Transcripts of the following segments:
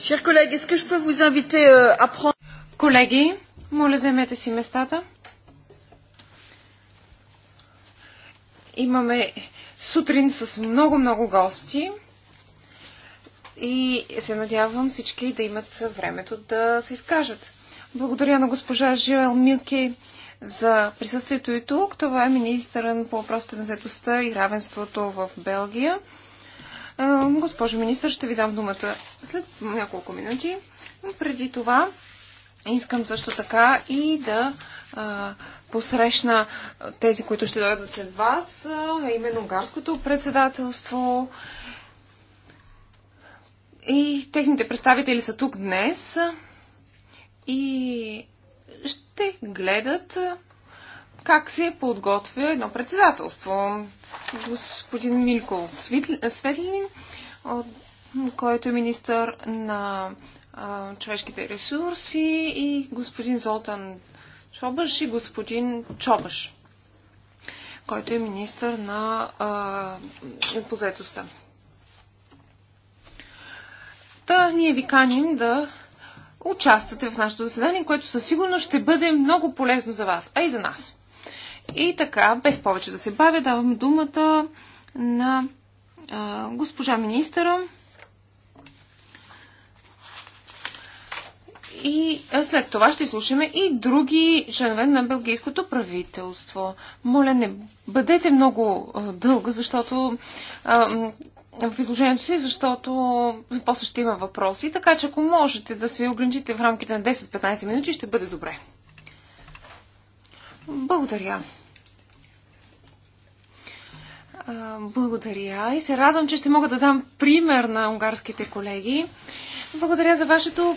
Euh, Колеги, моля заемете си местата. Имаме сутрин с много-много гости и се надявам всички да имат времето да се изкажат. Благодаря на госпожа Жиел Милки за присъствието и тук. Това е министърът по въпросите на заедостта и равенството в Белгия. Е, госпожо министър, ще ви дам думата след няколко минути. Преди това искам също така и да посрещна тези, които ще дойдат след вас, а именно унгарското председателство. И техните представители са тук днес и ще гледат как се подготвя едно председателство. Господин Милко Светлин, който е министър на човешките ресурси и господин Золтан Чобаш и господин Чобаш, който е министър на позетостта. Та ние ви каним да участвате в нашето заседание, което със сигурност ще бъде много полезно за вас, а и за нас. И така, без повече да се бавя, давам думата на а, госпожа министъра. И след това ще слушаме и други членове на белгийското правителство. Моля, не бъдете много а, дълга, защото а, в изложението си, защото после ще има въпроси. Така че ако можете да се ограничите в рамките на 10-15 минути, ще бъде добре. Благодаря. Благодаря и се радвам, че ще мога да дам пример на унгарските колеги. Благодаря за вашето,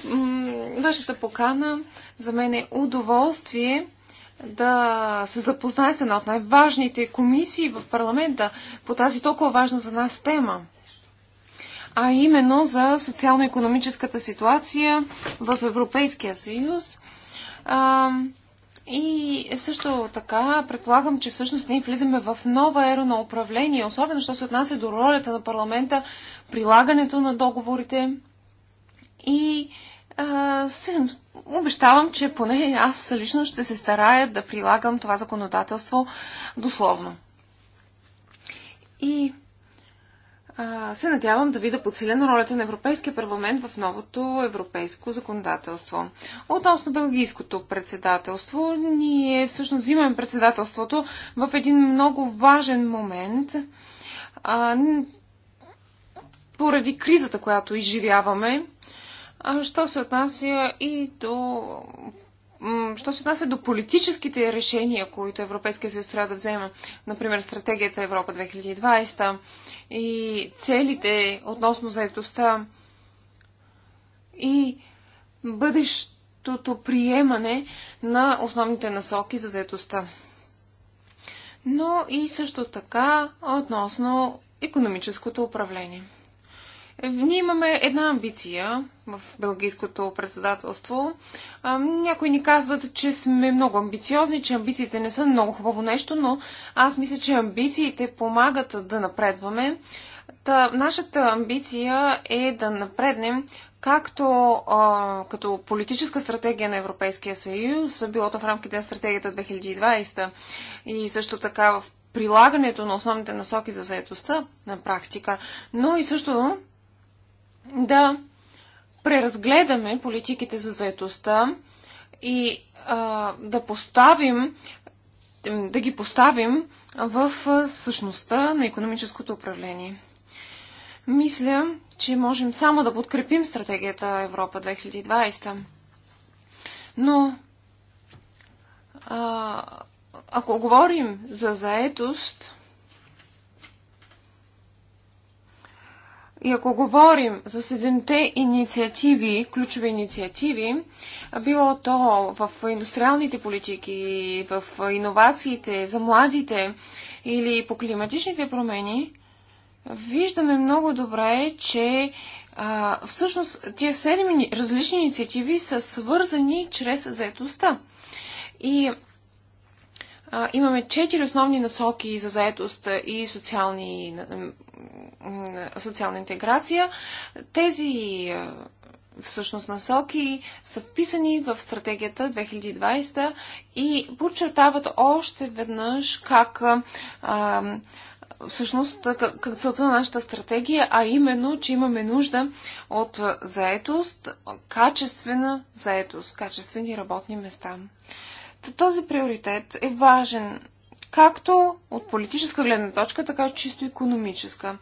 вашата покана. За мен е удоволствие да се запознае с една от най-важните комисии в парламента по тази толкова важна за нас тема. А именно за социално-економическата ситуация в Европейския съюз. И също така, предполагам, че всъщност ние влизаме в нова ера на управление, особено що се отнася до ролята на парламента, прилагането на договорите. И а, се, обещавам, че поне аз лично ще се старая да прилагам това законодателство дословно. И се надявам да видя подсилена ролята на Европейския парламент в новото европейско законодателство. Относно белгийското председателство, ние всъщност взимаме председателството в един много важен момент. А, поради кризата, която изживяваме, а, що се отнася и до що се отнася до политическите решения, които Европейския съюз трябва да взема, например, стратегията Европа 2020, и целите относно заедостта и бъдещото приемане на основните насоки за заедостта. Но и също така относно економическото управление. Ние имаме една амбиция в Белгийското председателство. Някои ни казват, че сме много амбициозни, че амбициите не са много хубаво нещо, но аз мисля, че амбициите помагат да напредваме. Та, нашата амбиция е да напреднем както а, като политическа стратегия на Европейския съюз, било то в рамките на стратегията 2020 и също така в прилагането на основните насоки за заедостта на практика, но и също да преразгледаме политиките за заедостта и а, да поставим да ги поставим в същността на економическото управление. Мисля, че можем само да подкрепим стратегията Европа 2020. Но а, ако говорим за заетост, И ако говорим за седемте инициативи, ключови инициативи, било то в индустриалните политики, в иновациите, за младите или по климатичните промени, виждаме много добре, че а, всъщност тия седем различни инициативи са свързани чрез заетостта. И имаме четири основни насоки за заетост и социални, социална интеграция. Тези всъщност насоки са вписани в стратегията 2020 и подчертават още веднъж как всъщност как целта на нашата стратегия, а именно, че имаме нужда от заетост, качествена заетост, качествени работни места. Този приоритет е важен както от политическа гледна точка, така и чисто економическа.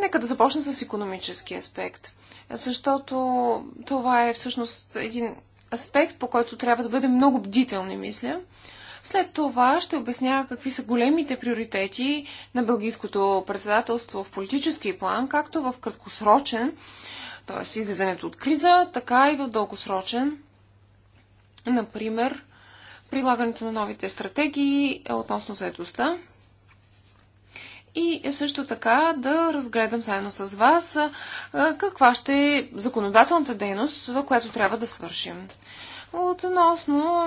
Нека да започна с економически аспект, защото това е всъщност един аспект, по който трябва да бъдем много бдителни, мисля. След това ще обясня какви са големите приоритети на бългийското председателство в политически план, както в краткосрочен, т.е. излизането от криза, така и в дългосрочен. Например, прилагането на новите стратегии е относно заедостта. И също така да разгледам заедно с вас каква ще е законодателната дейност, която трябва да свършим. Относно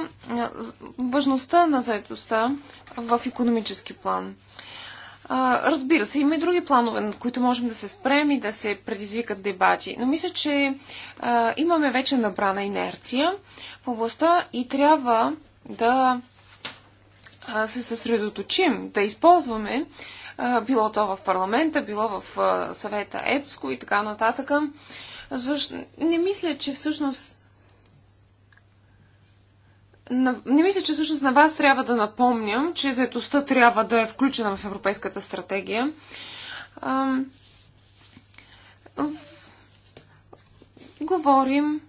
важността на заедостта в економически план. Разбира се, има и други планове, на които можем да се спрем и да се предизвикат дебати. Но мисля, че имаме вече набрана инерция в областта и трябва да се съсредоточим, да използваме, било то в парламента, било в съвета ЕПСКО и така нататък. Не мисля, че всъщност не мисля, че всъщност на вас трябва да напомням, че заедостта трябва да е включена в Европейската стратегия. Говорим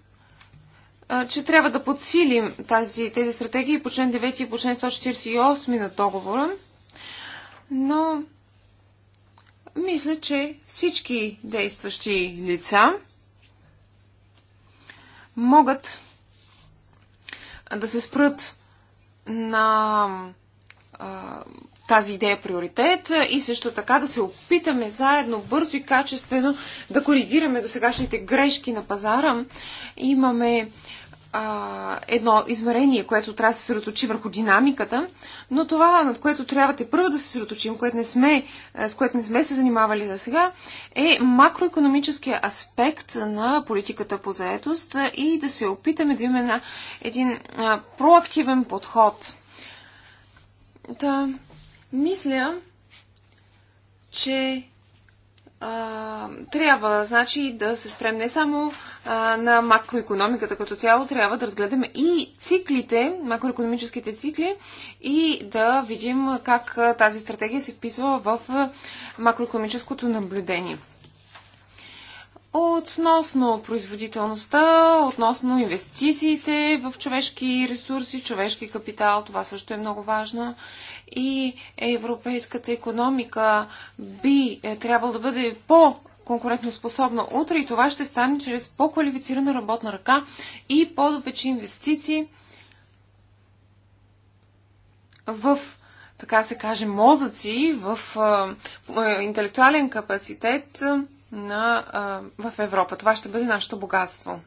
че трябва да подсилим тази, тези стратегии по член 9 и по член 148 на договора, но мисля, че всички действащи лица могат да се спрат на тази идея е приоритет и също така да се опитаме заедно бързо и качествено да коригираме до сегашните грешки на пазара. Имаме а, едно измерение, което трябва да се съсредоточи върху динамиката, но това, над което трябва те първо да се съсредоточим, което не сме, с което не сме се занимавали за сега, е макроекономическия аспект на политиката по заетост и да се опитаме да имаме на един а, проактивен подход. Да. Мисля, че а, трябва, значи, да се спрем не само а, на макроекономиката като цяло, трябва да разгледаме и циклите, макроекономическите цикли и да видим как тази стратегия се вписва в макроекономическото наблюдение относно производителността, относно инвестициите в човешки ресурси, човешки капитал. Това също е много важно. И европейската економика би е, трябвало да бъде по конкурентоспособна утре и това ще стане чрез по-квалифицирана работна ръка и по добечи инвестиции в така се каже, мозъци в е, е интелектуален капацитет, на, а, в Европа. Това ще бъде нашето богатство.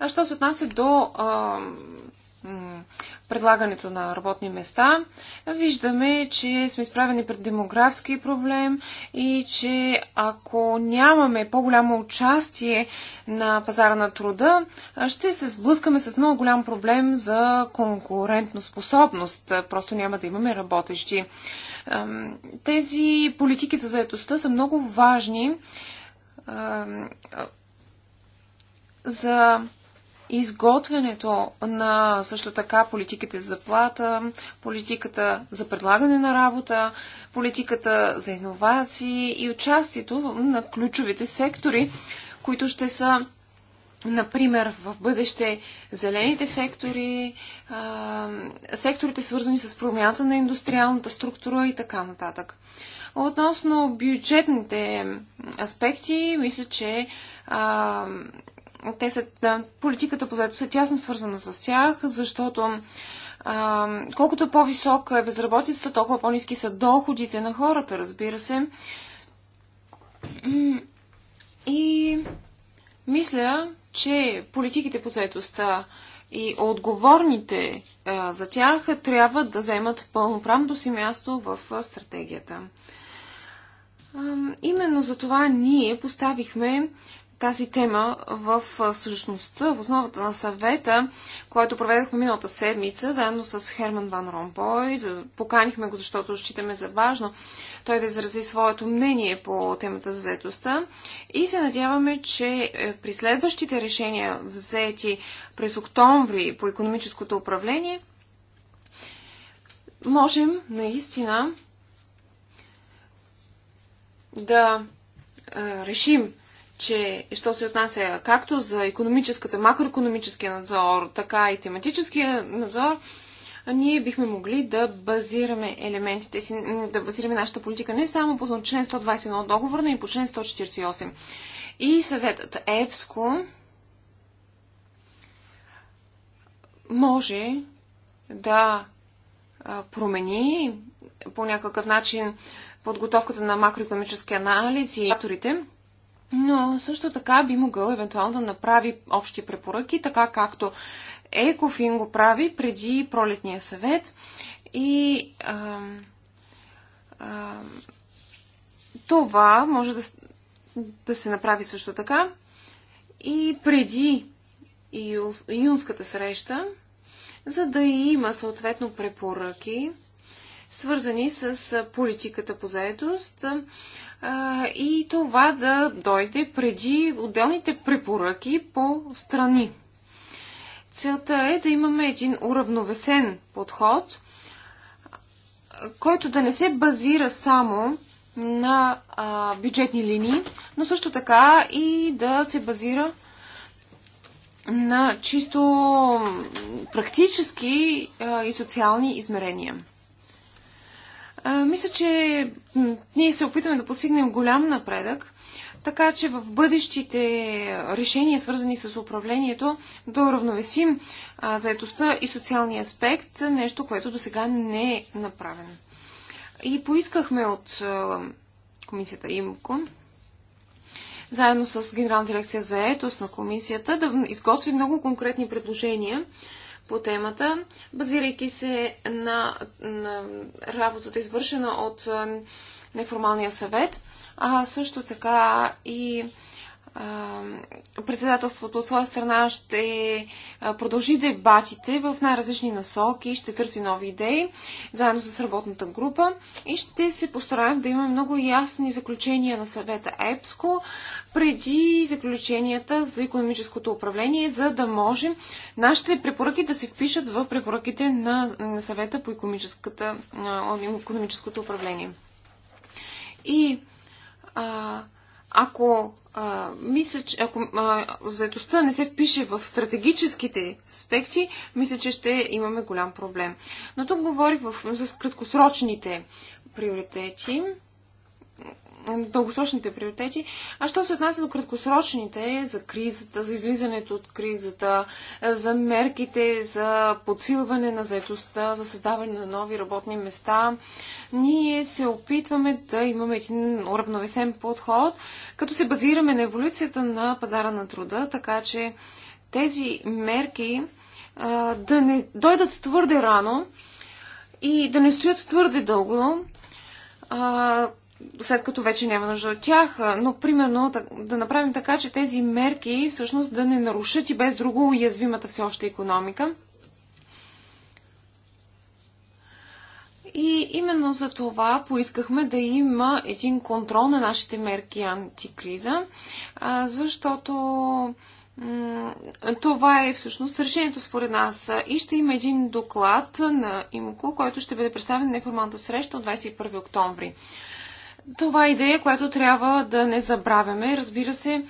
А що се отнася до а, предлагането на работни места, виждаме, че сме изправени пред демографски проблем и че ако нямаме по-голямо участие на пазара на труда, ще се сблъскаме с много голям проблем за конкурентно способност. Просто няма да имаме работещи. Тези политики за заедостта са много важни за изготвянето на също така политиките за заплата, политиката за предлагане на работа, политиката за иновации и участието на ключовите сектори, които ще са Например, в бъдеще зелените сектори, секторите свързани с промяната на индустриалната структура и така нататък. Относно бюджетните аспекти, мисля, че а, те са, да, политиката по заедост е тясно свързана с тях, защото а, колкото по-висока е безработицата, толкова по-низки са доходите на хората, разбира се. И мисля, че политиките по заедостта и отговорните а, за тях трябва да вземат пълноправното си място в а, стратегията. А, именно за това ние поставихме тази тема в същността, в основата на съвета, който проведохме миналата седмица, заедно с Херман Ван Ромпой. Поканихме го, защото считаме за важно той да изрази своето мнение по темата за заетостта. И се надяваме, че е, при следващите решения, взети през октомври по економическото управление, можем наистина да е, решим че, що се отнася както за економическата, макроекономическия надзор, така и тематическия надзор, ние бихме могли да базираме елементите си, да базираме нашата политика не само по член 121 от договора, но и по член 148. И съветът ЕПСКО може да промени по някакъв начин подготовката на макроекономически анализ и авторите, но също така би могъл евентуално да направи общи препоръки, така както Екофин го прави преди пролетния съвет. И а, а, това може да, да се направи също така. И преди юнската среща, за да има съответно препоръки свързани с политиката по заедост и това да дойде преди отделните препоръки по страни. Целта е да имаме един уравновесен подход, който да не се базира само на бюджетни линии, но също така и да се базира на чисто практически и социални измерения. А, мисля, че ние се опитваме да постигнем голям напредък, така че в бъдещите решения, свързани с управлението, да уравновесим заедостта и социалния аспект, нещо, което до сега не е направено. И поискахме от а, комисията ИМКО, заедно с Генерална дирекция за етос на комисията, да изготви много конкретни предложения по темата, базирайки се на, на работата, извършена от неформалния съвет, а също така и а, председателството от своя страна ще продължи дебатите в най-различни насоки, ще търси нови идеи, заедно с работната група и ще се постараем да имаме много ясни заключения на съвета ЕПСКО, преди заключенията за економическото управление, за да можем нашите препоръки да се впишат в препоръките на, на съвета по економическото управление. И а, ако а, мисля, че ако а, заедостта не се впише в стратегическите аспекти, мисля, че ще имаме голям проблем. Но тук говорих в, за краткосрочните приоритети дългосрочните приоритети. А що се отнася до краткосрочните, за кризата, за излизането от кризата, за мерките, за подсилване на заедостта, за създаване на нови работни места, ние се опитваме да имаме един уравновесен подход, като се базираме на еволюцията на пазара на труда, така че тези мерки да не дойдат твърде рано и да не стоят твърде дълго, след като вече няма нужда от тях. Но, примерно, да направим така, че тези мерки всъщност да не нарушат и без друго уязвимата все още економика. И именно за това поискахме да има един контрол на нашите мерки антикриза, защото това е всъщност решението според нас. И ще има един доклад на ИМКО, който ще бъде представен на неформалната среща от 21 октомври това е идея, която трябва да не забравяме. Разбира се,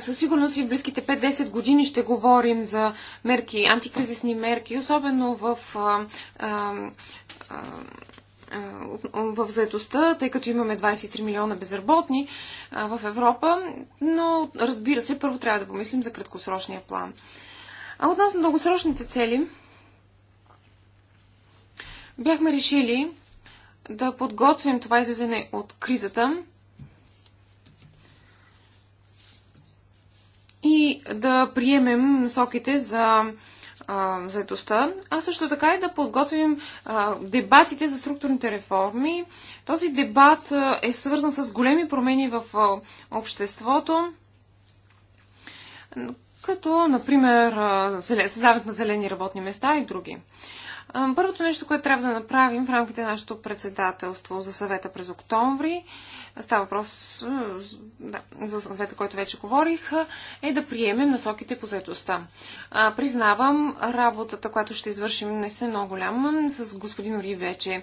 със сигурност и в близките 5-10 години ще говорим за мерки, антикризисни мерки, особено в, а, а, а, в заедостта, тъй като имаме 23 милиона безработни в Европа, но разбира се, първо трябва да помислим за краткосрочния план. А относно дългосрочните цели, бяхме решили да подготвим това излизане от кризата и да приемем насоките за заедостта, а също така и да подготвим дебатите за структурните реформи. Този дебат е свързан с големи промени в обществото, като, например, създаването на зелени работни места и други. Първото нещо, което трябва да направим в рамките на нашето председателство за съвета през октомври, става въпрос да, за съвета, който вече говорих, е да приемем насоките по заедостта. Признавам, работата, която ще извършим, не е много голяма. С господин Ори вече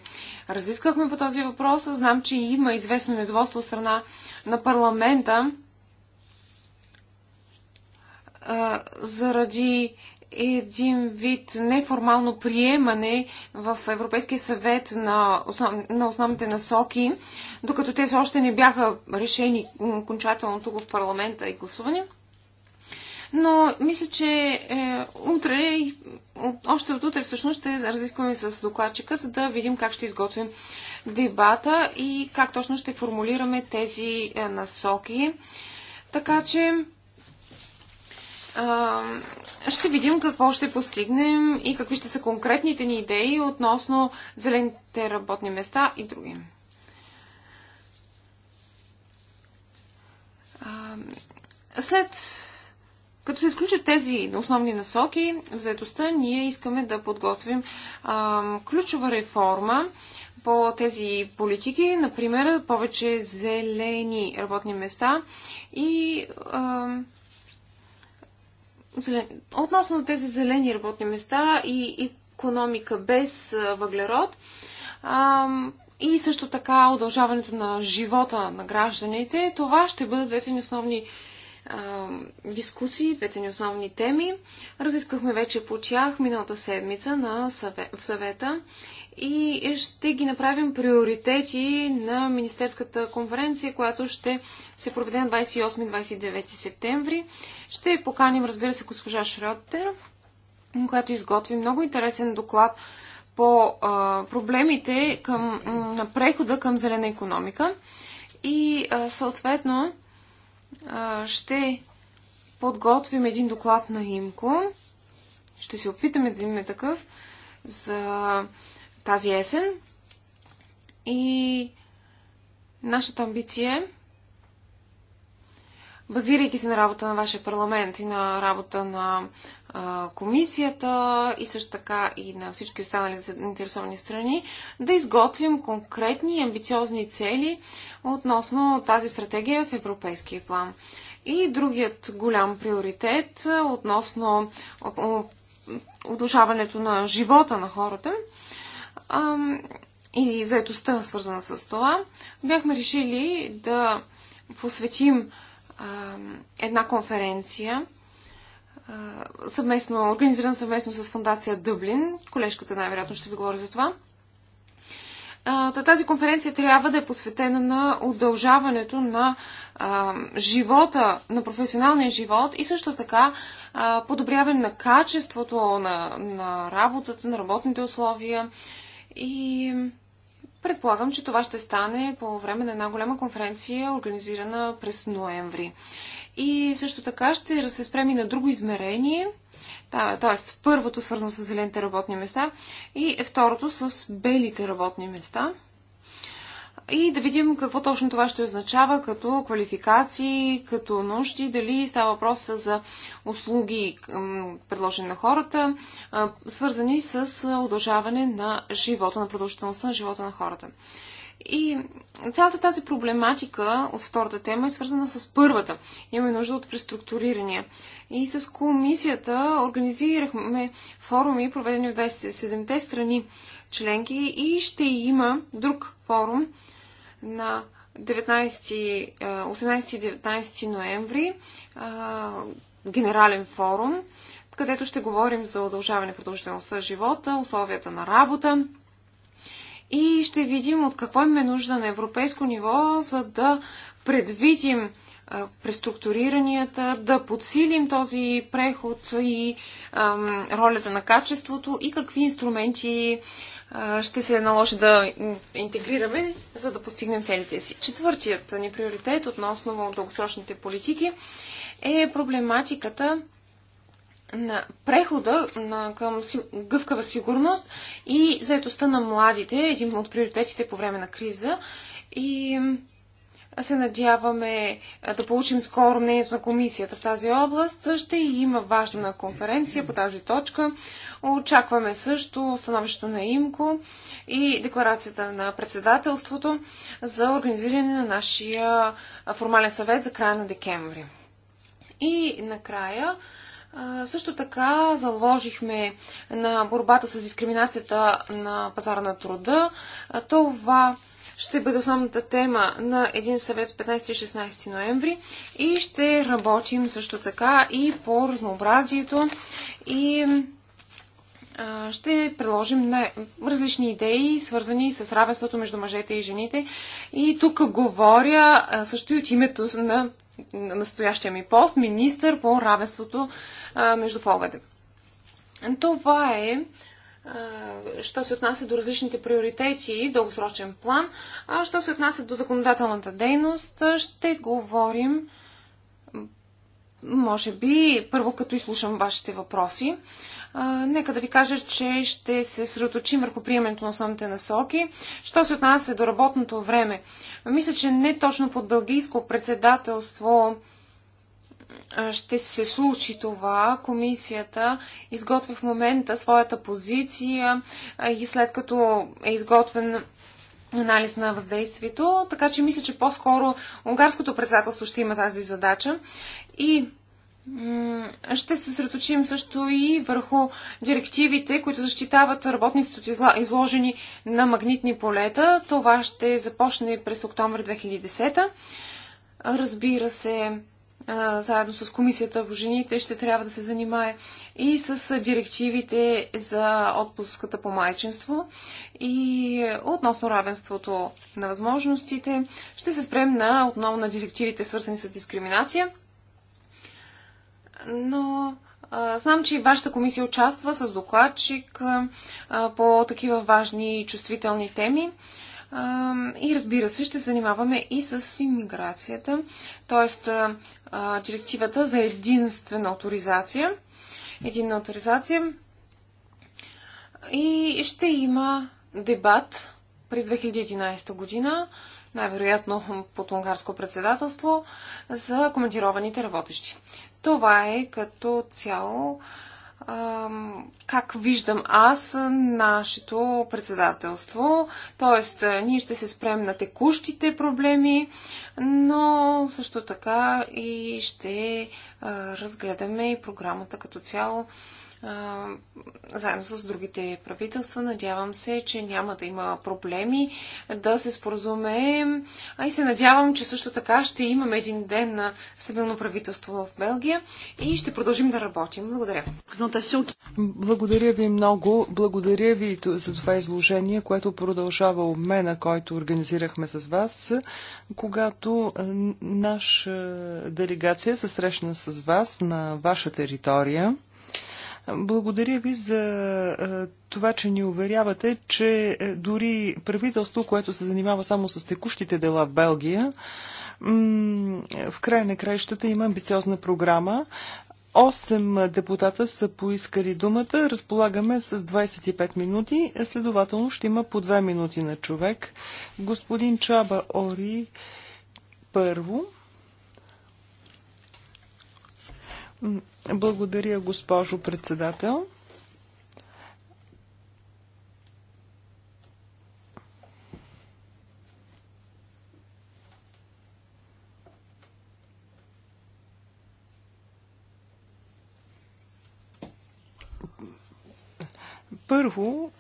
разисквахме по този въпрос. Знам, че има известно недоволство от страна на парламента заради един вид неформално приемане в Европейския съвет на, основ... на основните насоки, докато те още не бяха решени окончателно тук в парламента и гласуване. Но мисля, че е, утре, още от утре всъщност ще разискваме с докладчика, за да видим как ще изготвим дебата и как точно ще формулираме тези е, насоки. Така че ще видим какво ще постигнем и какви ще са конкретните ни идеи относно зелените работни места и други. След като се изключат тези основни насоки в заедостта, ние искаме да подготвим а, ключова реформа по тези политики, например повече зелени работни места и а, Относно тези зелени работни места и економика без въглерод, и също така удължаването на живота на гражданите. Това ще бъдат двете ни основни дискусии, двете ни основни теми. Разисквахме вече по тях миналата седмица на в съвета и ще ги направим приоритети на Министерската конференция, която ще се проведе на 28-29 септември. Ще поканим, разбира се, госпожа Шрёдтер, която изготви много интересен доклад по а, проблемите към, на прехода към зелена економика. И а, съответно а, ще подготвим един доклад на ИМКО. Ще се опитаме да имаме такъв за тази есен. И нашата амбиция е, базирайки се на работа на вашия парламент и на работа на а, комисията и също така и на всички останали заинтересовани страни, да изготвим конкретни и амбициозни цели относно тази стратегия в европейския план. И другият голям приоритет относно удължаването на живота на хората – и заедостта, свързана с това, бяхме решили да посветим една конференция, съвместно, организирана съвместно с фундация Дъблин. Колежката най-вероятно ще ви говори за това. Тази конференция трябва да е посветена на удължаването на живота, на професионалния живот и също така подобряване на качеството на, на работата, на работните условия и предполагам, че това ще стане по време на една голяма конференция, организирана през ноември. И също така ще се спрем и на друго измерение, т.е. първото свързано с зелените работни места и второто с белите работни места – и да видим какво точно това ще означава като квалификации, като нужди, дали става въпрос за услуги, предложени на хората, свързани с удължаване на живота, на продължителността на живота на хората. И цялата тази проблематика от втората тема е свързана с първата. Имаме нужда от преструктурирания. И с комисията организирахме форуми, проведени в 27-те страни членки и ще има друг форум на 18 и 19 ноември генерален форум, където ще говорим за удължаване продължителността на живота, условията на работа и ще видим от какво им е нужда на европейско ниво, за да предвидим преструктуриранията, да подсилим този преход и ам, ролята на качеството и какви инструменти ще се наложи да интегрираме, за да постигнем целите си. Четвъртият ни приоритет относно дългосрочните политики е проблематиката на прехода на, към гъвкава сигурност и заедостта на младите, един от приоритетите по време на криза. И се надяваме да получим скоро мнението на комисията в тази област. Ще има важна конференция по тази точка Очакваме също становището на ИМКО и декларацията на председателството за организиране на нашия формален съвет за края на декември. И накрая, също така заложихме на борбата с дискриминацията на пазара на труда. Това ще бъде основната тема на един съвет 15-16 ноември и ще работим също така и по разнообразието и ще предложим различни идеи, свързани с равенството между мъжете и жените. И тук говоря също и от името на настоящия ми пост, министър по равенството между половете. Това е що се отнася до различните приоритети в дългосрочен план, а що се отнася до законодателната дейност, ще говорим, може би, първо като изслушам вашите въпроси нека да ви кажа, че ще се средоточим върху приемането на основните насоки. Що се отнася до работното време? Мисля, че не точно под бългийско председателство ще се случи това. Комисията изготвя в момента своята позиция и след като е изготвен анализ на въздействието, така че мисля, че по-скоро унгарското председателство ще има тази задача. И ще се средоточим също и върху директивите, които защитават работниците изложени на магнитни полета. Това ще започне през октомври 2010. Разбира се, заедно с Комисията по жените ще трябва да се занимае и с директивите за отпуската по майчинство и относно равенството на възможностите. Ще се спрем на, отново на директивите свързани с дискриминация – но а, знам, че и вашата комисия участва с докладчик а, по такива важни и чувствителни теми. А, и разбира се, ще занимаваме и с иммиграцията, т.е. директивата за единствена авторизация. Единна авторизация. И ще има дебат през 2011 година, най-вероятно под унгарско председателство, за коментированите работещи. Това е като цяло как виждам аз нашето председателство. Тоест, ние ще се спрем на текущите проблеми, но също така и ще разгледаме и програмата като цяло заедно с другите правителства. Надявам се, че няма да има проблеми да се споразумеем. А и се надявам, че също така ще имаме един ден на стабилно правителство в Белгия и ще продължим да работим. Благодаря. Благодаря ви много. Благодаря ви за това изложение, което продължава обмена, който организирахме с вас, когато наша делегация се срещна с вас на ваша територия. Благодаря ви за е, това, че ни уверявате, че е, дори правителство, което се занимава само с текущите дела в Белгия, в края на краищата има амбициозна програма. Осем депутата са поискали думата. Разполагаме с 25 минути. Следователно ще има по 2 минути на човек. Господин Чаба Ори първо. Благодаря, госпожо председател. Първо,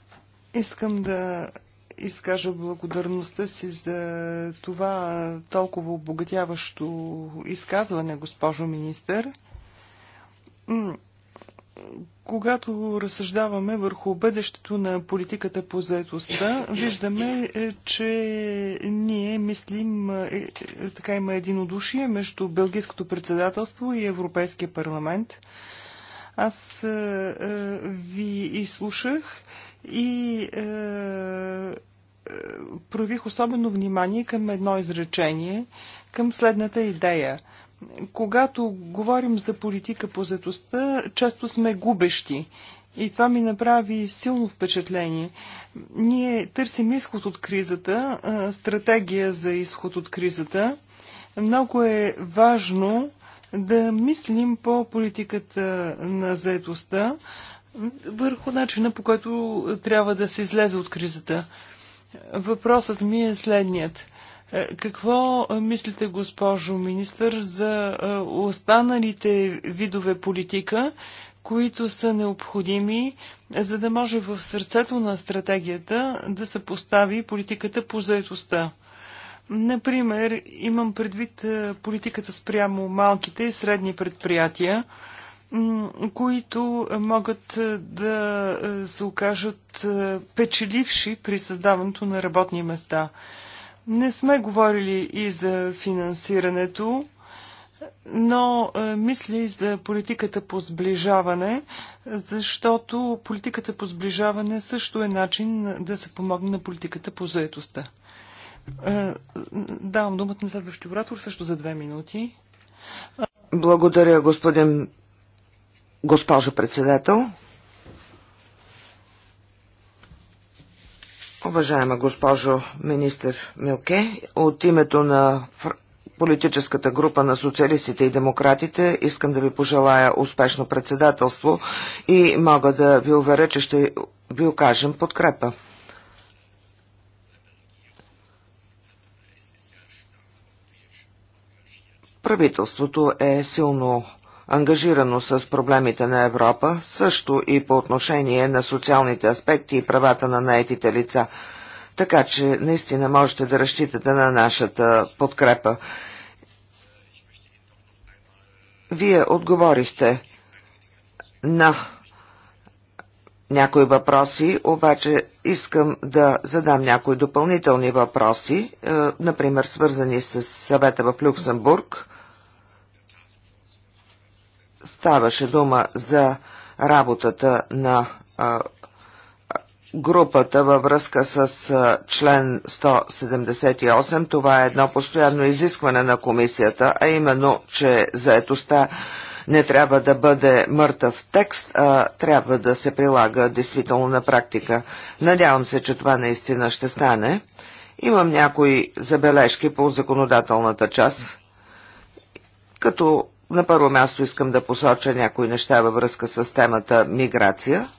искам да изкажа благодарността си за това толкова обогатяващо изказване, госпожо министър когато разсъждаваме върху бъдещето на политиката по заедостта, виждаме, е, че ние мислим, е, е, така има единодушие между Белгийското председателство и Европейския парламент. Аз ви изслушах и проявих особено внимание към едно изречение, към следната идея – когато говорим за политика по заетостта, често сме губещи. И това ми направи силно впечатление. Ние търсим изход от кризата, стратегия за изход от кризата. Много е важно да мислим по политиката на заетостта, върху начина по който трябва да се излезе от кризата. Въпросът ми е следният. Е, какво е, мислите, госпожо министър, за е, останалите видове политика, които са необходими, за да може в сърцето на стратегията да се постави политиката по заедостта? Например, имам предвид политиката спрямо малките и средни предприятия, които могат да се окажат печеливши при създаването на работни места – не сме говорили и за финансирането, но е, мисля и за политиката по сближаване, защото политиката по сближаване също е начин да се помогне на политиката по заетостта. Е, давам думата на следващия оратор също за две минути. Благодаря, господин госпожо председател. Уважаема госпожо министър Милке, от името на политическата група на социалистите и демократите искам да ви пожелая успешно председателство и мога да ви уверя, че ще ви окажем подкрепа. Правителството е силно ангажирано с проблемите на Европа, също и по отношение на социалните аспекти и правата на наетите лица. Така че наистина можете да разчитате на нашата подкрепа. Вие отговорихте на някои въпроси, обаче искам да задам някои допълнителни въпроси, е, например свързани с съвета в Люксембург. Ставаше дума за работата на а, групата във връзка с а, член 178. Това е едно постоянно изискване на комисията, а именно, че заетостта не трябва да бъде мъртъв текст, а трябва да се прилага действително на практика. Надявам се, че това наистина ще стане. Имам някои забележки по законодателната част. Като на първо място искам да посоча някои неща във връзка с темата миграция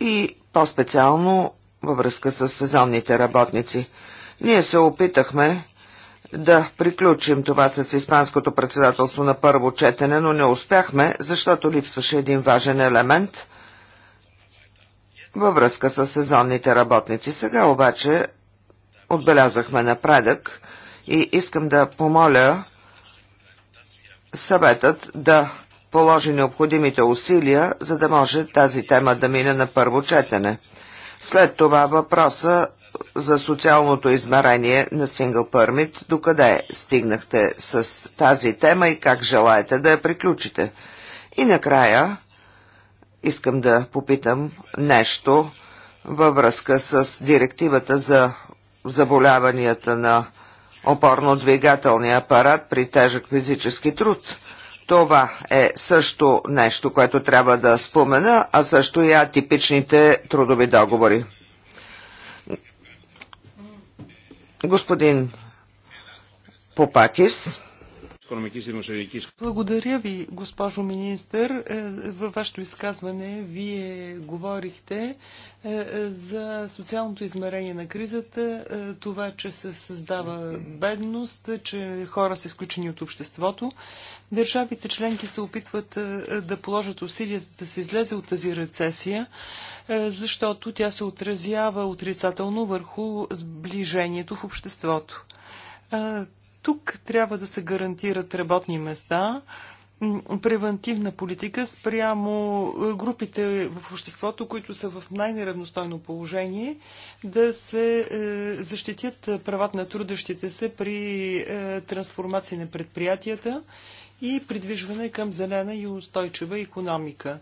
и по-специално във връзка с сезонните работници. Ние се опитахме да приключим това с Испанското председателство на първо четене, но не успяхме, защото липсваше един важен елемент във връзка с сезонните работници. Сега обаче отбелязахме напредък и искам да помоля съветът да положи необходимите усилия, за да може тази тема да мине на първо четене. След това въпроса за социалното измерение на Single Permit, докъде стигнахте с тази тема и как желаете да я приключите. И накрая искам да попитам нещо във връзка с директивата за заболяванията на опорно-двигателния апарат при тежък физически труд. Това е също нещо, което трябва да спомена, а също и атипичните трудови договори. Господин Попакис благодаря ви, госпожо министър. Е, във вашето изказване вие говорихте е, за социалното измерение на кризата, е, това, че се създава бедност, че хора са изключени от обществото. Държавите членки се опитват да положат усилия за да се излезе от тази рецесия, защото тя се отразява отрицателно върху сближението в обществото. Тук трябва да се гарантират работни места, превентивна политика спрямо е, групите в обществото, които са в най-неравностойно положение, да се е, защитят правата на трудещите се при е, трансформация на предприятията и придвижване към зелена и устойчива економика.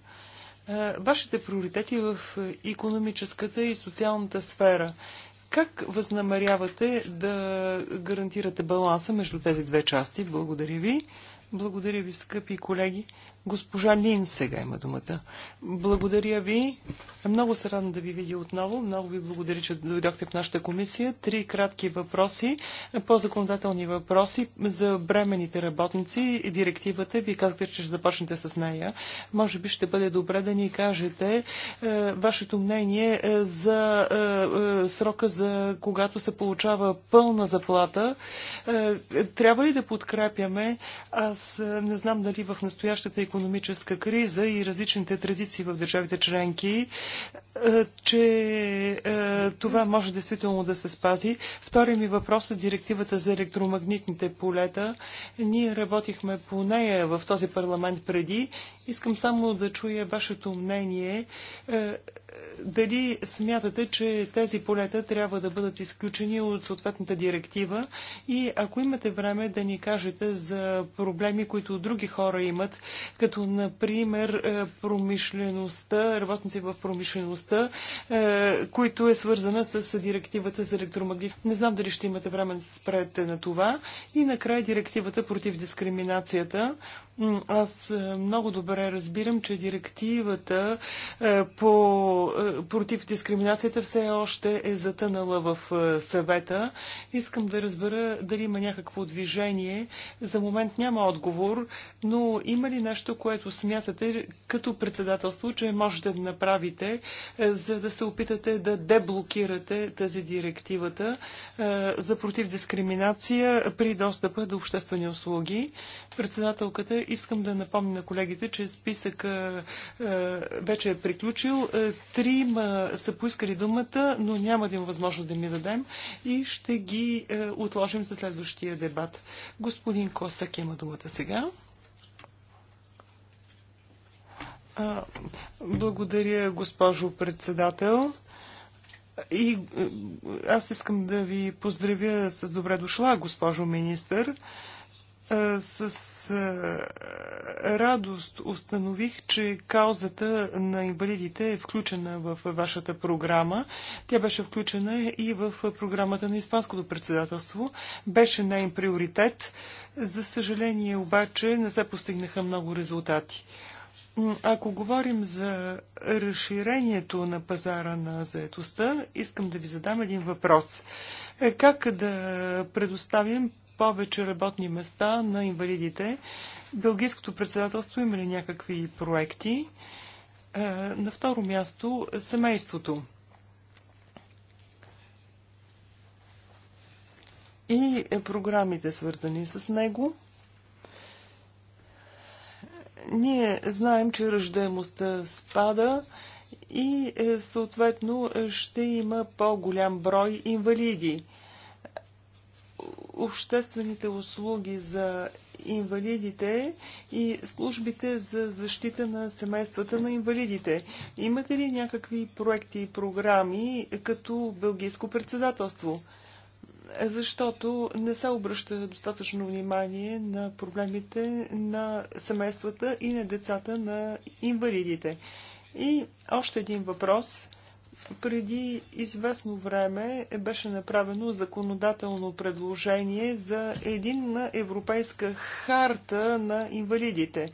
Вашите приоритети в економическата и социалната сфера – как възнамерявате да гарантирате баланса между тези две части? Благодаря ви. Благодаря ви, скъпи колеги. Госпожа Лин сега има думата. Благодаря ви. Много се радвам да ви видя отново. Много ви благодаря, че дойдохте в нашата комисия. Три кратки въпроси по законодателни въпроси за бременните работници. Директивата, вие казахте, че ще започнете с нея. Може би ще бъде добре да ни кажете е, вашето мнение е, за е, е, срока, за когато се получава пълна заплата. Е, трябва ли да подкрепяме? Аз е, не знам дали в настоящата економическа криза и различните традиции в държавите членки, е, че е, това може действително да се спази. Втори ми въпрос е директивата за електромагнитните полета. Ние работихме по нея в този парламент преди. Искам само да чуя вашето мнение е, дали смятате, че тези полета трябва да бъдат изключени от съответната директива и ако имате време да ни кажете за проблеми, които други хора имат, като например е, промишлеността, работници в промишлеността, е, които е свързана с директивата за електромагнит. Не знам дали ще имате време да се спрете на това. И накрая директивата против дискриминацията. Аз е, много добре разбирам, че директивата е, по, е, против дискриминацията все още е затънала в съвета. Искам да разбера дали има някакво движение. За момент няма отговор, но има ли нещо, което смятате като председателство, че можете да направите, за да се опитате да деблокирате тази директивата за против дискриминация при достъпа до обществени услуги? Председателката Искам да напомня на колегите, че списък е, вече е приключил. Е, трима са поискали думата, но няма да има възможност да ми дадем и ще ги е, отложим за следващия дебат. Господин Косак има думата сега. Благодаря, госпожо председател. И аз искам да ви поздравя с добре дошла, госпожо министър с радост установих, че каузата на инвалидите е включена в вашата програма. Тя беше включена и в програмата на Испанското председателство. Беше най приоритет. За съжаление обаче не се постигнаха много резултати. Ако говорим за разширението на пазара на заетостта, искам да ви задам един въпрос. Е, как да предоставим повече работни места на инвалидите. Белгийското председателство има ли някакви проекти? Е, на второ място семейството. И програмите свързани с него. Ние знаем, че ръждаемостта спада и е, съответно ще има по-голям брой инвалиди обществените услуги за инвалидите и службите за защита на семействата на инвалидите. Имате ли някакви проекти и програми като Белгийско председателство? Защото не се обръща достатъчно внимание на проблемите на семействата и на децата на инвалидите. И още един въпрос – преди известно време беше направено законодателно предложение за единна европейска харта на инвалидите,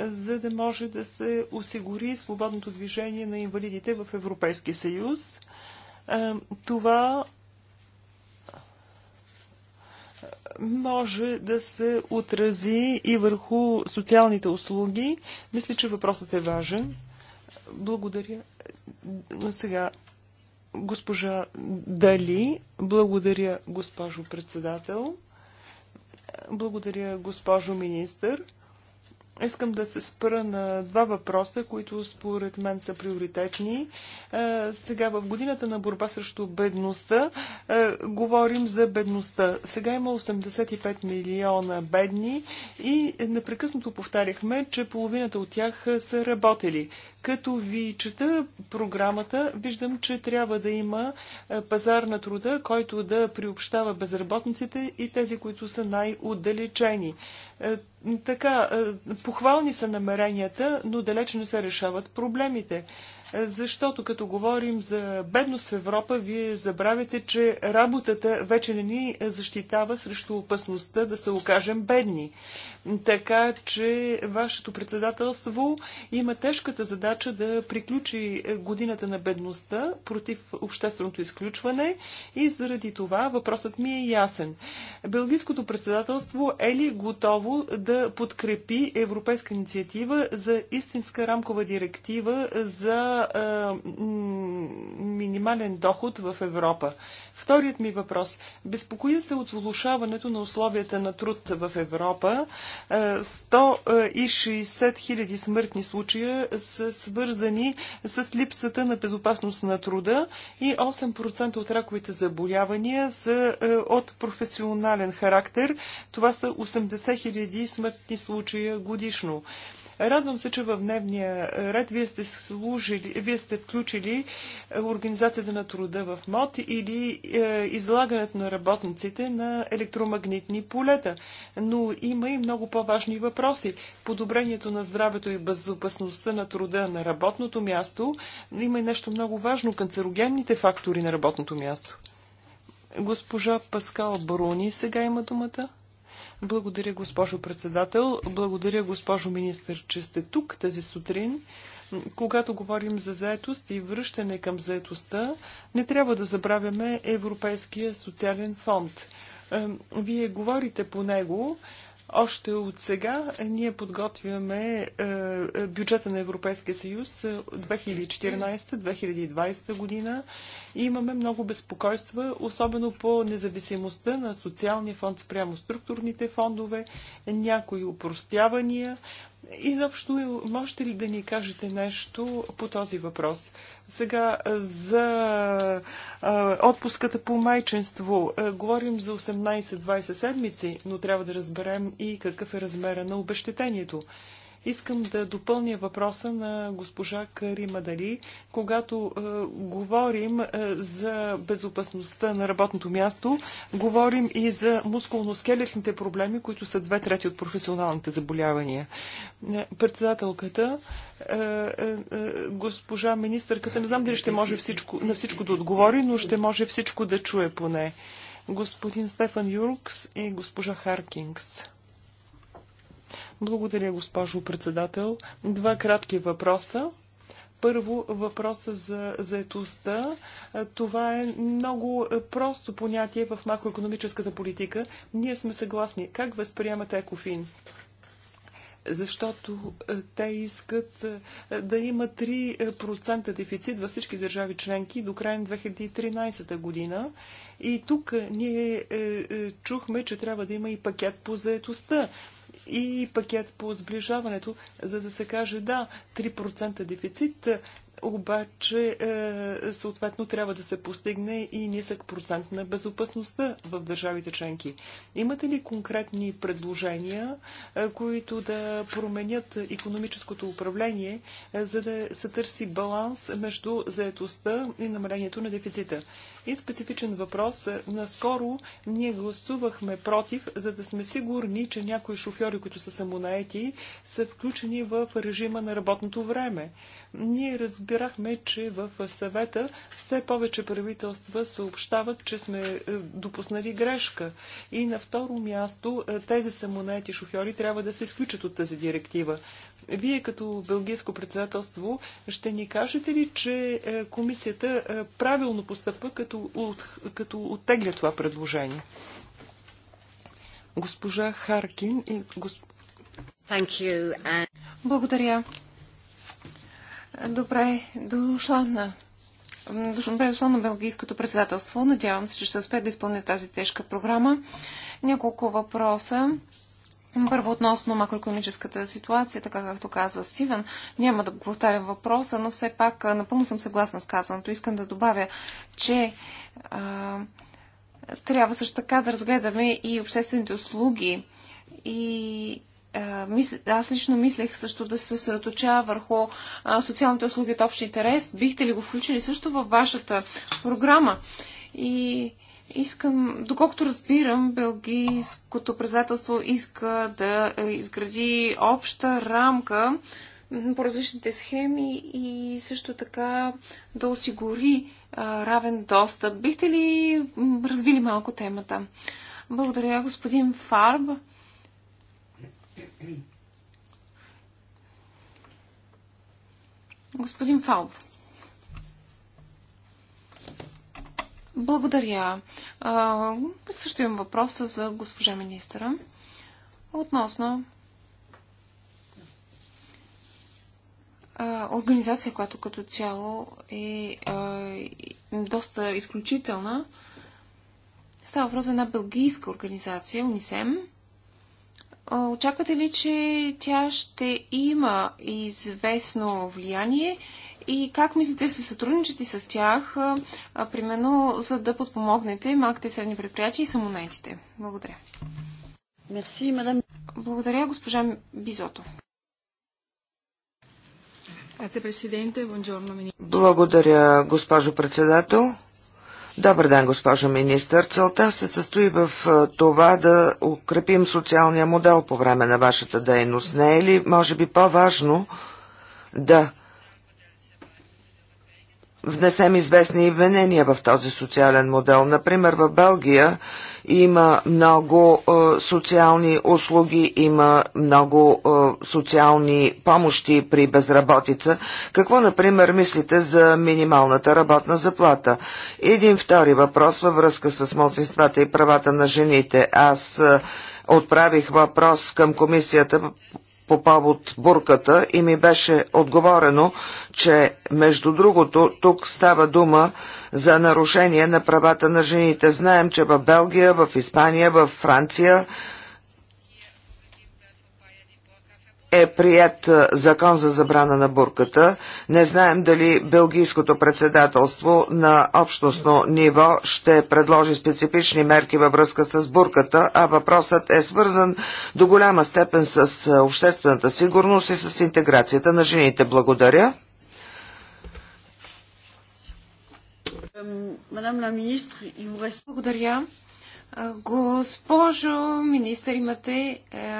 за да може да се осигури свободното движение на инвалидите в Европейския съюз. Това може да се отрази и върху социалните услуги. Мисля, че въпросът е важен. Благодаря. Сега, госпожа Дали, благодаря, госпожо председател. Благодаря, госпожо министър. Искам да се спра на два въпроса, които според мен са приоритетни. Е, сега в годината на борба срещу бедността е, говорим за бедността. Сега има 85 милиона бедни и непрекъснато повтаряхме, че половината от тях са работили. Като ви чета програмата, виждам, че трябва да има е, пазар на труда, който да приобщава безработниците и тези, които са най-отдалечени. Е, така, е, похвални са намеренията, но далеч не се решават проблемите. Защото като говорим за бедност в Европа, вие забравяте, че работата вече не ни защитава срещу опасността да се окажем бедни. Така че вашето председателство има тежката задача задача да приключи годината на бедността против общественото изключване и заради това въпросът ми е ясен. Белгийското председателство е ли готово да подкрепи европейска инициатива за истинска рамкова директива за е, минимален доход в Европа? Вторият ми въпрос. Безпокоя се от влушаването на условията на труд в Европа. 160 е, е, хиляди смъртни случая са свързани с липсата на безопасност на труда и 8% от раковите заболявания са е, от професионален характер. Това са 80 хиляди смъртни случая годишно. Радвам се, че в дневния ред вие сте, служили, вие сте включили е, Организацията на труда в МОД или е, излагането на работниците на електромагнитни полета. Но има и много по-важни въпроси. Подобрението на здравето и безопасността на труда на работното място. Има и нещо много важно. Канцерогенните фактори на работното място. Госпожа Паскал Баруни сега има думата. Благодаря, госпожо председател. Благодаря, госпожо министър, че сте тук тази сутрин. Когато говорим за заетост и връщане към заетостта, не трябва да забравяме Европейския социален фонд. Е, вие говорите по него, още от сега е, ние подготвяме е, е, бюджета на Европейския съюз 2014-2020 година и имаме много безпокойства, особено по независимостта на социалния фонд спрямо структурните фондове, някои упростявания, Изобщо, можете ли да ни кажете нещо по този въпрос? Сега за а, отпуската по майчинство. А, говорим за 18-20 седмици, но трябва да разберем и какъв е размера на обещетението. Искам да допълня въпроса на госпожа Карима Дали. Когато е, говорим е, за безопасността на работното място, говорим и за мускулно-скелетните проблеми, които са две трети от професионалните заболявания. Е, председателката, е, е, е, госпожа министърката, не знам дали ще може всичко, на всичко да отговори, но ще може всичко да чуе поне. Господин Стефан Юркс и госпожа Харкингс. Благодаря, госпожо председател. Два кратки въпроса. Първо, въпроса за заетостта. Това е много просто понятие в макроекономическата политика. Ние сме съгласни. Как възприемате Екофин? защото те искат да има 3% дефицит във всички държави членки до края на 2013 година. И тук ние е, е, чухме, че трябва да има и пакет по заетостта и пакет по сближаването, за да се каже да, 3% дефицит, е, обаче е, съответно трябва да се постигне и нисък процент на безопасността в държавите членки. Имате ли конкретни предложения, е, които да променят економическото управление, за да се търси баланс между заетостта и намалението на дефицита? и е специфичен въпрос. Наскоро ние гласувахме против, за да сме сигурни, че някои шофьори, които са самонаети, са включени в режима на работното време. Ние разбирахме, че в съвета все повече правителства съобщават, че сме е, допуснали грешка. И на второ място е, тези самонаети шофьори трябва да се изключат от тази директива. Вие като Белгийско председателство ще ни кажете ли, че е, комисията е, правилно постъпва като, от, като оттегля това предложение? Госпожа Харкин и госп... Благодаря. Добре, дошла на Добре дошла на Белгийското председателство. Надявам се, че ще успеят да изпълнят тази тежка програма. Няколко въпроса. Първо относно макроекономическата ситуация, така както каза Стивен, няма да повтарям въпроса, но все пак напълно съм съгласна с казаното. Искам да добавя, че а, трябва също така да разгледаме и обществените услуги. И а, мис... аз лично мислех също да се съсредоточа върху а, социалните услуги от общ интерес. Бихте ли го включили също във вашата програма? И Искам, доколкото разбирам, Белгийското председателство иска да изгради обща рамка по различните схеми и също така да осигури а, равен достъп. Бихте ли развили малко темата? Благодаря, господин Фарб. Господин Фалб. Благодаря. А, също имам въпроса за госпожа министъра. Относно а, организация, която като цяло е а, доста изключителна. Става въпрос за една белгийска организация, УНИСЕМ. Очаквате ли, че тя ще има известно влияние и как мислите да се сътрудничате с тях, а, примерно за да подпомогнете малките средни предприятия и самонетите? Благодаря. Мерси, мадам. Благодаря, госпожа Бизото. Благодаря, госпожо председател. Добър ден, госпожо министър. Целта се състои в това да укрепим социалния модел по време на вашата дейност. Не е ли, може би, по-важно да внесем известни изменения в този социален модел. Например, в Белгия има много е, социални услуги, има много е, социални помощи при безработица. Какво, например, мислите за минималната работна заплата? Един втори въпрос във връзка с младсинствата и правата на жените. Аз е, отправих въпрос към комисията по повод бурката и ми беше отговорено, че между другото тук става дума за нарушение на правата на жените. Знаем, че в Белгия, в Испания, в Франция, е прият закон за забрана на бурката. Не знаем дали Белгийското председателство на общностно ниво ще предложи специфични мерки във връзка с бурката, а въпросът е свързан до голяма степен с обществената сигурност и с интеграцията на жените. Благодаря. Благодаря. Госпожо министър, имате е,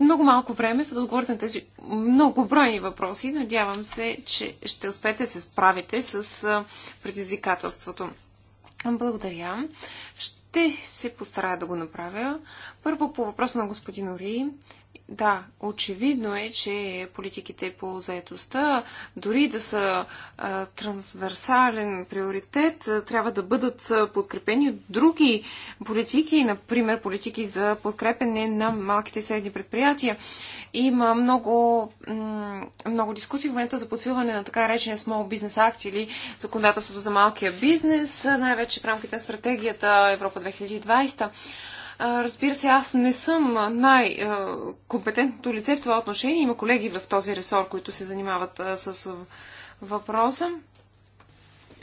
много малко време, за да отговорите на тези многобройни въпроси. Надявам се, че ще успеете да се справите с предизвикателството. Благодаря. Ще се постарая да го направя. Първо по въпроса на господин Ори. Да, очевидно е, че политиките по заетостта, дори да са а, трансверсален приоритет, трябва да бъдат подкрепени от други политики, например политики за подкрепене на малките и средни предприятия. Има много, много дискусии в момента за подсилване на така речения Small Business Act или законодателството за малкия бизнес, най-вече в рамките на стратегията Европа 2020. Разбира се, аз не съм най-компетентното лице в това отношение. Има колеги в този ресор, които се занимават с въпроса.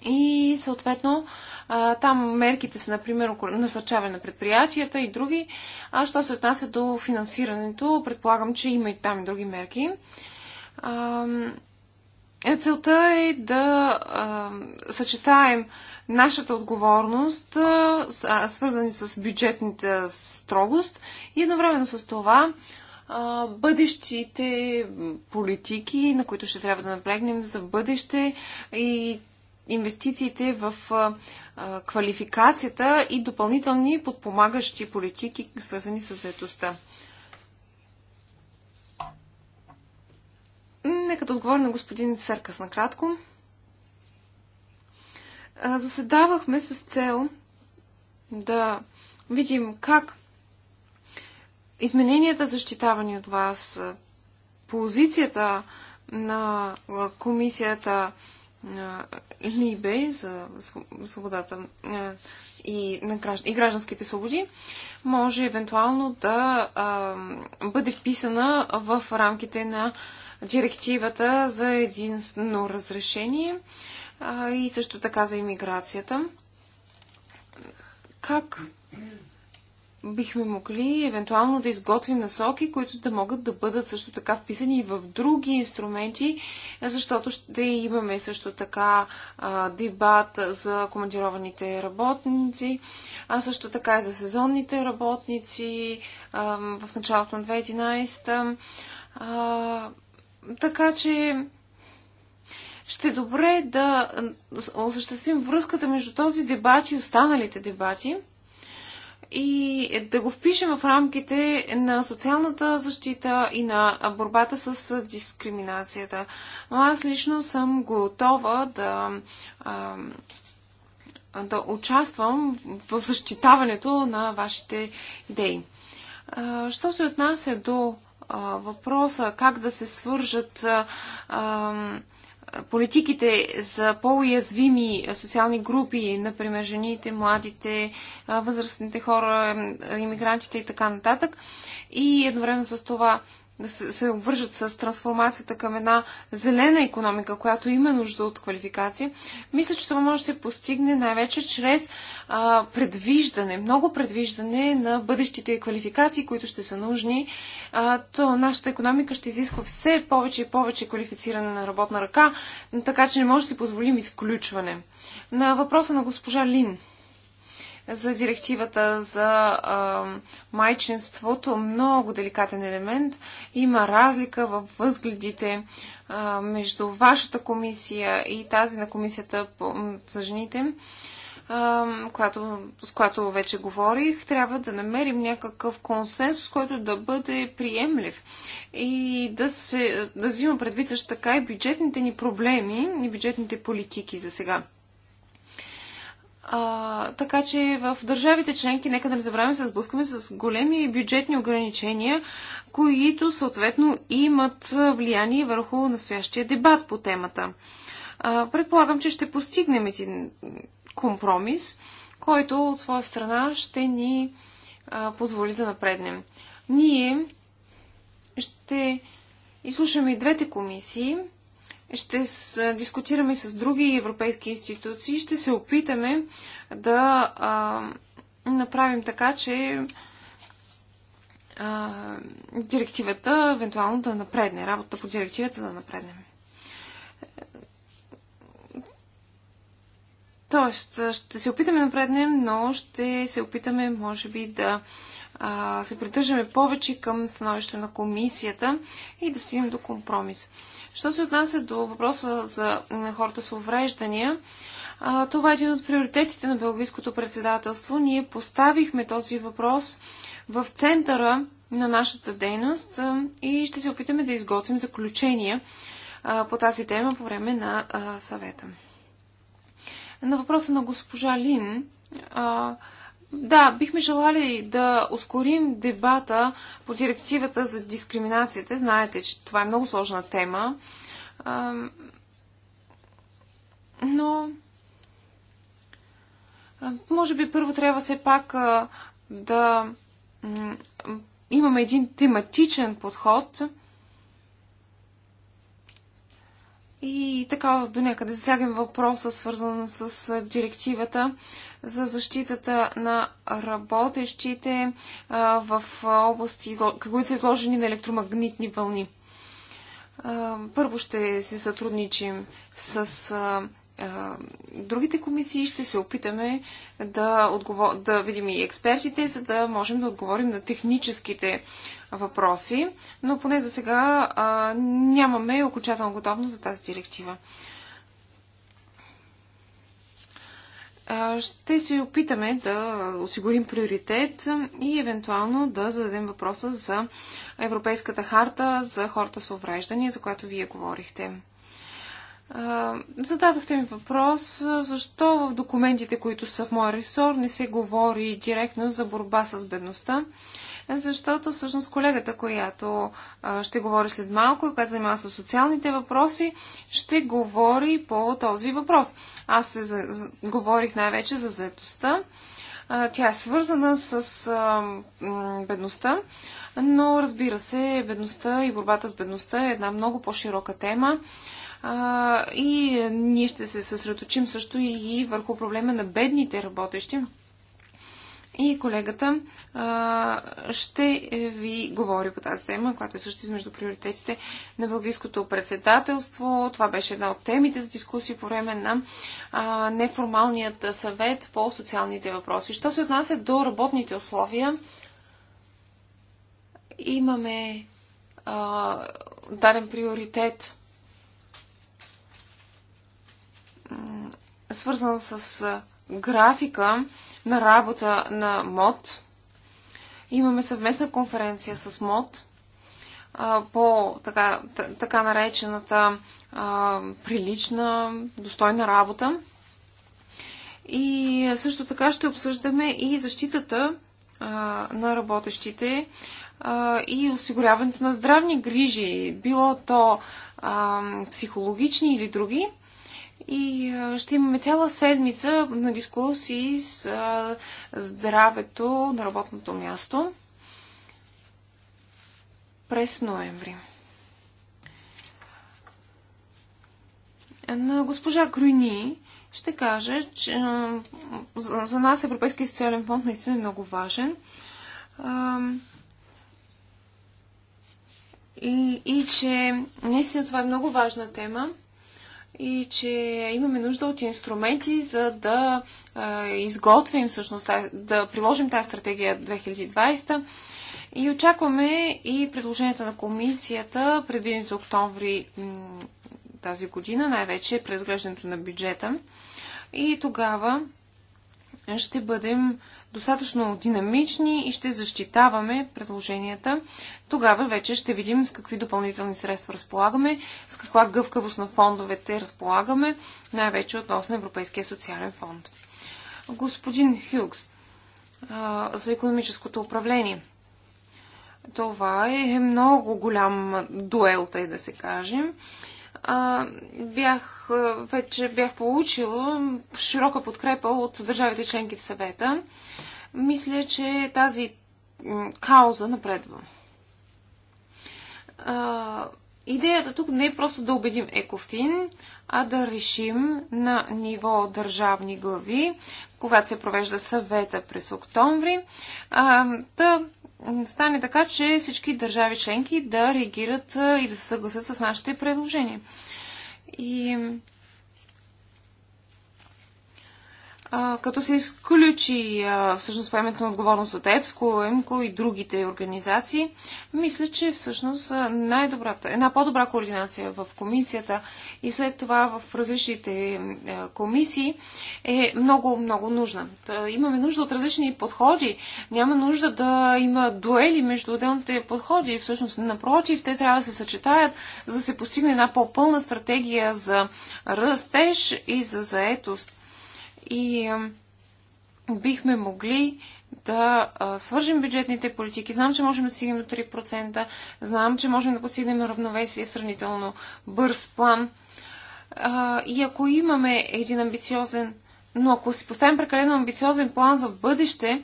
И съответно, там мерките са, например, насърчаване на предприятията и други. А що се отнася до финансирането, предполагам, че има и там и други мерки. Е, целта е да съчетаем нашата отговорност, свързани с бюджетната строгост и едновременно с това бъдещите политики, на които ще трябва да наблегнем за бъдеще и инвестициите в квалификацията и допълнителни подпомагащи политики, свързани с заедостта. Нека да отговоря на господин Съркас накратко заседавахме с цел да видим как измененията, защитавани от вас, позицията на комисията Либе за свободата и, на граждан, и гражданските свободи, може евентуално да а, бъде вписана в рамките на директивата за единствено разрешение а, и също така за иммиграцията. Как бихме могли евентуално да изготвим насоки, които да могат да бъдат също така вписани и в други инструменти, защото ще имаме също така а, дебат за командированите работници, а също така и за сезонните работници а, в началото на 2011. А, така че ще е добре да осъществим връзката между този дебат и останалите дебати и да го впишем в рамките на социалната защита и на борбата с дискриминацията. Аз лично съм готова да, да участвам в защитаването на вашите идеи. Що се отнася до въпроса как да се свържат политиките за по-уязвими социални групи, например жените, младите, възрастните хора, иммигрантите и така нататък. И едновременно с това да се, се обвържат с трансформацията към една зелена економика, която има нужда от квалификация, мисля, че това може да се постигне най-вече чрез а, предвиждане, много предвиждане на бъдещите квалификации, които ще са нужни. А, то нашата економика ще изисква все повече и повече квалифициране на работна ръка, така че не може да си позволим изключване. На въпроса на госпожа Лин – за директивата за а, майчинството. Много деликатен елемент. Има разлика в възгледите а, между вашата комисия и тази на комисията за жените, а, която, с която вече говорих. Трябва да намерим някакъв консенсус, който да бъде приемлив и да, се, да взима предвид също така и бюджетните ни проблеми и бюджетните политики за сега. А, така че в държавите членки, нека да не забравяме, се сблъскваме с големи бюджетни ограничения, които съответно имат влияние върху настоящия дебат по темата. А, предполагам, че ще постигнем един компромис, който от своя страна ще ни а, позволи да напреднем. Ние ще изслушаме и двете комисии ще дискутираме с други европейски институции, ще се опитаме да а, направим така, че а, директивата евентуално да напредне, работа по директивата да напредне. Тоест, ще се опитаме да напреднем, но ще се опитаме, може би, да а, се придържаме повече към становището на комисията и да стигнем до компромис. Що се отнася до въпроса за хората с увреждания, това е един от приоритетите на Белгийското председателство. Ние поставихме този въпрос в центъра на нашата дейност и ще се опитаме да изготвим заключения по тази тема по време на съвета. На въпроса на госпожа Лин, да, бихме желали да ускорим дебата по директивата за дискриминацията. Знаете, че това е много сложна тема. Но, може би първо трябва все пак да имаме един тематичен подход и така до някъде засягам въпроса, свързан с директивата за защитата на работещите в области, които са изложени на електромагнитни вълни. Първо ще се сътрудничим с другите комисии ще се опитаме да, отговор... да видим и експертите, за да можем да отговорим на техническите въпроси, но поне за сега нямаме окончателна готовност за тази директива. ще се опитаме да осигурим приоритет и евентуално да зададем въпроса за Европейската харта за хората с увреждания, за която вие говорихте. Зададохте ми въпрос защо в документите, които са в моя ресор, не се говори директно за борба с бедността защото всъщност колегата, която ще говори след малко и която занимава с социалните въпроси, ще говори по този въпрос. Аз се за... говорих най-вече за заедостта. Тя е свързана с бедността, но разбира се, бедността и борбата с бедността е една много по-широка тема. И ние ще се съсредоточим също и върху проблема на бедните работещи, и колегата а, ще ви говори по тази тема, която е също между приоритетите на Бългийското председателство. Това беше една от темите за дискусии по време на а, неформалният съвет по социалните въпроси. Що се отнася до работните условия, имаме а, даден приоритет свързан с графика на работа на МОД. Имаме съвместна конференция с МОД по така, така наречената а, прилична, достойна работа. И също така ще обсъждаме и защитата а, на работещите а, и осигуряването на здравни грижи, било то а, психологични или други. И ще имаме цяла седмица на дискусии с здравето на работното място през ноември. На госпожа Крюни ще кажа, че за нас Европейския социален фонд наистина е много важен. И, и че наистина това е много важна тема и че имаме нужда от инструменти, за да изготвим всъщност, да приложим тази стратегия 2020 и очакваме и предложенията на комисията, предвидени за октомври тази година, най-вече през на бюджета. И тогава ще бъдем достатъчно динамични и ще защитаваме предложенията, тогава вече ще видим с какви допълнителни средства разполагаме, с каква гъвкавост на фондовете разполагаме, най-вече относно Европейския социален фонд. Господин Хюкс, за економическото управление. Това е много голям дуел, тъй да се кажем а, бях, вече бях получила широка подкрепа от държавите членки в съвета. Мисля, че тази кауза напредва. А, идеята тук не е просто да убедим Екофин, а да решим на ниво държавни глави, когато се провежда съвета през октомври, а, да стане така, че всички държави членки да реагират и да се съгласят с нашите предложения. И като се изключи а, всъщност паметна отговорност от ЕПСКО, ЕМКО и другите организации, мисля, че всъщност най-добрата, една по-добра координация в комисията и след това в различните а, комисии е много, много нужна. Та, имаме нужда от различни подходи, няма нужда да има дуели между отделните подходи. Всъщност, напротив, те трябва да се съчетаят, за да се постигне една по-пълна стратегия за растеж и за заетост и бихме могли да свържим бюджетните политики. Знам, че можем да стигнем до 3%, знам, че можем да постигнем равновесие в сравнително бърз план. И ако имаме един амбициозен но ако си поставим прекалено амбициозен план за бъдеще,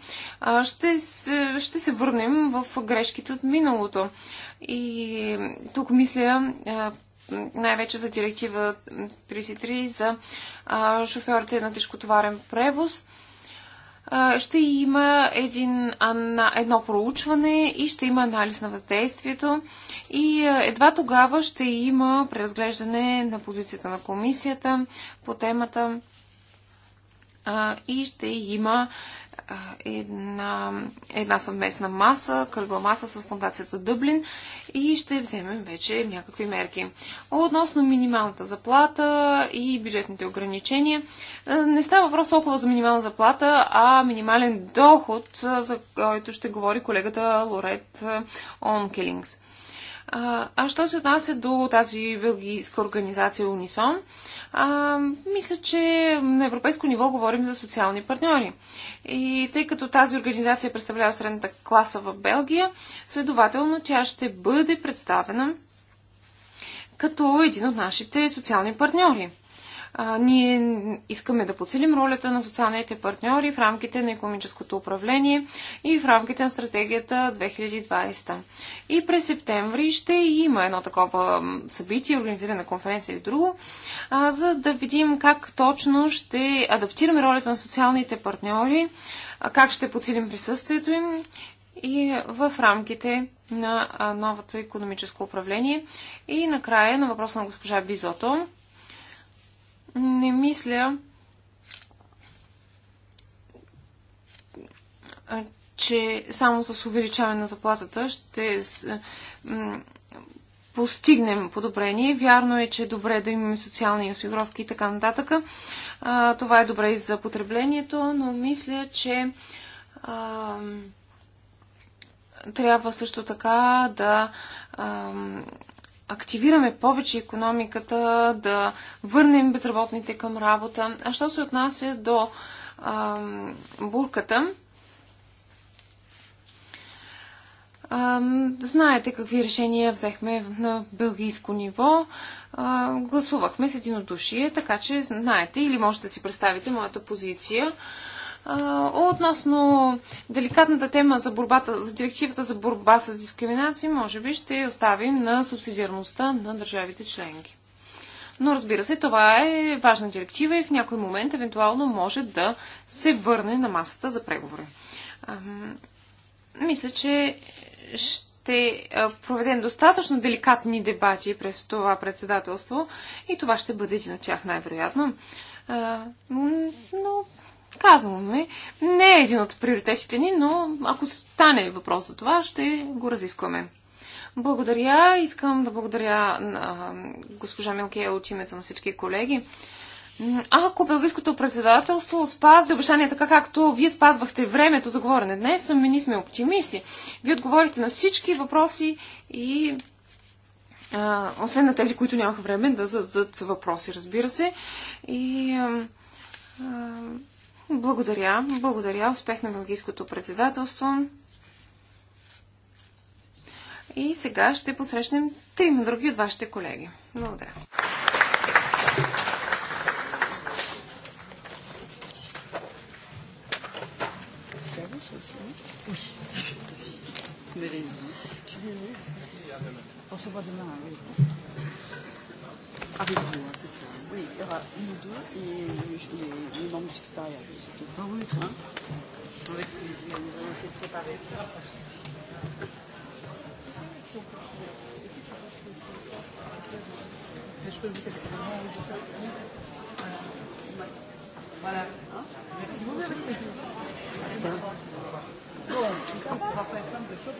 ще се, ще се върнем в грешките от миналото. И тук мисля най-вече за директива 33 за шофьорите на тежкотоварен превоз. Ще има един, едно проучване и ще има анализ на въздействието и едва тогава ще има преразглеждане на позицията на комисията по темата и ще има една, една съвместна маса, кръгла маса с фундацията Дъблин и ще вземем вече някакви мерки. Относно минималната заплата и бюджетните ограничения, не става въпрос толкова за минимална заплата, а минимален доход, за който ще говори колегата Лорет Онкелингс. А, що се отнася до тази белгийска организация Унисон, а, мисля, че на европейско ниво говорим за социални партньори. И тъй като тази организация представлява средната класа в Белгия, следователно тя ще бъде представена като един от нашите социални партньори а, ние искаме да подсилим ролята на социалните партньори в рамките на економическото управление и в рамките на стратегията 2020. И през септември ще има едно такова събитие, организирана конференция или друго, а, за да видим как точно ще адаптираме ролята на социалните партньори, а, как ще подсилим присъствието им и в рамките на новото економическо управление. И накрая на въпроса на госпожа Бизото не мисля, че само с увеличаване на заплатата ще постигнем подобрение. Вярно е, че е добре да имаме социални осигуровки и така нататък. това е добре и за потреблението, но мисля, че трябва също така да активираме повече економиката, да върнем безработните към работа. А що се отнася до а, бурката, а, знаете какви решения взехме на бългийско ниво. А, гласувахме с единодушие, така че знаете или можете да си представите моята позиция. Относно деликатната тема за, борбата, за директивата за борба с дискриминации, може би ще оставим на субсидиарността на държавите членки. Но разбира се, това е важна директива и в някой момент евентуално може да се върне на масата за преговори. Мисля, че ще проведем достатъчно деликатни дебати през това председателство и това ще бъде един от тях най-вероятно. Но Казваме, не е един от приоритетите ни, но ако стане въпрос за това, ще го разискваме. Благодаря. Искам да благодаря на госпожа Милкея от името на всички колеги. Ако Белгийското председателство спази обещания така, както вие спазвахте времето за говорене днес, сами ние сме оптимисти. Вие отговорите на всички въпроси и а, освен на тези, които нямаха време да зададат въпроси, разбира се. И а, а, благодаря. Благодаря. Успех на Белгийското председателство. И сега ще посрещнем трима други от вашите колеги. Благодаря. Avec vous. Oui, il y aura nous deux et les, les membres du secrétariat. C'est tout. Ah oui, hein Avec plaisir, nous allons essayer de préparer ça. Voilà. Merci beaucoup, avec plaisir. Bon, on va faire plein de choses.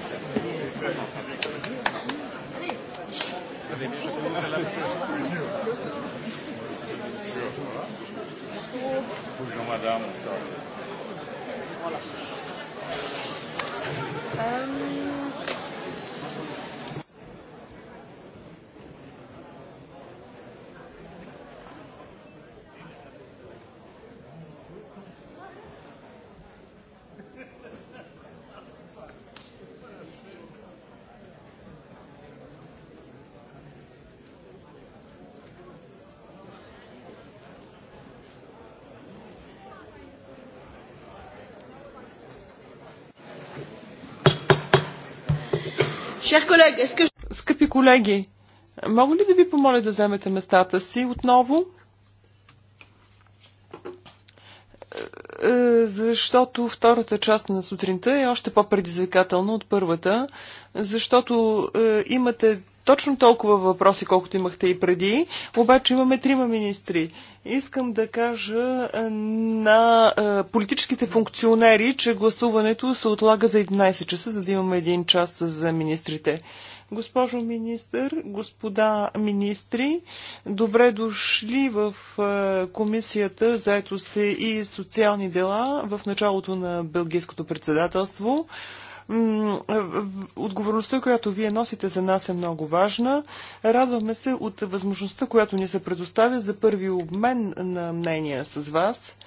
Bonjour madame. Voilà. Euh... Скъпи колеги, мога ли да ви помоля да вземете местата си отново? Е, е, защото втората част на сутринта е още по-предизвикателна от първата, защото е, имате точно толкова въпроси, колкото имахте и преди, обаче имаме трима министри. Искам да кажа на политическите функционери, че гласуването се отлага за 11 часа, за да имаме един час за министрите. Госпожо министър, господа министри, добре дошли в комисията за етосте и социални дела в началото на Белгийското председателство. Е, отговорността, която вие носите за нас е много важна. Радваме се от възможността, която ни се предоставя за първи обмен на мнения с вас.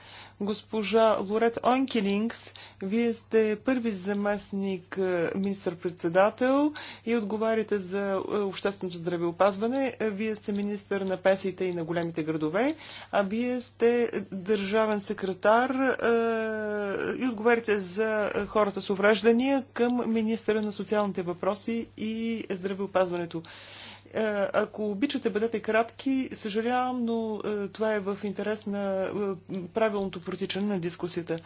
Госпожа Лорет Онкелингс, вие сте първи заместник е, министър-председател и отговаряте за е, общественото здравеопазване. Е, вие сте министър на песите и на големите градове, а вие сте държавен секретар и отговаряте за хората с увреждания към министъра на социалните въпроси и здравеопазването. Е, ако обичате, бъдете кратки. Съжалявам, но е, това е в интерес на е, правилното протичане на дискусията.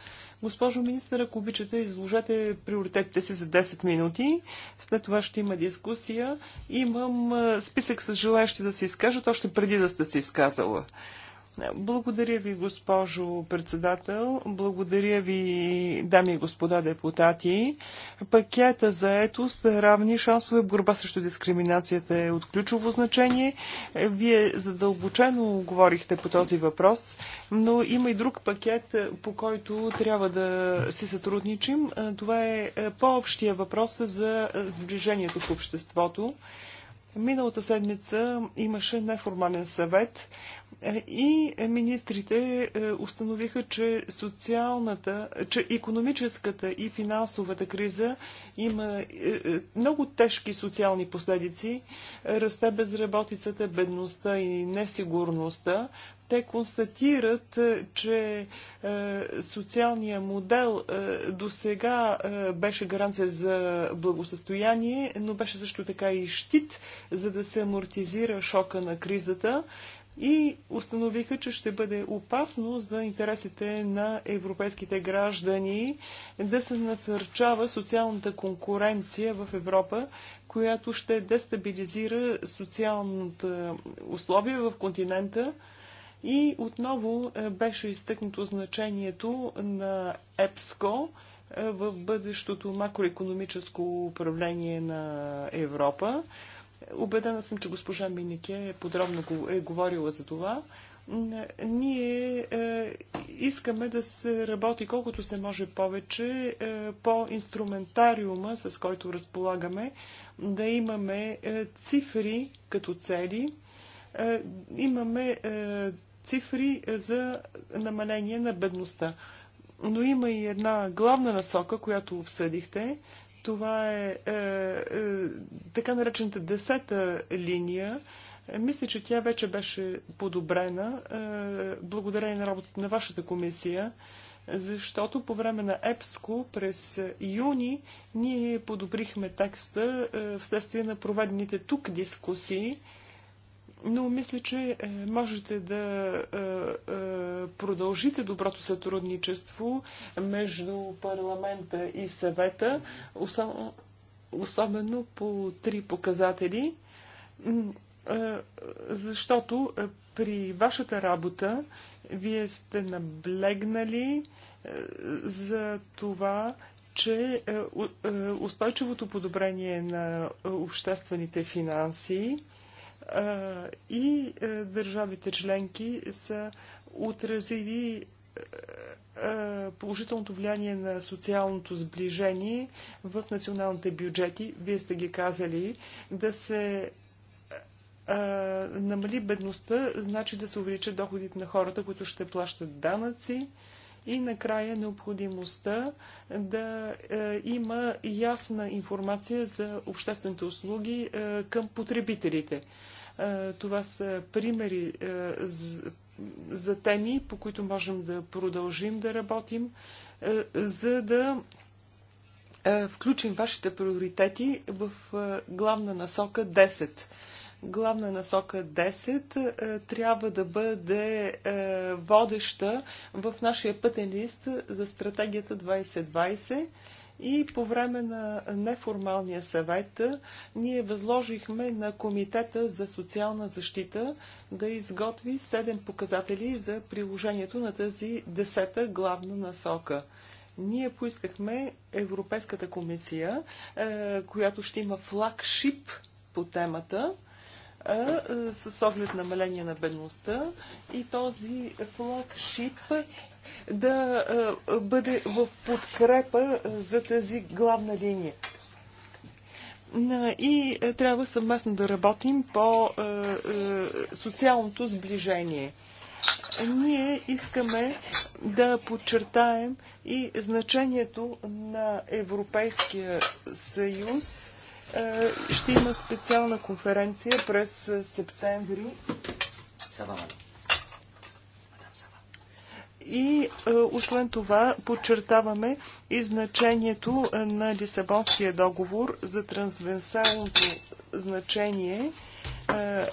Госпожо министър, ако обичате, изложете приоритетите си за 10 минути. След това ще има дискусия. Имам списък с желаящи да се изкажат, още преди да сте се изказала. Благодаря ви, госпожо председател. Благодаря ви, дами и господа депутати. Пакета за етост равни шансове в борба срещу дискриминацията е от ключово значение. Вие задълбочено говорихте по този въпрос, но има и друг пакет, по който трябва да си сътрудничим. Това е по-общия въпрос за сближението в обществото. Миналата седмица имаше неформален съвет и министрите е, установиха, че социалната, че економическата и финансовата криза има е, е, много тежки социални последици. Расте безработицата, бедността и несигурността. Те констатират, че социалният модел до сега беше гаранция за благосъстояние, но беше също така и щит, за да се амортизира шока на кризата и установиха, че ще бъде опасно за интересите на европейските граждани да се насърчава социалната конкуренция в Европа, която ще дестабилизира социалните условия в континента. И отново е, беше изтъкнато значението на ЕПСКО е, в бъдещото макроекономическо управление на Европа. Обедена съм, че госпожа Минике е подробно е говорила за това. Ние е, искаме да се работи колкото се може повече е, по инструментариума, с който разполагаме, да имаме е, цифри като цели. Е, имаме е, цифри за намаление на бедността. Но има и една главна насока, която обсъдихте, това е, е, е така наречената десета линия. Мисля, че тя вече беше подобрена е, благодарение на работата на вашата комисия, защото по време на ЕПСКО през юни ние подобрихме текста е, вследствие на проведените тук дискусии но мисля, че е, можете да е, е, продължите доброто сътрудничество между парламента и съвета, особено по три показатели, защото при вашата работа вие сте наблегнали за това, че устойчивото подобрение на обществените финанси и държавите членки са отразили положителното влияние на социалното сближение в националните бюджети, вие сте ги казали, да се намали бедността, значи да се увеличат доходите на хората, които ще плащат данъци и накрая необходимостта да е, има ясна информация за обществените услуги е, към потребителите. Е, това са примери е, за теми, по които можем да продължим да работим, е, за да включим вашите приоритети в главна насока 10 главна насока 10 трябва да бъде водеща в нашия пътен лист за стратегията 2020. И по време на неформалния съвет ние възложихме на Комитета за социална защита да изготви 7 показатели за приложението на тази 10-та главна насока ние поискахме Европейската комисия, която ще има флагшип по темата, а, с оглед намаление на бедността и този флагшип да а, бъде в подкрепа за тази главна линия. И трябва съвместно да работим по социалното сближение. Ние искаме да подчертаем и значението на Европейския съюз е, ще има специална конференция през септември. И е, освен това подчертаваме и значението на Лисабонския договор за трансвенсалното значение е,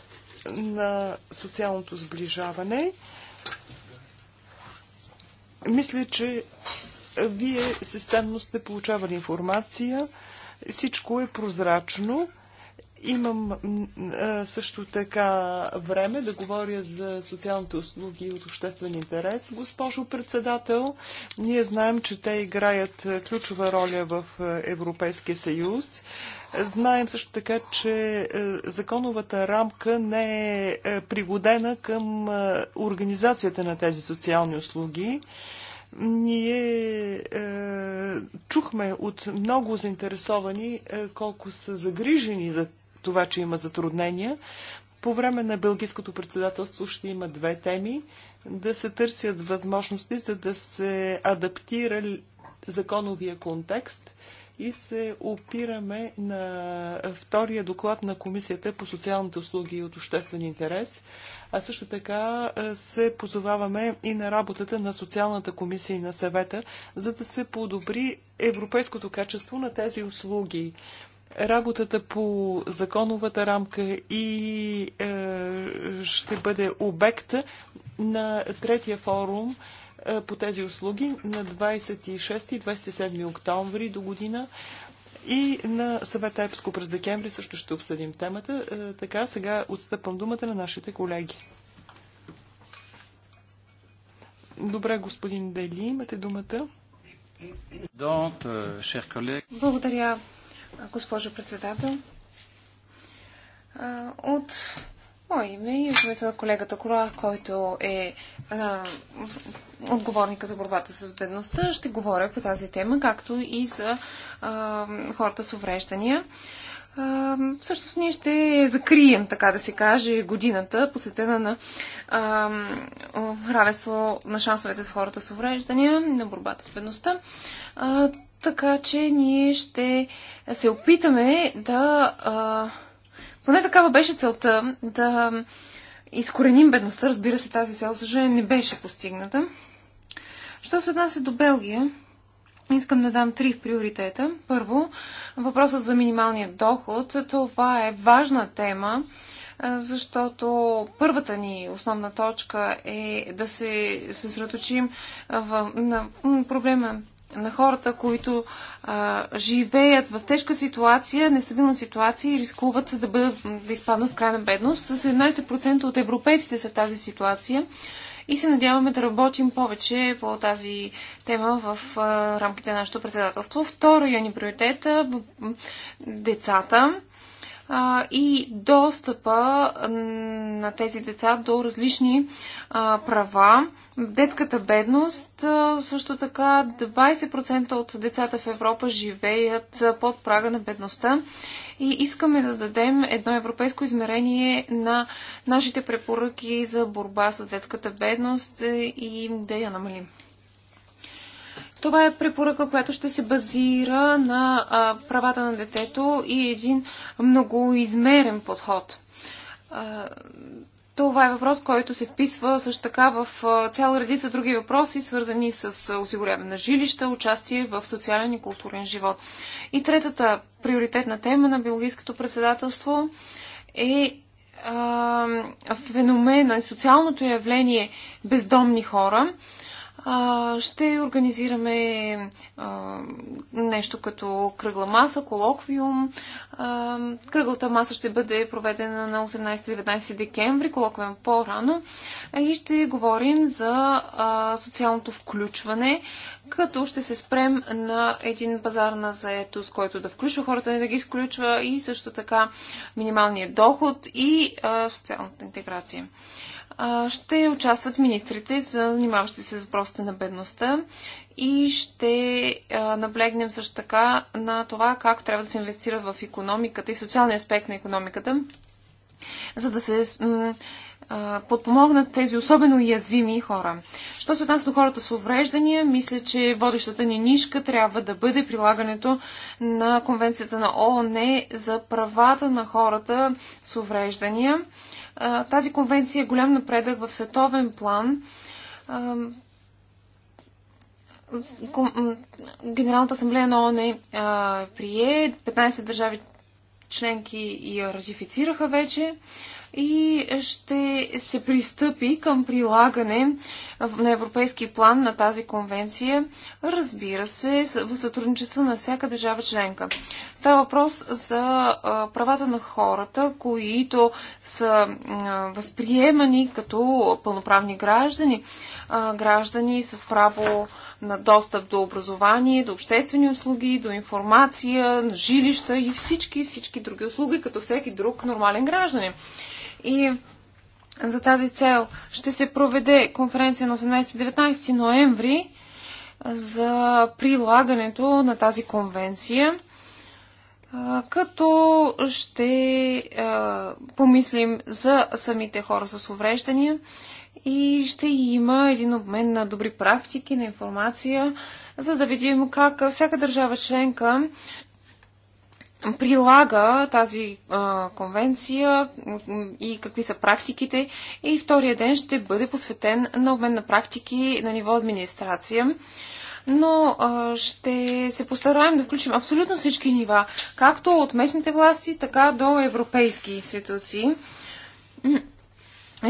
на социалното сближаване. Мисля, че вие системно сте получавали информация всичко е прозрачно. Имам също така време да говоря за социалните услуги от обществен интерес. Госпожо председател, ние знаем, че те играят ключова роля в Европейския съюз. Знаем също така, че законовата рамка не е пригодена към организацията на тези социални услуги. Ние е, чухме от много заинтересовани е, колко са загрижени за това, че има затруднения. По време на Белгийското председателство ще има две теми. Да се търсят възможности, за да се адаптира законовия контекст и се опираме на втория доклад на Комисията по социалните услуги и от обществен интерес, а също така е, се позоваваме и на работата на Социалната комисия и на съвета, за да се подобри европейското качество на тези услуги работата по законовата рамка и е, ще бъде обект на третия форум е, по тези услуги на 26 и 27 октомври до година. И на съвета ЕПСКО през декември също ще обсъдим темата. Е, така, сега отстъпвам думата на нашите колеги. Добре, господин Дели, имате думата. Благодаря, госпожо председател. Е, от мое име и от името на колегата Кола, който е а, отговорника за борбата с бедността, ще говоря по тази тема, както и за а, хората с увреждания. всъщност ние ще закрием, така да се каже, годината, посетена на а, равенство на шансовете с хората с увреждания, на борбата с бедността. А, така че ние ще се опитаме да. А, поне такава беше целта да изкореним бедността. Разбира се, тази цел, съжаление, не беше постигната. Що се отнася до Белгия, Искам да дам три приоритета. Първо, въпросът за минималния доход. Това е важна тема, защото първата ни основна точка е да се съсредоточим в, на проблема на хората, които а, живеят в тежка ситуация, нестабилна ситуация и рискуват да, бъдат, да изпаднат в крайна бедност. С 17% от европейците са в тази ситуация и се надяваме да работим повече по тази тема в а, рамките на нашето председателство. Втория ни приоритет е – децата а, и достъпа на тези деца до различни а, права. Детската бедност, а, също така 20% от децата в Европа живеят под прага на бедността и искаме да дадем едно европейско измерение на нашите препоръки за борба с детската бедност и да я намалим. Това е препоръка, която ще се базира на а, правата на детето и един многоизмерен подход. А, това е въпрос, който се вписва също така в цяла редица други въпроси, свързани с осигуряване на жилища, участие в социален и културен живот. И третата приоритетна тема на биологическото председателство е а, феномена, социалното явление бездомни хора – а, ще организираме а, нещо като кръгла маса, колоквиум. А, кръглата маса ще бъде проведена на 18-19 декември, колоквиум е по-рано. И ще говорим за а, социалното включване, като ще се спрем на един пазар на заетост, който да включва хората, не да ги изключва и също така минималният доход и а, социалната интеграция ще участват министрите, занимаващи се с въпросите на бедността и ще наблегнем също така на това как трябва да се инвестира в економиката и социалния аспект на економиката, за да се подпомогнат тези особено уязвими хора. Що се отнася до хората с увреждания, мисля, че водещата ни нишка трябва да бъде прилагането на Конвенцията на ООН за правата на хората с увреждания тази конвенция е голям напредък в световен план. Генералната асамблея на ООН прие 15 държави членки я ратифицираха вече и ще се пристъпи към прилагане на европейски план на тази конвенция, разбира се, в сътрудничество на всяка държава членка. Става въпрос за правата на хората, които са възприемани като пълноправни граждани, граждани с право на достъп до образование, до обществени услуги, до информация, на жилища и всички, всички други услуги, като всеки друг нормален гражданин. И за тази цел ще се проведе конференция на 18-19 ноември за прилагането на тази конвенция, като ще помислим за самите хора с увреждания и ще има един обмен на добри практики, на информация, за да видим как всяка държава членка прилага тази а, конвенция и какви са практиките. И втория ден ще бъде посветен на обмен на практики на ниво администрация. Но а, ще се постараем да включим абсолютно всички нива, както от местните власти, така до европейски институции.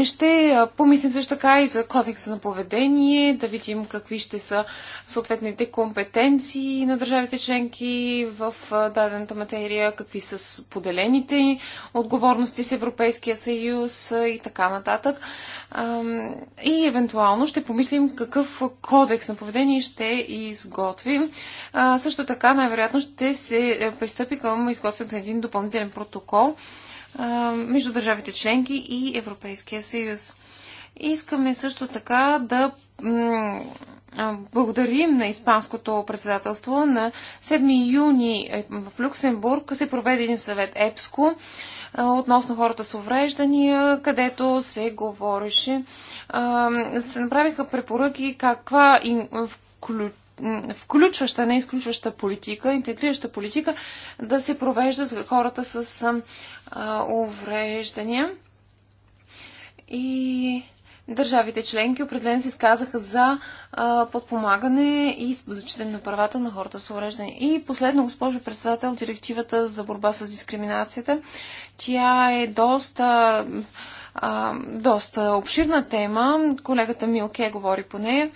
Ще помислим също така и за кодекса на поведение, да видим какви ще са съответните компетенции на държавите членки в дадената материя, какви са поделените отговорности с Европейския съюз и така нататък. И евентуално ще помислим какъв кодекс на поведение ще изготвим. Също така най-вероятно ще се е, пристъпи към изготвянето на един допълнителен протокол между държавите членки и Европейския съюз. Искаме също така да благодарим на Испанското председателство. На 7 юни е, в Люксембург се проведе един съвет ЕПСКО относно хората с увреждания, където се говореше. Се направиха препоръки каква включителност включваща, не изключваща политика, интегрираща политика да се провежда за хората с а, увреждания. И държавите членки определено се изказаха за а, подпомагане и зачитане на правата на хората с увреждане. И последно, госпожо председател, директивата за борба с дискриминацията. Тя е доста, а, доста обширна тема. Колегата Милке говори по нея.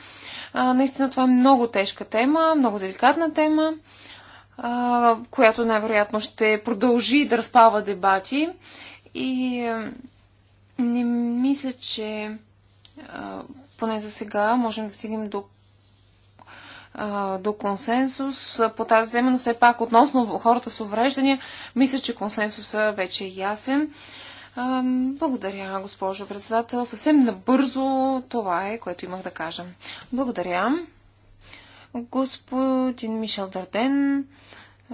А, наистина това е много тежка тема, много деликатна тема, а, която най-вероятно ще продължи да разпава дебати. И а, не мисля, че а, поне за сега можем да стигнем до до консенсус по тази тема, но все пак относно хората с увреждания, мисля, че консенсуса вече е ясен. Благодаря, госпожо председател. Съвсем набързо това е, което имах да кажа. Благодаря. Господин Мишел Дарден,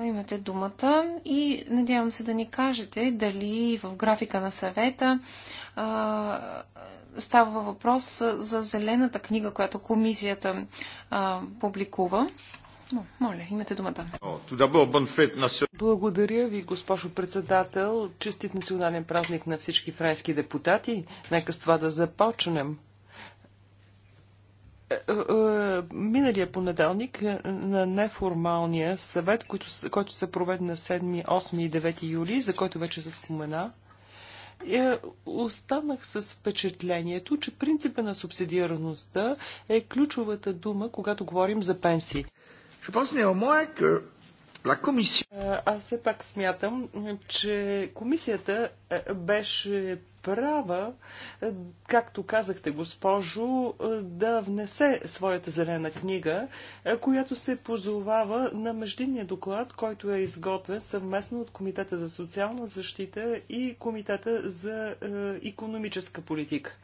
имате думата и надявам се да ни кажете дали в графика на съвета а, става въпрос за зелената книга, която комисията а, публикува. Моля, имате думата. Благодаря ви, госпожо председател. Честит национален празник на всички френски депутати. Нека с това да започнем. Е, е, миналия понеделник е, на неформалния съвет, който, който се проведе на 7, 8 и 9 юли, за който вече се спомена, е, останах с впечатлението, че принципа на субсидиарността е ключовата дума, когато говорим за пенсии. Je pense néanmoins que la Commission... Е, аз все пак смятам, че комисията е, беше права, е, както казахте, госпожо, да внесе своята зелена книга, която се позовава на междинния доклад, който е изготвен съвместно от Комитета за социална защита и Комитета за економическа политика.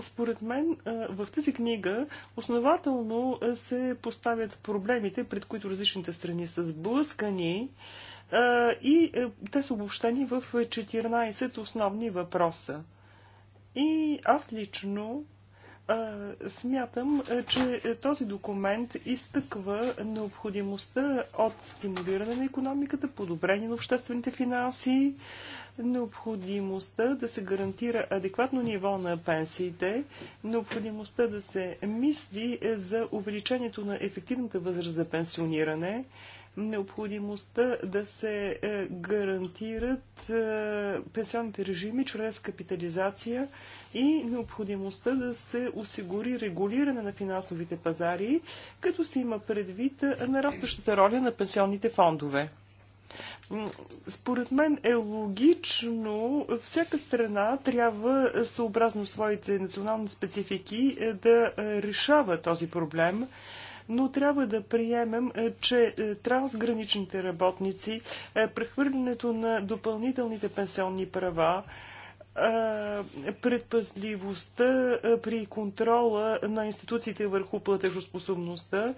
Според мен в тази книга основателно се поставят проблемите, пред които различните страни са сблъскани и те са обобщени в 14 основни въпроса. И аз лично Смятам, че този документ изтъква необходимостта от стимулиране на економиката, подобрение на обществените финанси, необходимостта да се гарантира адекватно ниво на пенсиите, необходимостта да се мисли за увеличението на ефективната възраст за пенсиониране, необходимостта да се е, гарантират е, пенсионните режими чрез капитализация и необходимостта да се осигури регулиране на финансовите пазари, като се има предвид е, нарастващата роля на пенсионните фондове. Според мен е логично всяка страна трябва съобразно своите национални специфики да решава този проблем но трябва да приемем, е, че е, трансграничните работници, е, прехвърлянето на допълнителните пенсионни права, предпазливостта при контрола на институциите върху платежоспособността,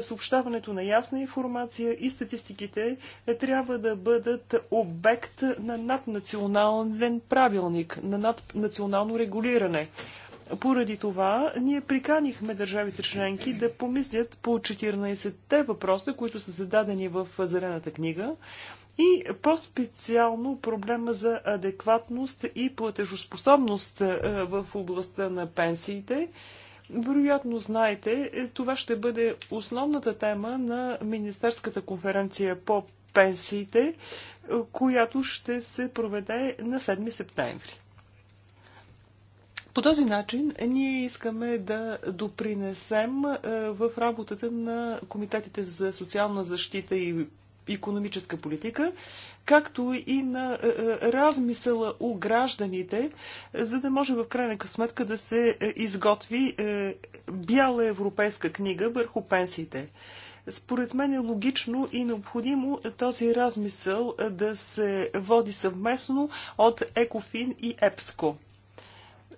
съобщаването на ясна информация и статистиките трябва да бъдат обект на наднационален правилник, на наднационално регулиране. Поради това ние приканихме държавите членки да помислят по 14-те въпроса, които са зададени в Зелената книга и по-специално проблема за адекватност и платежоспособност е, в областта на пенсиите. Вероятно знаете, е, това ще бъде основната тема на Министерската конференция по пенсиите, е, която ще се проведе на 7 септември. По този начин ние искаме да допринесем е, в работата на комитетите за социална защита и економическа политика, както и на е, е, размисъла у гражданите, за да може в крайна сметка да се изготви бяла европейска книга върху пенсиите. Според мен е логично и необходимо този размисъл да се води съвместно от ЕКОФИН и ЕПСКО.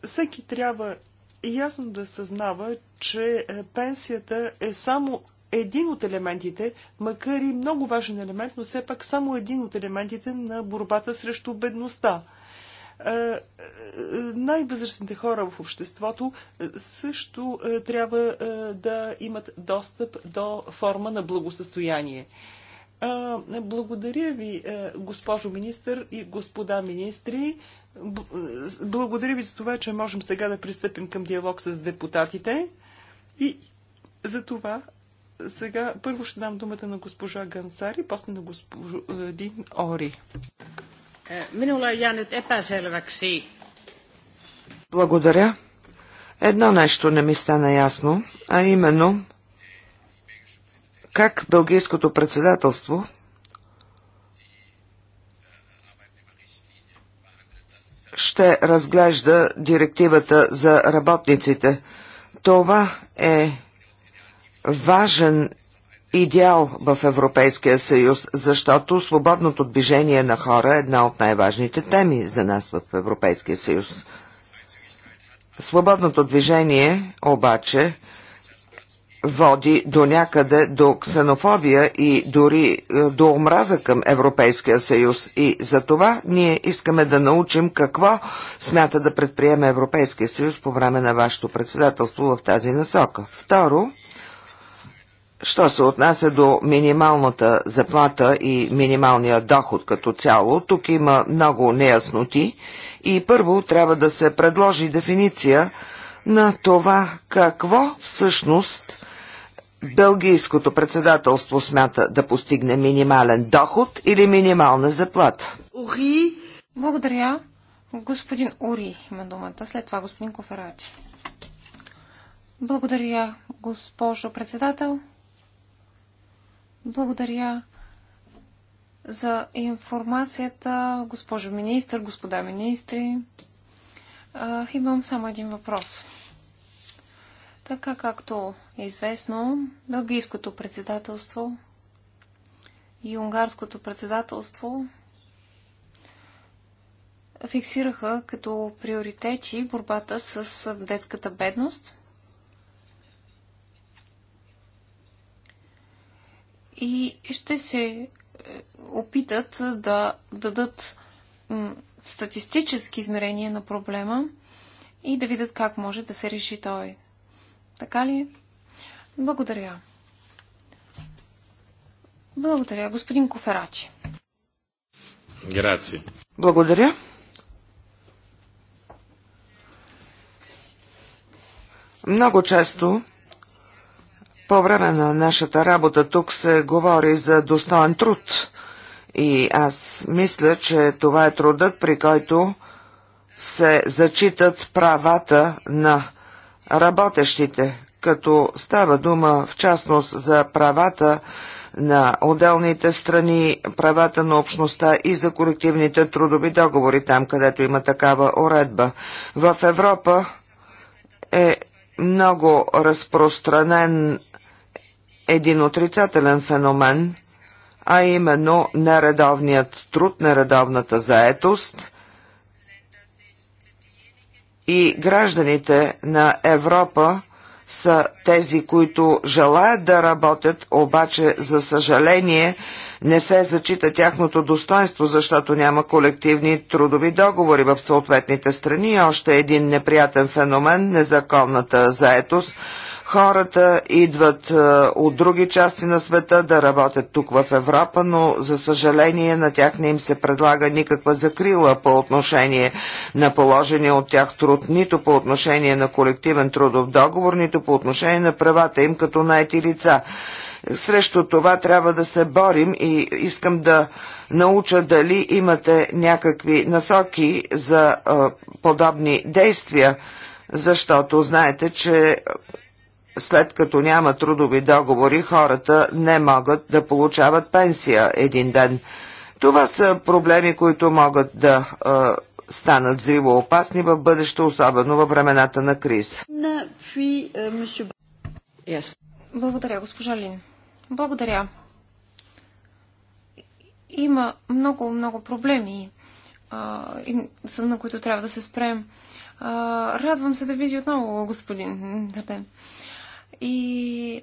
Всеки трябва ясно да съзнава, че е, пенсията е само един от елементите, макар и много важен елемент, но все пак само един от елементите на борбата срещу бедността е, е, най-възрастните хора в обществото също трябва да имат достъп до форма на благосъстояние. Благодаря ви, госпожо министър и господа министри. Благодаря ви за това, че можем сега да пристъпим към диалог с депутатите. И за това сега първо ще дам думата на госпожа Гансари, после на господин е, Ори. Е, благодаря. Едно нещо не ми стана ясно, а именно как Белгийското председателство ще разглежда директивата за работниците. Това е важен идеал в Европейския съюз, защото свободното движение на хора е една от най-важните теми за нас в Европейския съюз. Свободното движение обаче води до някъде до ксенофобия и дори е, до омраза към Европейския съюз. И за това ние искаме да научим какво смята да предприеме Европейския съюз по време на вашето председателство в тази насока. Второ, Що се отнася до минималната заплата и минималния доход като цяло, тук има много неясноти и първо трябва да се предложи дефиниция на това какво всъщност Белгийското председателство смята да постигне минимален доход или минимална заплата? Ури! Благодаря. Господин Ури има думата. След това господин Коферати. Благодаря, госпожо председател. Благодаря за информацията, госпожо министр, господа министри. имам само един въпрос. Така както е известно, бългийското председателство и унгарското председателство фиксираха като приоритети борбата с детската бедност и ще се е, опитат да дадат статистически измерения на проблема и да видят как може да се реши той. Така ли? Е? Благодаря. Благодаря, господин Коферачи. Грация. Благодаря. Много често по време на нашата работа тук се говори за достоен труд. И аз мисля, че това е трудът, при който се зачитат правата на работещите, като става дума в частност за правата на отделните страни, правата на общността и за колективните трудови договори там, където има такава уредба. В Европа е много разпространен един отрицателен феномен, а именно нередовният труд, нередовната заетост – и гражданите на Европа са тези, които желаят да работят, обаче за съжаление не се зачита тяхното достоинство, защото няма колективни трудови договори в съответните страни. Още един неприятен феномен – незаконната заетост – Хората идват е, от други части на света да работят тук в Европа, но за съжаление на тях не им се предлага никаква закрила по отношение на положение от тях труд, нито по отношение на колективен трудов договор, нито по отношение на правата им като наети лица. Срещу това трябва да се борим и искам да науча дали имате някакви насоки за а, е, подобни действия, защото знаете, че след като няма трудови договори, хората не могат да получават пенсия един ден. Това са проблеми, които могат да е, станат взривоопасни в бъдеще, особено във времената на криз. Yes. Благодаря, госпожа Лин. Благодаря. Има много, много проблеми, а, на които трябва да се спрем. А, радвам се да видя отново господин Дърден. И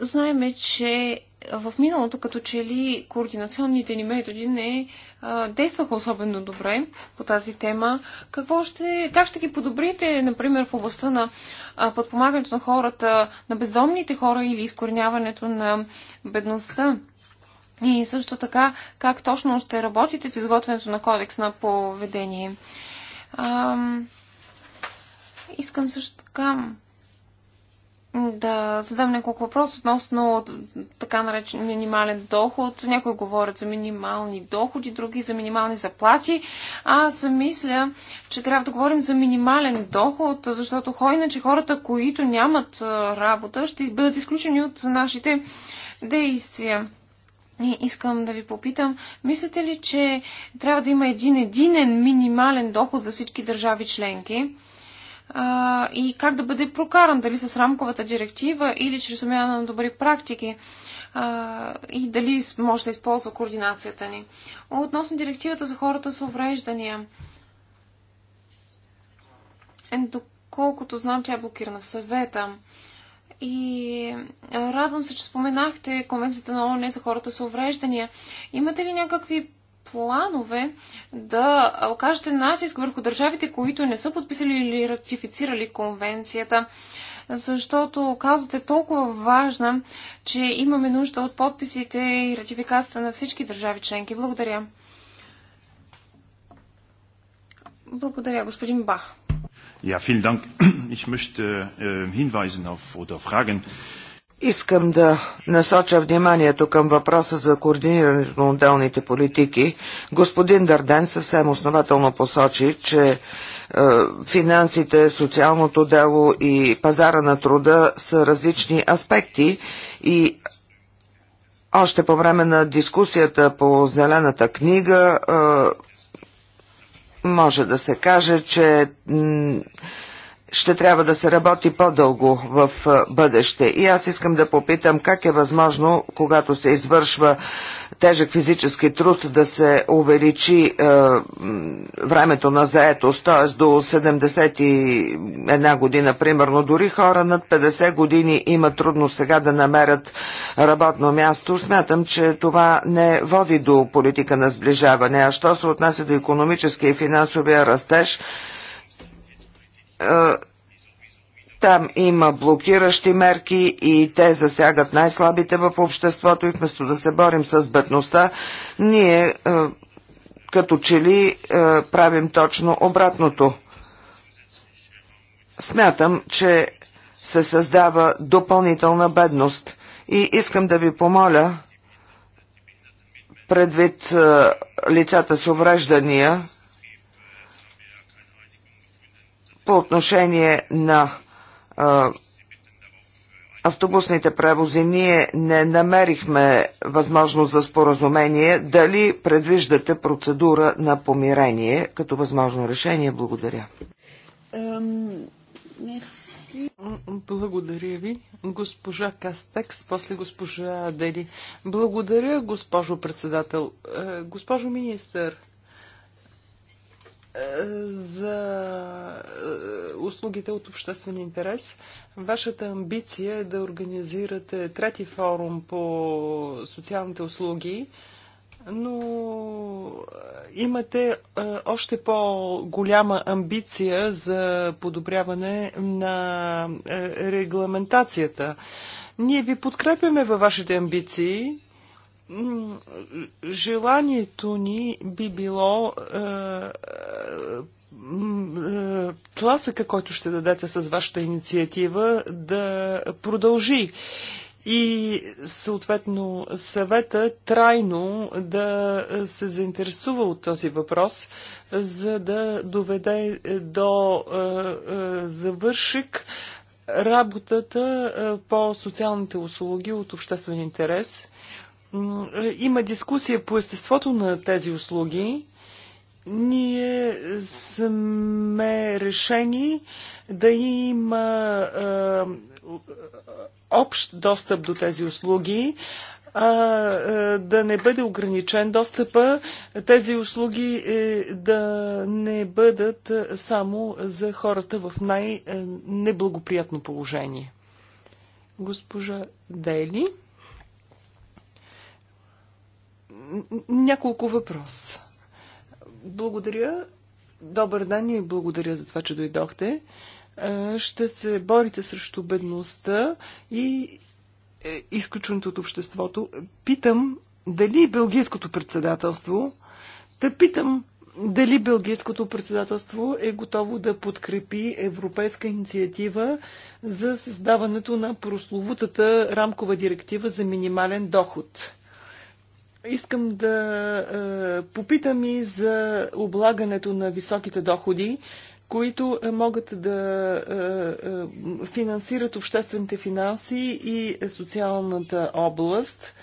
знаеме, че в миналото, като че ли координационните ни методи не а, действаха особено добре по тази тема. Какво ще, как ще ги подобрите, например, в областта на а, подпомагането на хората, на бездомните хора или изкореняването на бедността? И също така, как точно ще работите с изготвянето на кодекс на поведение? А, искам също така да задам няколко въпроса относно така наречен минимален доход. Някои говорят за минимални доходи, други за минимални заплати. Аз мисля, че трябва да говорим за минимален доход, защото хой иначе хората, които нямат работа, ще бъдат изключени от нашите действия. И искам да ви попитам, мислите ли, че трябва да има един единен минимален доход за всички държави членки? а, и как да бъде прокаран, дали с рамковата директива или чрез умяна на добри практики а, и дали може да използва координацията ни. Относно директивата за хората с увреждания, е, доколкото знам, тя е блокирана в съвета. И радвам се, че споменахте Конвенцията на ООН за хората с увреждания. Имате ли някакви планове да окажете натиск върху държавите, които не са подписали или ратифицирали конвенцията, защото казвате е толкова важна, че имаме нужда от подписите и ратификацията на всички държави членки. Благодаря. Благодаря, господин Бах. Ja, vielen Dank. Ich möchte äh, hinweisen auf oder fragen, Искам да насоча вниманието към въпроса за координирането на отделните политики. Господин Дарден съвсем основателно посочи, че е, финансите, социалното дело и пазара на труда са различни аспекти и още по време на дискусията по Зелената книга е, може да се каже, че ще трябва да се работи по-дълго в бъдеще. И аз искам да попитам как е възможно, когато се извършва тежък физически труд, да се увеличи е, времето на заетост, т.е. до 71 година, примерно. Дори хора над 50 години има трудно сега да намерят работно място. Смятам, че това не води до политика на сближаване. А що се отнася до економическия и финансовия растеж, е, там има блокиращи мерки и те засягат най-слабите в обществото и вместо да се борим с бедността, ние е, като че ли е, правим точно обратното. Смятам, че се създава допълнителна бедност и искам да ви помоля предвид лицата с увреждания, по отношение на а, автобусните превози ние не намерихме възможност за споразумение. Дали предвиждате процедура на помирение като възможно решение? Благодаря. Благодаря ви. Госпожа Кастекс, после госпожа Дели. Благодаря, госпожо председател. Е, госпожо министър, е, за е, услугите от обществен интерес. Вашата амбиция е да организирате трети форум по социалните услуги, но е, имате още по-голяма амбиция за подобряване на регламентацията. Ние ви подкрепяме във вашите амбиции, желанието ни би било е, е, тласъка, който ще дадете с вашата инициатива, да продължи и съответно съвета трайно да се заинтересува от този въпрос, за да доведе до е, завършик работата по социалните услуги от обществен интерес е, има дискусия по естеството на тези услуги. Ние сме решени да има е, общ достъп до тези услуги, а, е, да не бъде ограничен достъпа, тези услуги да не бъдат само за хората в най-неблагоприятно положение. Госпожа Дели няколко въпрос. Благодаря. Добър ден и благодаря за това, че дойдохте. Е, ще се борите срещу бедността и е, изключването от обществото. Питам дали Белгийското председателство, да питам дали Белгийското председателство е готово да подкрепи европейска инициатива за създаването на прословутата рамкова директива за минимален доход. Искам да е, попитам и за облагането на високите доходи, които е, могат да е, финансират обществените финанси и социалната област.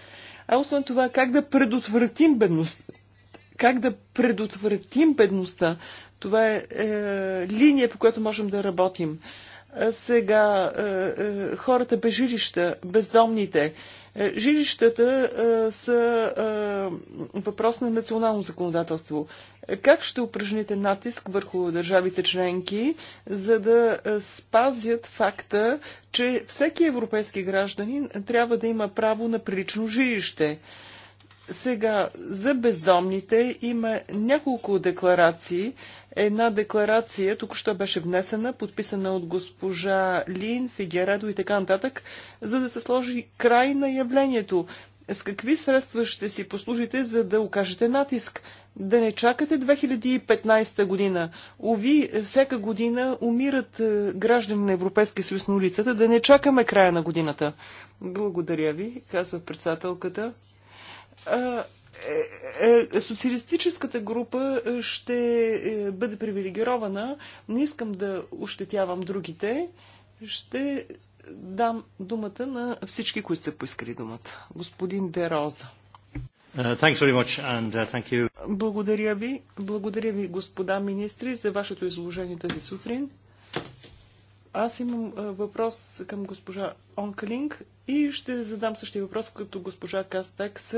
А освен това, как да предотвратим бедността? Как да предотвратим бедността? Това е, е линия, по която можем да работим. А сега е, е, хората без жилища, бездомните, е, жилищата е, са е, въпрос на национално законодателство. Как ще упражните натиск върху държавите членки, за да спазят факта, че всеки европейски гражданин трябва да има право на прилично жилище? Сега за бездомните има няколко декларации, Една декларация току-що беше внесена, подписана от госпожа Лин, Фигередо и така нататък, за да се сложи край на явлението. С какви средства ще си послужите, за да окажете натиск? Да не чакате 2015 година. Ови, всяка година умират е, граждани на Европейския съюз на улицата. Да не чакаме края на годината. Благодаря ви, казва председателката. А, е, е, социалистическата група е, ще бъде привилегирована. Не искам да ощетявам другите. Ще дам думата на всички, които са поискали думата. Господин Дероза. Uh, uh, Благодаря ви. Благодаря ви, господа министри, за вашето изложение тази сутрин. Аз имам въпрос към госпожа Онкалинг и ще задам същия въпрос като госпожа Кастекс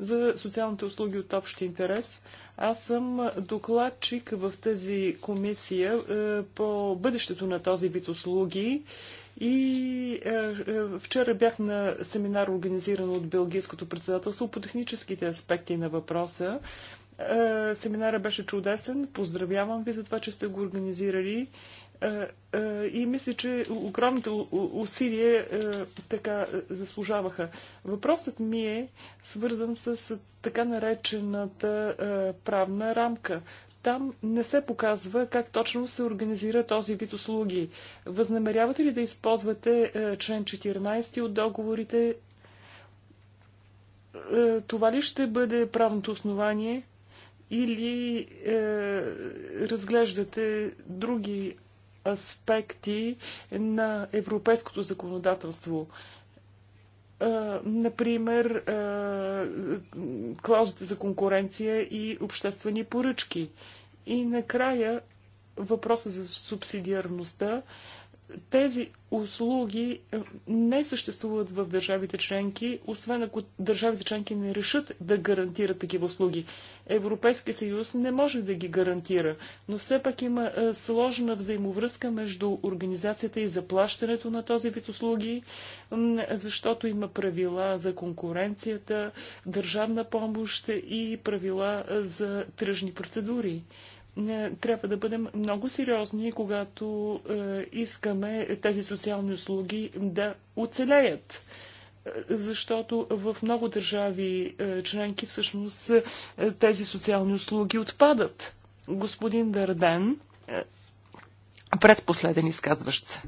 за социалните услуги от общ интерес. Аз съм докладчик в тази комисия по бъдещето на този вид услуги и вчера бях на семинар, организиран от Белгийското председателство по техническите аспекти на въпроса. семинара беше чудесен. Поздравявам ви за това, че сте го организирали и мисля, че огромните усилия е, така заслужаваха. Въпросът ми е свързан с така наречената е, правна рамка. Там не се показва как точно се организира този вид услуги. Възнамерявате ли да използвате е, член 14 от договорите? Това ли ще бъде правното основание? Или е, разглеждате други аспекти на европейското законодателство например, клаузите за конкуренция и обществени поръчки. И накрая въпроса за субсидиарността тези услуги е, не съществуват в държавите членки, освен ако държавите членки не решат да гарантират такива услуги. Европейския съюз не може да ги гарантира, но все пак има е, сложна взаимовръзка между организацията и заплащането на този вид услуги, защото има правила за конкуренцията, държавна помощ и правила е, за тръжни процедури. Е, трябва да бъдем много сериозни, когато е, искаме тези социални услуги да оцелеят е, защото в много държави членки всъщност тези социални услуги отпадат. Господин Дарден, предпоследен изказващ се.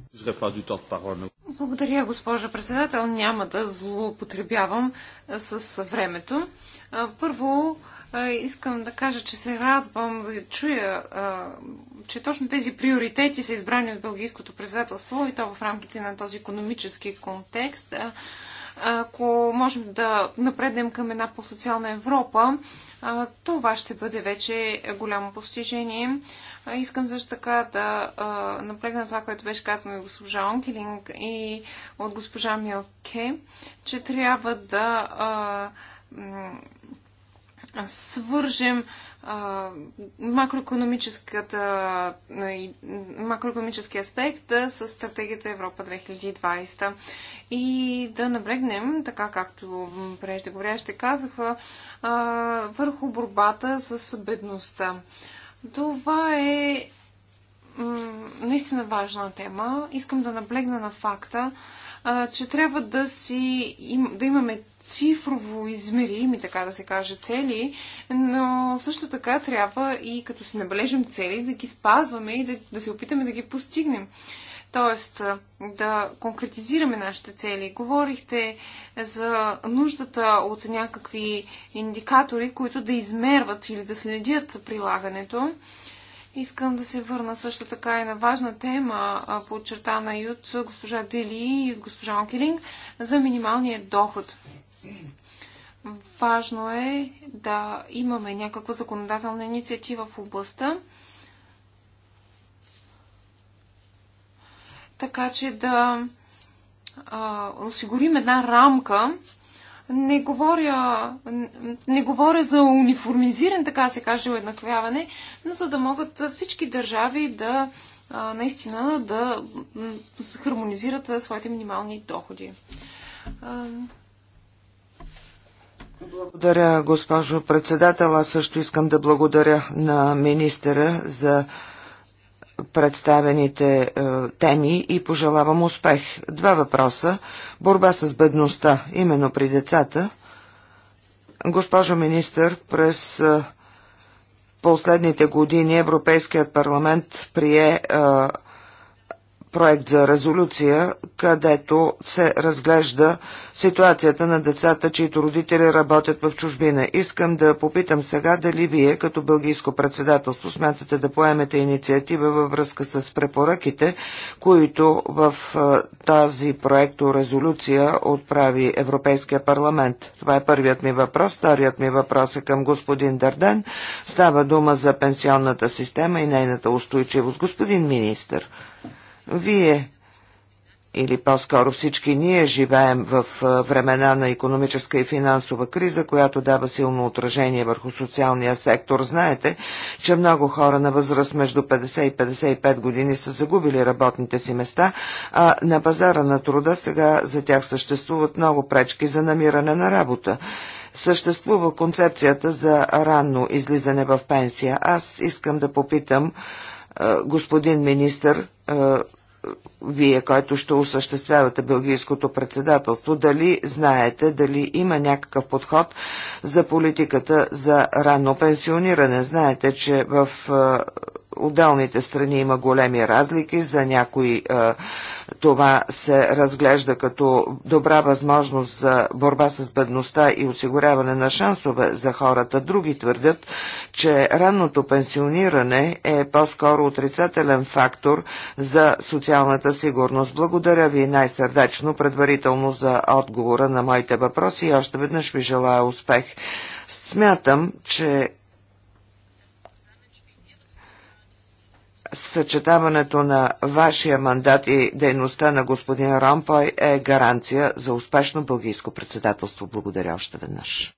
Благодаря, госпожа председател. Няма да злоупотребявам с времето. Първо, искам да кажа, че се радвам да чуя, че точно тези приоритети са избрани от белгийското председателство и то в рамките на този економически контекст. Ако можем да напреднем към една по-социална Европа, това ще бъде вече голямо постижение. Искам също така да напрегна това, което беше казано и госпожа Онкелинг и от госпожа Милке, че трябва да свържем макроекономическата, макроекономически аспект с стратегията Европа 2020 и да наблегнем, така както преждеговорящите казаха, върху борбата с бедността. Това е наистина важна тема. Искам да наблегна на факта, а, че трябва да, си, им, да имаме цифрово измерими, така да се каже, цели, но също така трябва и като си набележим цели, да ги спазваме и да, да се опитаме да ги постигнем. Тоест, да конкретизираме нашите цели. Говорихте за нуждата от някакви индикатори, които да измерват или да следят прилагането. Искам да се върна също така и на важна тема, подчертана и от госпожа Дели и от госпожа Окелинг, за минималния доход. Важно е да имаме някаква законодателна инициатива в областта, така че да а, осигурим една рамка, не говоря, не говоря за униформизиран, така се каже, уеднаквяване, но за да могат всички държави да наистина да хармонизират своите минимални доходи. Благодаря, госпожо председател. Аз също искам да благодаря на министъра за представените е, теми и пожелавам успех. Два въпроса. Борба с бедността, именно при децата. Госпожо министър, през е, последните години Европейският парламент прие е, проект за резолюция, където се разглежда ситуацията на децата, чието родители работят в чужбина. Искам да попитам сега дали вие, като бългийско председателство, смятате да поемете инициатива във връзка с препоръките, които в тази проекто резолюция отправи Европейския парламент. Това е първият ми въпрос. Вторият ми въпрос е към господин Дарден. Става дума за пенсионната система и нейната устойчивост. Господин министр, вие или по-скоро всички ние живеем в времена на економическа и финансова криза, която дава силно отражение върху социалния сектор. Знаете, че много хора на възраст между 50 и 55 години са загубили работните си места, а на пазара на труда сега за тях съществуват много пречки за намиране на работа. Съществува концепцията за ранно излизане в пенсия. Аз искам да попитам, господин министър, вие, който ще осъществявате Белгийското председателство, дали знаете, дали има някакъв подход за политиката за ранно пенсиониране. Знаете, че в отделните страни има големи разлики. За някои е, това се разглежда като добра възможност за борба с бедността и осигуряване на шансове за хората. Други твърдят, че ранното пенсиониране е по-скоро отрицателен фактор за социалната сигурност. Благодаря ви най-сърдечно предварително за отговора на моите въпроси и още веднъж ви желая успех. Смятам, че съчетаването на вашия мандат и дейността на господин Ромпой е гаранция за успешно бългийско председателство. Благодаря още веднъж.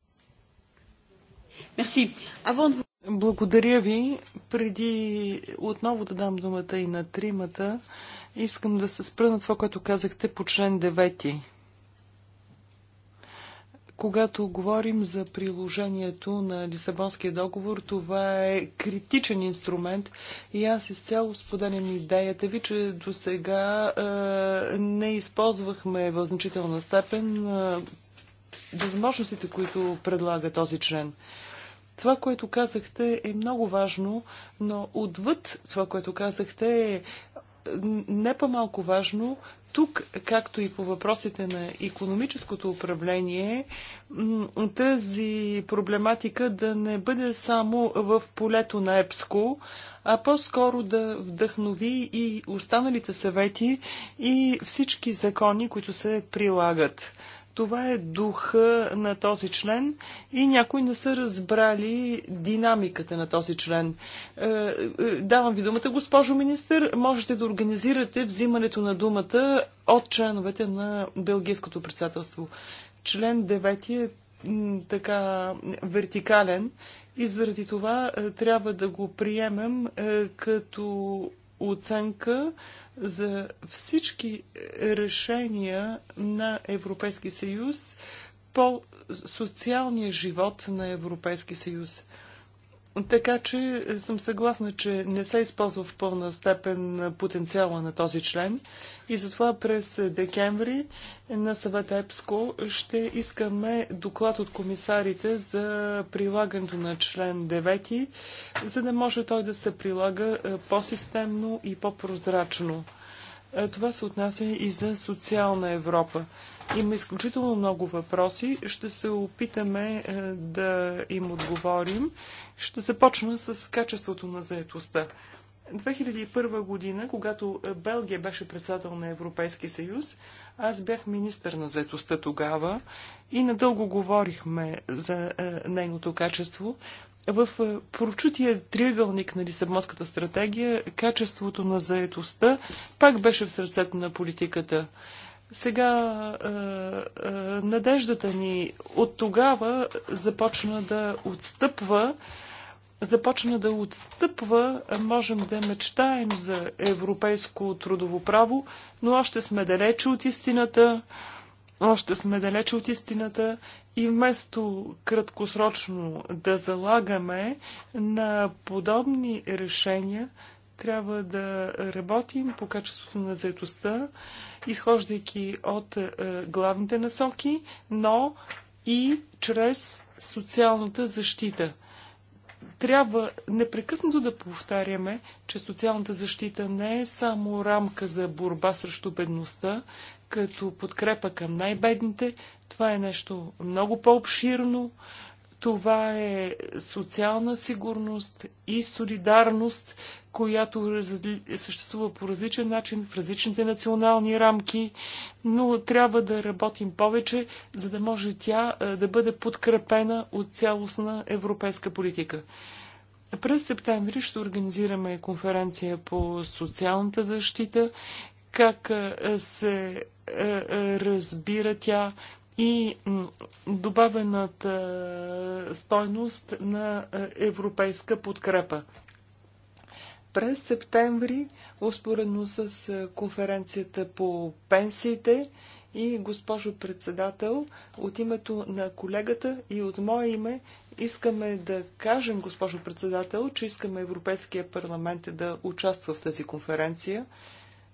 Благодаря ви. Преди отново да дам думата и на тримата, искам да се спра на това, което казахте по член когато говорим за приложението на Лисабонския договор, това е критичен инструмент и аз изцяло споделям идеята ви, че до сега е, не използвахме в значителна степен е, възможностите, които предлага този член. Това, което казахте, е много важно, но отвъд това, което казахте, е не по-малко важно, тук, както и по въпросите на економическото управление, тази проблематика да не бъде само в полето на ЕПСКО, а по-скоро да вдъхнови и останалите съвети и всички закони, които се прилагат. Това е духа на този член и някои не са разбрали динамиката на този член. Е, е, давам ви думата, госпожо министър. Можете да организирате взимането на думата от членовете на Белгийското председателство. Член 9 е така вертикален и заради това е, трябва да го приемем като оценка за всички решения на Европейски съюз по социалния живот на Европейски съюз. Така че съм съгласна, че не се използва в пълна степен потенциала на този член и затова през декември на съвета ЕПСКО ще искаме доклад от комисарите за прилагането на член 9, за да може той да се прилага е, по-системно и по-прозрачно. Е, това се отнася и за социална Европа. Има изключително много въпроси. Ще се опитаме е, да им отговорим. Ще започна с качеството на заетостта. 2001 година, когато Белгия беше председател на Европейския съюз, аз бях министър на заетостта тогава и надълго говорихме за е, нейното качество. В е, прочутия триъгълник на Лисабонската стратегия, качеството на заетостта пак беше в сърцето на политиката. Сега е, е, надеждата ни от тогава започна да отстъпва започна да отстъпва, можем да мечтаем за европейско трудово право, но още сме далече от истината. Още сме далече от истината и вместо краткосрочно да залагаме на подобни решения, трябва да работим по качеството на заедостта, изхождайки от е, главните насоки, но и чрез социалната защита трябва непрекъснато да повтаряме, че социалната защита не е само рамка за борба срещу бедността, като подкрепа към най-бедните. Това е нещо много по-обширно. Това е социална сигурност и солидарност, която съществува по различен начин в различните национални рамки, но трябва да работим повече, за да може тя да бъде подкрепена от цялостна европейска политика. През септември ще организираме конференция по социалната защита, как се разбира тя и добавената стойност на европейска подкрепа. През септември, успоредно с конференцията по пенсиите и госпожо председател, от името на колегата и от мое име Искаме да кажем, госпожо председател, че искаме Европейския парламент да участва в тази конференция.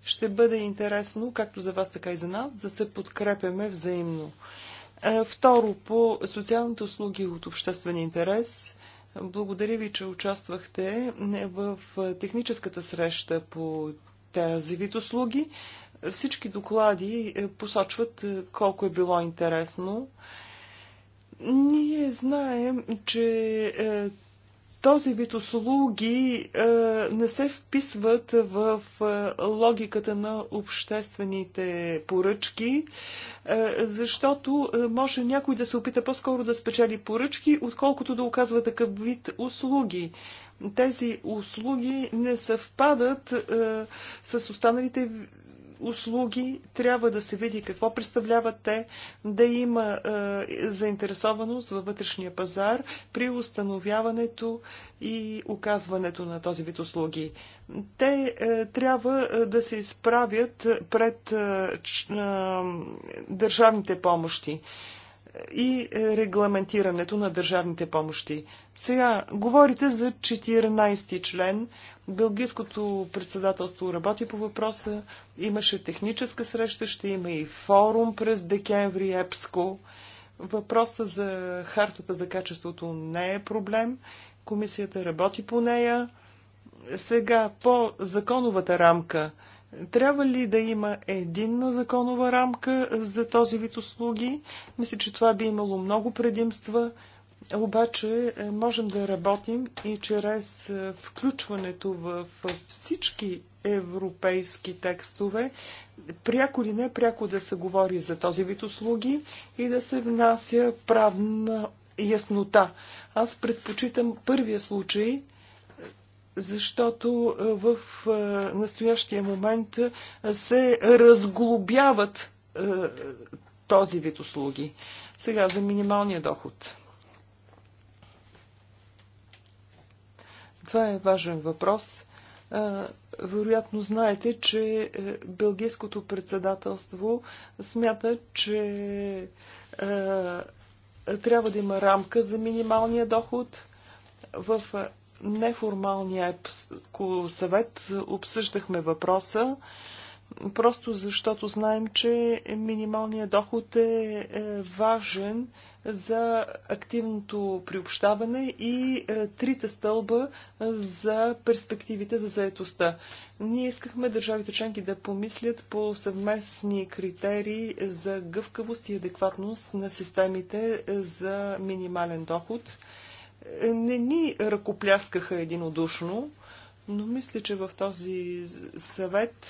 Ще бъде интересно, както за вас, така и за нас, да се подкрепяме взаимно. Е, второ, по социалните услуги от обществен интерес. Благодаря ви, че участвахте в техническата среща по тази вид услуги. Всички доклади е, посочват е, колко е било интересно. Ние знаем, че е, този вид услуги е, не се вписват в е, логиката на обществените поръчки, е, защото е, може някой да се опита по-скоро да спечели поръчки, отколкото да оказва такъв вид услуги. Тези услуги не съвпадат е, с останалите услуги, трябва да се види какво представляват те, да има е, заинтересованост във вътрешния пазар при установяването и оказването на този вид услуги. Те е, трябва е, да се изправят пред е, ч, е, държавните помощи и е, регламентирането на държавните помощи. Сега говорите за 14 член. Белгийското председателство работи по въпроса. Имаше техническа среща, ще има и форум през декември ЕПСКО. Въпроса за хартата за качеството не е проблем. Комисията работи по нея. Сега по законовата рамка. Трябва ли да има единна законова рамка за този вид услуги? Мисля, че това би имало много предимства обаче е, можем да работим и чрез е, включването в всички европейски текстове, пряко или не пряко да се говори за този вид услуги и да се внася правна яснота. Аз предпочитам първия случай, защото е, в настоящия момент се разглобяват този вид услуги. Сега за минималния доход. Това е важен въпрос. Вероятно знаете, че е, Белгийското председателство смята, че е, трябва да има рамка за минималния доход. В е, неформалния съвет обсъждахме въпроса, просто защото знаем, че минималният доход е важен за активното приобщаване и е, трите стълба е, за перспективите за заетостта. Ние искахме държавите членки да помислят по съвместни критерии за гъвкавост и адекватност на системите е, за минимален доход. Не ни ръкопляскаха единодушно, но мисля, че в този съвет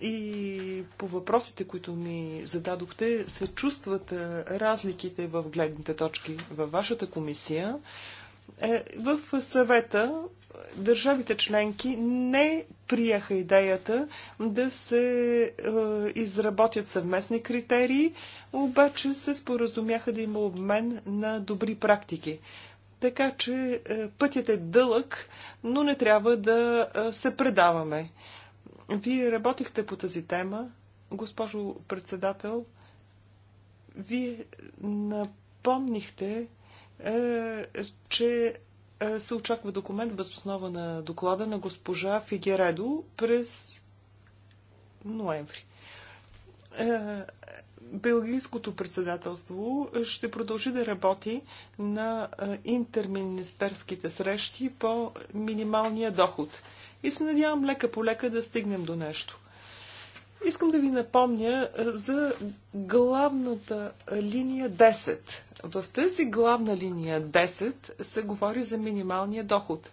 и по въпросите, които ми зададохте, се чувстват разликите в гледните точки във вашата комисия. Е, в съвета държавите членки не прияха идеята да се е, изработят съвместни критерии, обаче се споразумяха да има обмен на добри практики. Така че е, пътят е дълъг, но не трябва да се предаваме. Вие работихте по тази тема, госпожо председател. Вие напомнихте, е, че е, се очаква документ въз основа на доклада на госпожа Фигередо през ноември. Е, Белгийското председателство ще продължи да работи на е, интерминистерските срещи по минималния доход – и се надявам лека по лека да стигнем до нещо. Искам да ви напомня за главната линия 10. В тази главна линия 10 се говори за минималния доход.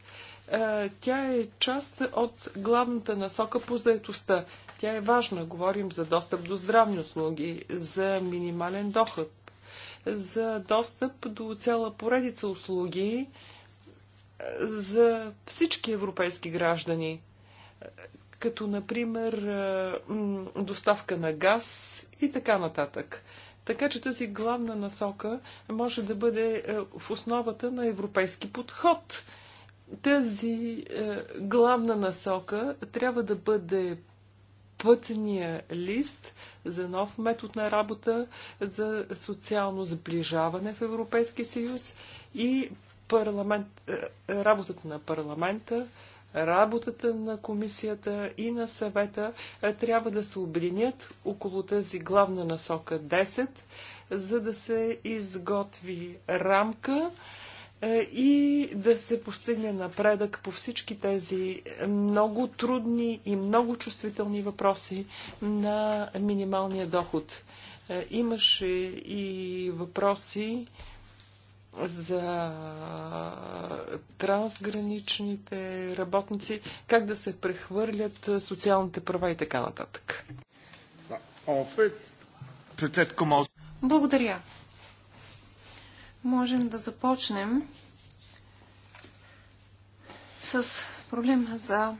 Тя е част от главната насока по заетостта. Тя е важна. Говорим за достъп до здравни услуги, за минимален доход, за достъп до цяла поредица услуги, за всички европейски граждани, като например доставка на газ и така нататък. Така че тази главна насока може да бъде в основата на европейски подход. Тази главна насока трябва да бъде пътния лист за нов метод на работа, за социално сближаване в Европейския съюз и парламент, е, е, работата на парламента, работата на комисията и на съвета е, трябва да се обединят около тази главна насока 10, за да се изготви рамка и да се постигне напредък по всички тези много трудни и много чувствителни въпроси на минималния доход. Имаше и въпроси, за трансграничните работници, как да се прехвърлят социалните права и така нататък. Благодаря. Можем да започнем с проблема за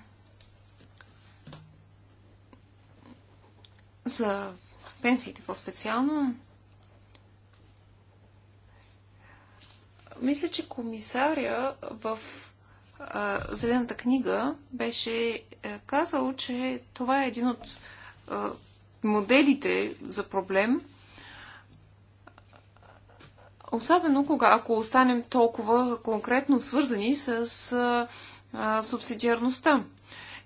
за пенсиите по-специално. Мисля, че комисаря в а, Зелената книга беше а, е, казал, че това е един от а, моделите за проблем. Особено кога, ако останем толкова конкретно свързани с а, а, субсидиарността.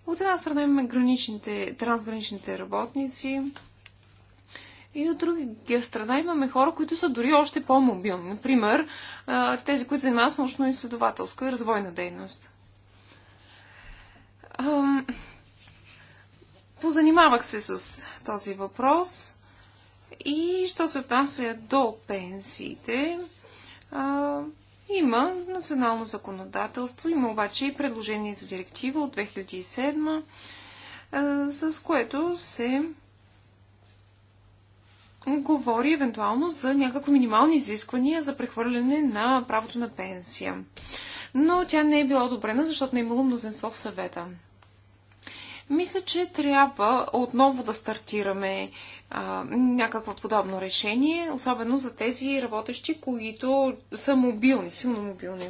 От една страна имаме граничните, трансграничните работници, и от друга страна имаме хора, които са дори още по-мобилни. Например, тези, които занимават с научно-изследователска и развойна дейност. Позанимавах се с този въпрос и що се отнася до пенсиите, има национално законодателство, има обаче и предложение за директива от 2007, с което се говори евентуално за някакви минимални изисквания за прехвърляне на правото на пенсия. Но тя не е била одобрена, защото не е имало мнозинство в съвета. Мисля, че трябва отново да стартираме а, някакво подобно решение, особено за тези работещи, които са мобилни, силно мобилни.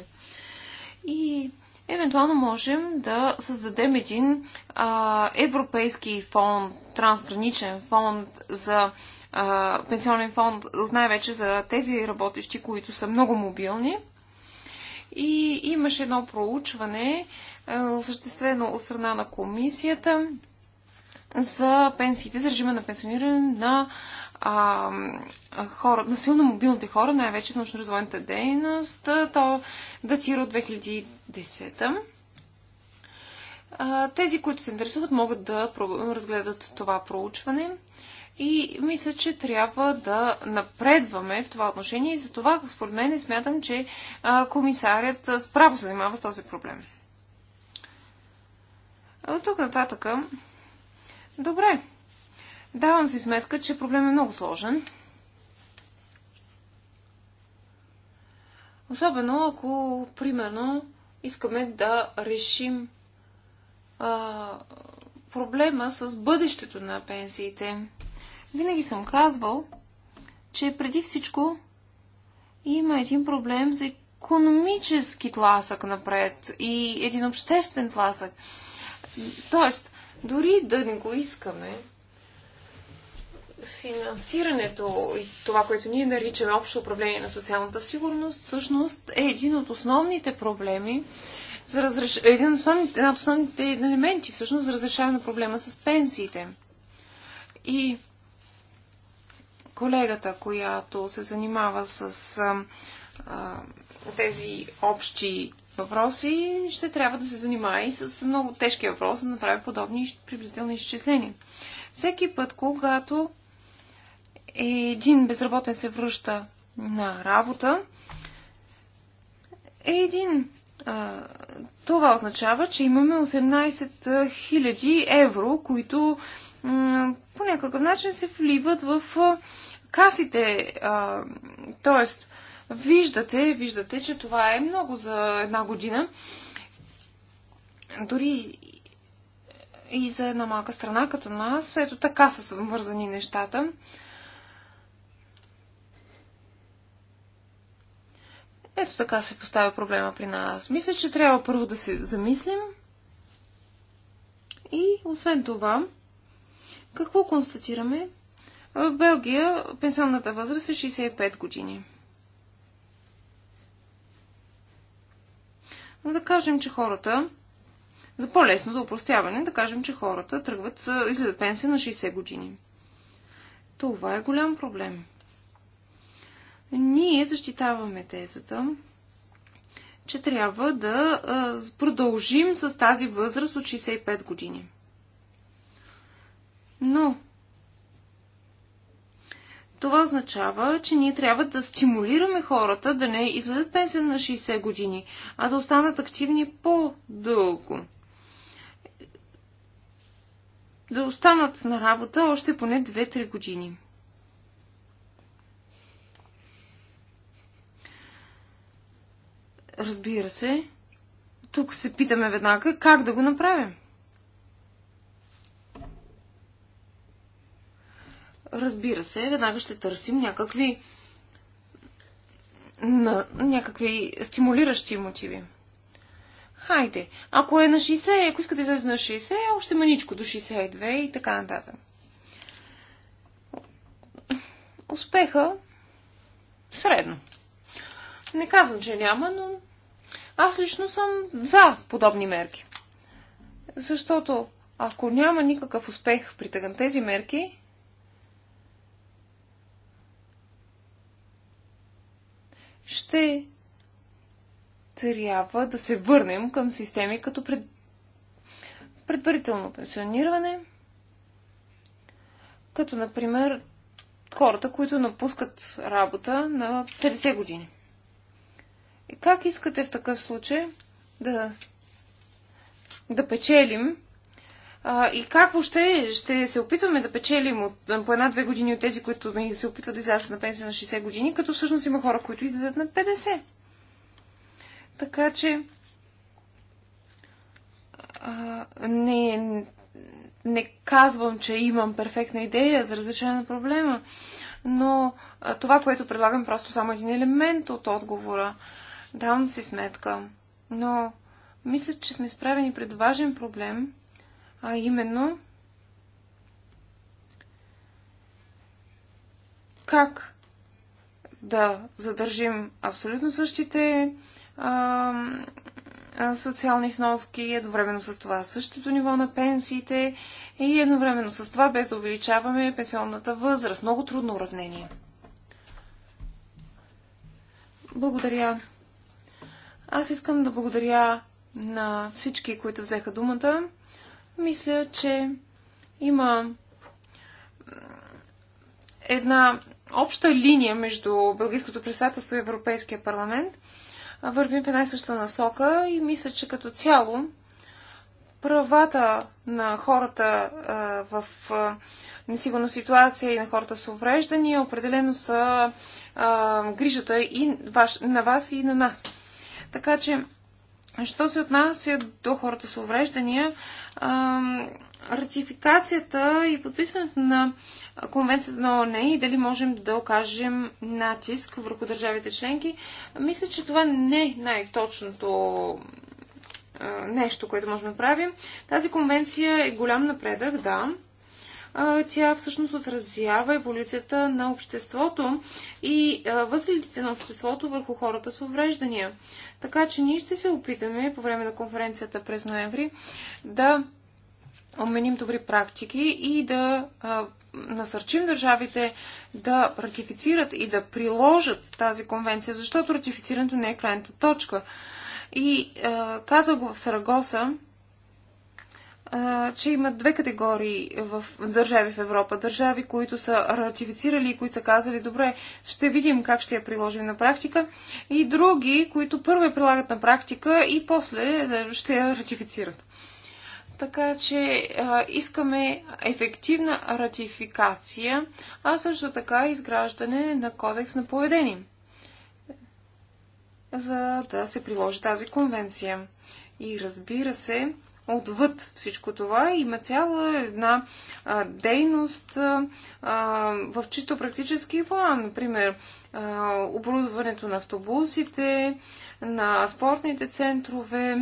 И евентуално можем да създадем един а, европейски фонд, трансграничен фонд за а, пенсионен фонд, знае вече за тези работещи, които са много мобилни. И имаше едно проучване, осъществено от страна на комисията за пенсиите, за режима на пенсиониране на а, хора, на силно мобилните хора, най-вече в научно-развойната дейност. То датира от 2010 -та. Тези, които се интересуват, могат да разгледат това проучване. И мисля, че трябва да напредваме в това отношение и за това, според мен, смятам, че комисарят справо се занимава с този проблем. От тук нататък, добре, давам си сметка, че проблем е много сложен. Особено ако, примерно, искаме да решим а, проблема с бъдещето на пенсиите. Винаги съм казвал, че преди всичко има един проблем за економически тласък напред и един обществен тласък. Тоест, дори да не го искаме, финансирането и това, което ние наричаме общо управление на социалната сигурност, всъщност е един от основните проблеми, за разреш... един, от основните, един от основните елементи всъщност за разрешаване на проблема с пенсиите. И колегата, която се занимава с а, а, тези общи въпроси, ще трябва да се занимава и с много тежки въпроси, да направи подобни приблизителни изчисления. Всеки път, когато един безработен се връща на работа, един а, това означава, че имаме 18 000 евро, които по някакъв начин се вливат в касите. т.е. виждате, виждате, че това е много за една година. Дори и за една малка страна като нас, ето така са вързани нещата. Ето така се поставя проблема при нас. Мисля, че трябва първо да се замислим. И освен това, какво констатираме? В Белгия пенсионната възраст е 65 години. Но да кажем, че хората, за по-лесно, за упростяване, да кажем, че хората тръгват, излизат пенсия на 60 години. Това е голям проблем. Ние защитаваме тезата, че трябва да продължим с тази възраст от 65 години. Но това означава, че ние трябва да стимулираме хората да не излезат пенсия на 60 години, а да останат активни по-дълго. Да останат на работа още поне 2-3 години. Разбира се, тук се питаме веднага как да го направим. разбира се, веднага ще търсим някакви, на, някакви стимулиращи мотиви. Хайде, ако е на 60, ако искате да излезе на 60, още маничко до 62 и така нататък. Успеха средно. Не казвам, че няма, но аз лично съм за подобни мерки. Защото ако няма никакъв успех при тези мерки, ще трябва да се върнем към системи като пред... предварително пенсиониране, като например хората, които напускат работа на 50 години. И как искате в такъв случай да, да печелим а, и как въобще ще се опитваме да печелим от, по една-две години от тези, които ми се опитват да излязат на пенсия на 60 години, като всъщност има хора, които излизат на 50. Така че а, не, не казвам, че имам перфектна идея за разрешение на проблема, но а, това, което предлагам, е просто само един елемент от отговора. Давам си сметка. Но мисля, че сме справени пред важен проблем – а именно как да задържим абсолютно същите а, социални вноски, едновременно с това същото ниво на пенсиите и едновременно с това без да увеличаваме пенсионната възраст. Много трудно уравнение. Благодаря. Аз искам да благодаря на всички, които взеха думата мисля, че има една обща линия между Бългийското председателство и Европейския парламент. Вървим в една и съща насока и мисля, че като цяло правата на хората в несигурна ситуация и на хората с увреждания определено са грижата и на вас и на нас. Така че Що се отнася до хората с увреждания, ратификацията и подписването на Конвенцията на ОНЕ и дали можем да окажем натиск върху държавите членки, мисля, че това не е най-точното нещо, което можем да правим. Тази конвенция е голям напредък, да, тя всъщност отразява еволюцията на обществото и възгледите на обществото върху хората с увреждания. Така че ние ще се опитаме по време на конференцията през ноември да обменим добри практики и да насърчим държавите да ратифицират и да приложат тази конвенция, защото ратифицирането не е крайната точка. И а, казах го в Сарагоса, че има две категории в държави в Европа. Държави, които са ратифицирали и които са казали, добре, ще видим как ще я приложим на практика. И други, които първо я прилагат на практика и после е, ще я ратифицират. Така че а, искаме ефективна ратификация, а също така изграждане на кодекс на поведение, за да се приложи тази конвенция. И разбира се, отвъд всичко това. Има цяла една а, дейност а, в чисто практически план. Например, а, оборудването на автобусите, на спортните центрове,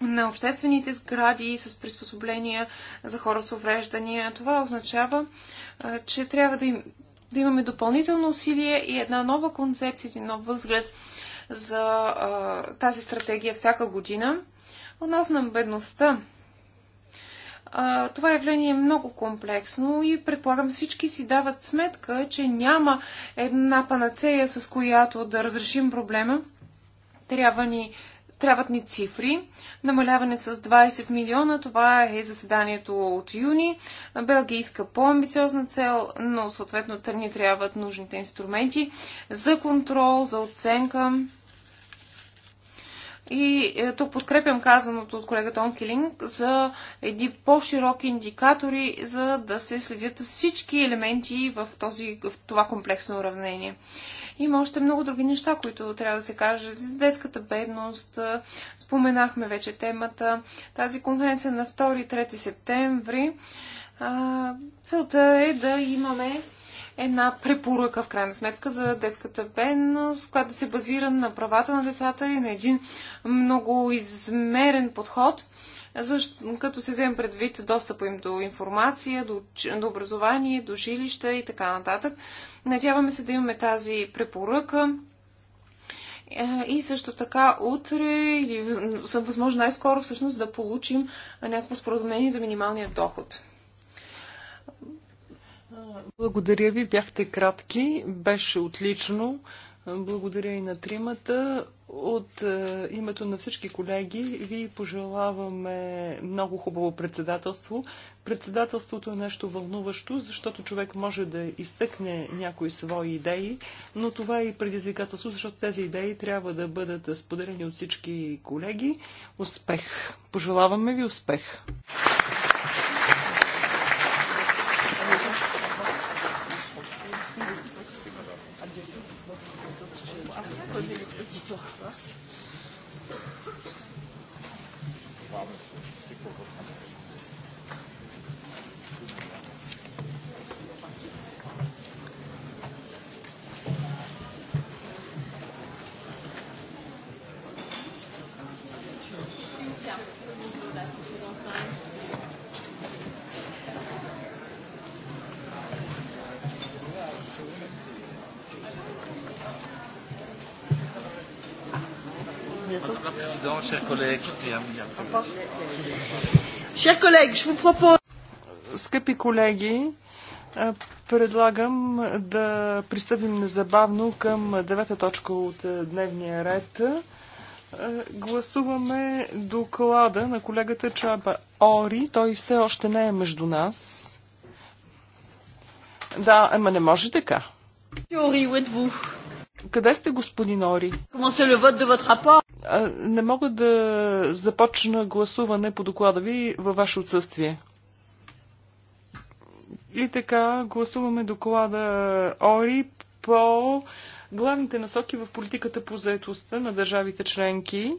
на обществените сгради с приспособления за хора с увреждания. Това означава, а, че трябва да, им, да имаме допълнително усилие и една нова концепция, един нов възглед за а, тази стратегия всяка година Относно бедността, това явление е много комплексно и предполагам всички си дават сметка, че няма една панацея, с която да разрешим проблема. Трябва ни, трябват ни цифри. Намаляване с 20 милиона, това е заседанието от юни. Белгия иска по-амбициозна цел, но съответно ни трябват нужните инструменти за контрол, за оценка и е, тук подкрепям казаното от колегата Онкелинг за едни по-широки индикатори, за да се следят всички елементи в, този, в това комплексно уравнение. Има още много други неща, които трябва да се кажат. За детската бедност, е, споменахме вече темата. Тази конференция на 2-3 септември. целта е да имаме една препоръка в крайна сметка за детската бедност, която да се базира на правата на децата и на един много измерен подход, защото като се вземе предвид достъпа им до информация, до, до образование, до жилища и така нататък. Надяваме се да имаме тази препоръка е, и също така утре или възможно най-скоро всъщност да получим някакво споразумение за минималния доход. Благодаря ви, бяхте кратки, беше отлично. Благодаря и на тримата. От е, името на всички колеги ви пожелаваме много хубаво председателство. Председателството е нещо вълнуващо, защото човек може да изтъкне някои свои идеи, но това е и предизвикателство, защото тези идеи трябва да бъдат споделени от всички колеги. Успех! Пожелаваме ви успех! Скъпи колеги, предлагам да пристъпим незабавно към девета точка от дневния ред. Гласуваме доклада на колегата Чаба Ори. Той все още не е между нас. Да, ама не може така. Ори, къде сте, господин Ори? Не мога да започна гласуване по доклада ви във ваше отсъствие. И така, гласуваме доклада Ори по главните насоки в политиката по заетостта на държавите членки.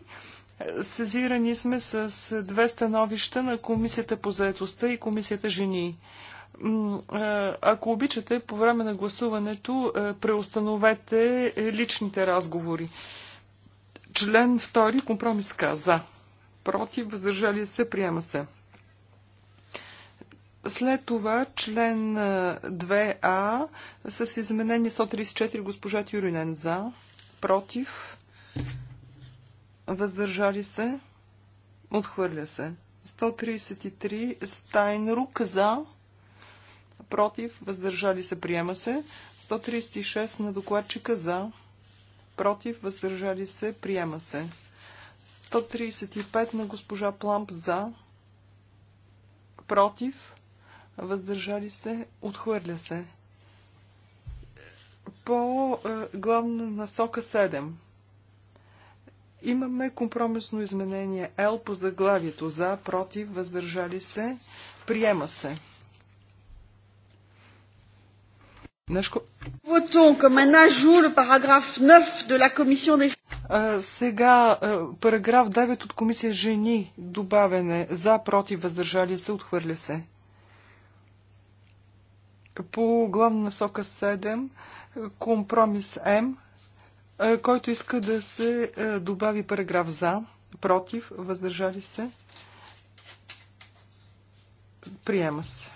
Сезирани сме с две становища на Комисията по заетостта и Комисията жени. Ако обичате, по време на гласуването е, преустановете личните разговори. Член 2. Компромис каза. За. Против. Въздържали се. Приема се. След това член 2А с изменение 134 госпожа Тюринен за, против, въздържали се, отхвърля се. 133 Стайнрук за, против, въздържали се, приема се. 136 на докладчика за, против, въздържали се, приема се. 135 на госпожа Пламп за, против, въздържали се, отхвърля се. По е, главна насока 7. Имаме компромисно изменение L по заглавието за, против, въздържали се, приема се. Votons comme un ajout le paragraphe 9 de la Commission des... Сега параграф 9 от комисия жени добавене за, против, въздържали се, отхвърля се. По главна насока 7, компромис М, който иска да се добави параграф за, против, въздържали се, приема се.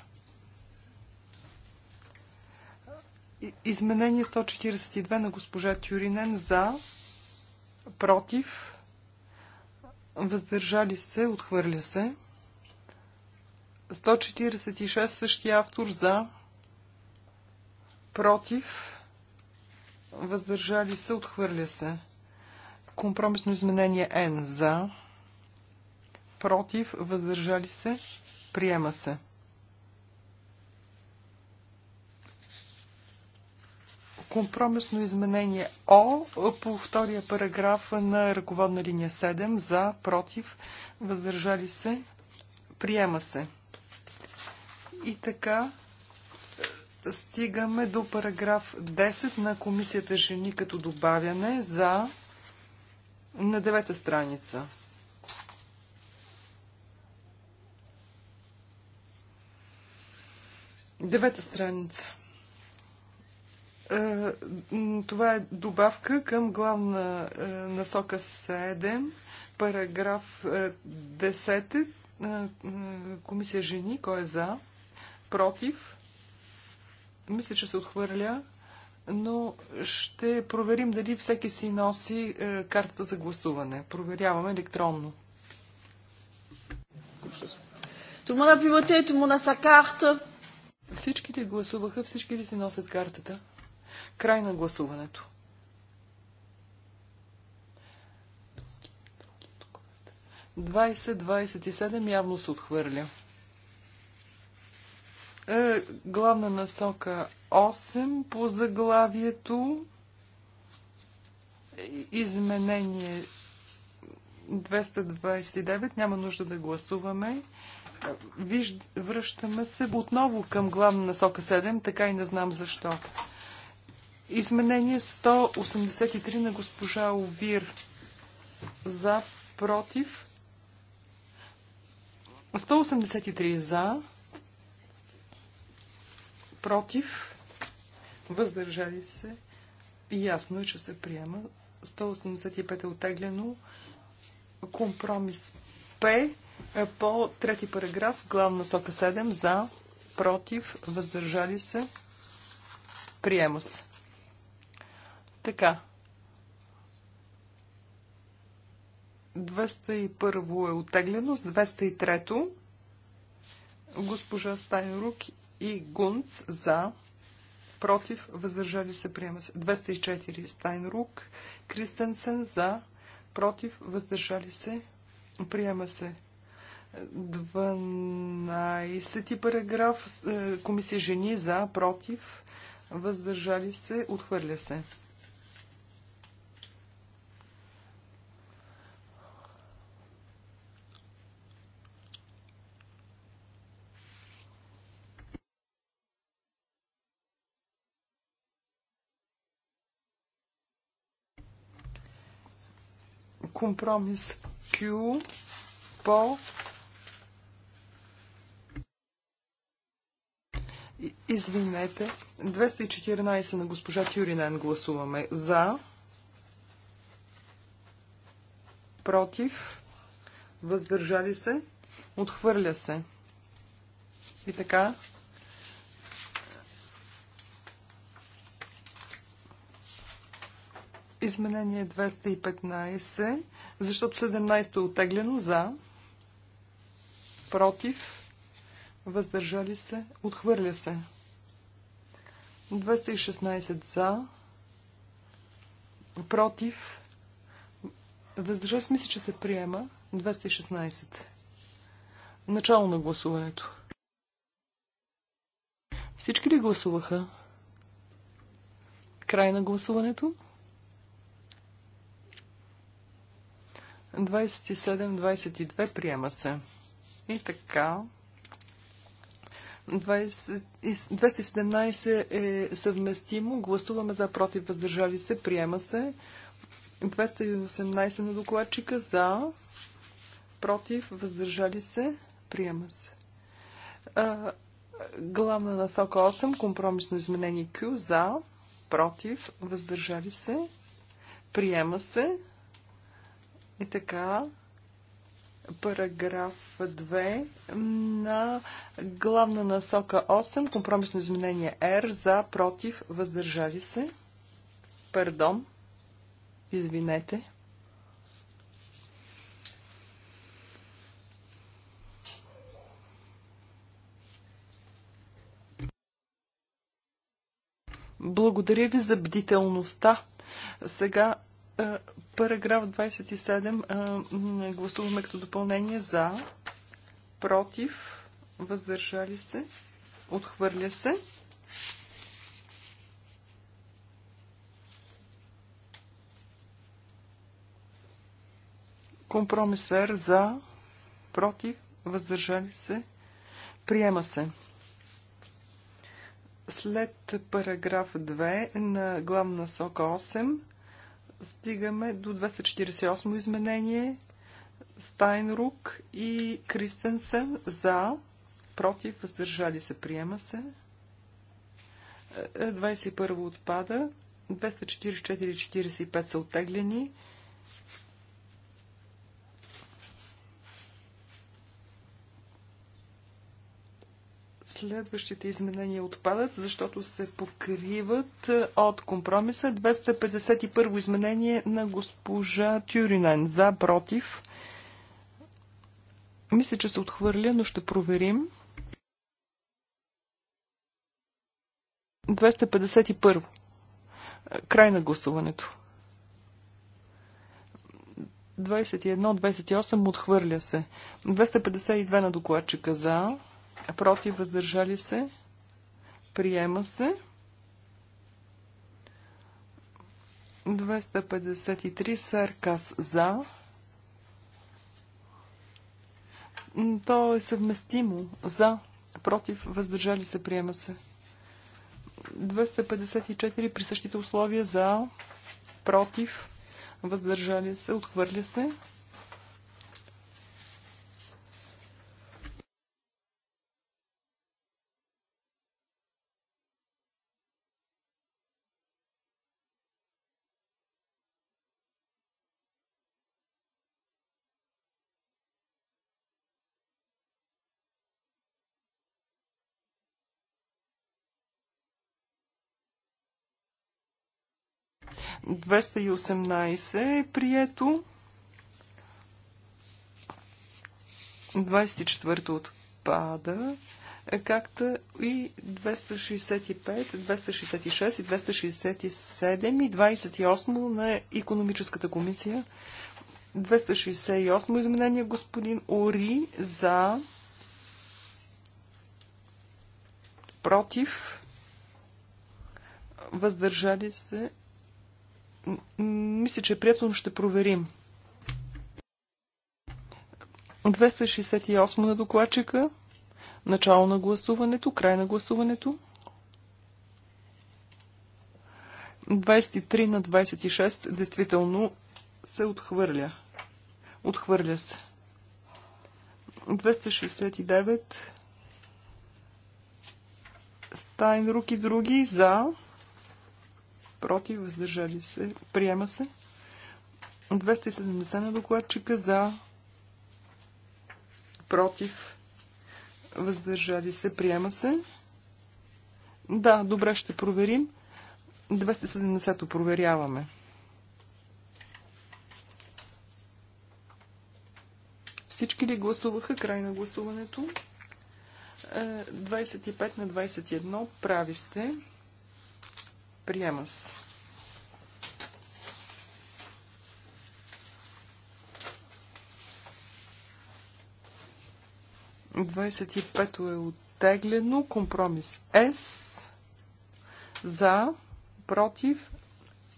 Изменение 142 на госпожа Тюринен за, против, въздържали се, отхвърля се. 146 същия автор за, против, въздържали се, отхвърля се. Компромисно изменение Н за, против, въздържали се, приема се. Компромисно изменение О по втория параграф на ръководна линия 7 за, против, въздържали се, приема се. И така е, стигаме до параграф 10 на комисията Жени като добавяне за на девета страница. Девета страница. Е, това е добавка към главна е, насока 7, параграф 10. Е, комисия жени, кой е за? Против? Мисля, че се отхвърля, но ще проверим дали всеки си носи картата за гласуване. Проверяваме електронно. Всички ли гласуваха, всички ли си носят картата? Край на гласуването. Двадесет, и явно се отхвърля. Е, главна насока 8 по заглавието. Изменение 229. Няма нужда да гласуваме. Виж, Връщаме се отново към главна насока 7, така и не знам защо. Изменение 183 на госпожа Овир. За, против. 183 за, против, въздържали се. Ясно е, че се приема. 185 е отеглено. Компромис П по трети параграф, главна сока 7, за, против, въздържали се, приема се. Така. 201 е оттеглено, с 203 госпожа Стайнрук и Гунц за, против, въздържали се, приема се. 204 Стайнрук, Кристенсен за, против, въздържали се, приема се. 12 параграф, е, комисия жени за, против, въздържали се, отхвърля се. компромис Q по Извинете, 214 на госпожа Тюринен гласуваме за, против, въздържали се, отхвърля се. И така, Изменение 215, защото 17 е отеглено за, против, въздържали се, отхвърля се. 216 за, против, въздържали се, мисля, че се приема. 216. Начало на гласуването. Всички ли гласуваха? Край на гласуването? 27-22 приема се. И така. 217 е съвместимо. Гласуваме за против въздържали се. Приема се. 218 на докладчика за против въздържали се. Приема се. А, главна насока 8. Компромисно изменение Q за против въздържали се. Приема се. И така, параграф 2 на главна насока 8, компромисно изменение R, за, против, въздържали се. Пардон, извинете. Благодаря ви за бдителността. Сега Параграф 27 гласуваме като допълнение за, против, въздържали се, отхвърля се. Компромисер за, против, въздържали се, приема се. След параграф 2 на главна сока 8 стигаме до 248 изменение. Стайнрук и Кристенсен за, против, въздържали се, приема се. 21 е, отпада, 244-45 са оттеглени, Следващите изменения отпадат, защото се покриват е, от компромиса. 251 изменение на госпожа Тюринен. За, против. Мисля, че се отхвърля, но ще проверим. 251. Край на гласуването. 21-28 отхвърля се. 252 на докладчика за, против, въздържали се, приема се. 253 Саркас за. То е съвместимо за, против, въздържали се, приема се. 254 при същите условия за, против, въздържали се, отхвърля се. 218 е прието. 24 отпада, е както и 265, 266 и 267 и 28 на економическата комисия. 268 изменение господин Ори за против въздържали се мисля, че е приятно, ще проверим. 268 на докладчика. Начало на гласуването, край на гласуването. 23 на 26 действително се отхвърля. Отхвърля се. 269 Стайн. Руки, други за против, въздържали се, приема се. 270 на докладчика за, против, въздържали се, приема се. Да, добре, ще проверим. 270 проверяваме. Всички ли гласуваха край на гласуването? 25 е, на 21 прави сте. Приема се. Двадесет и пето е оттеглено. Компромис С. За. Против.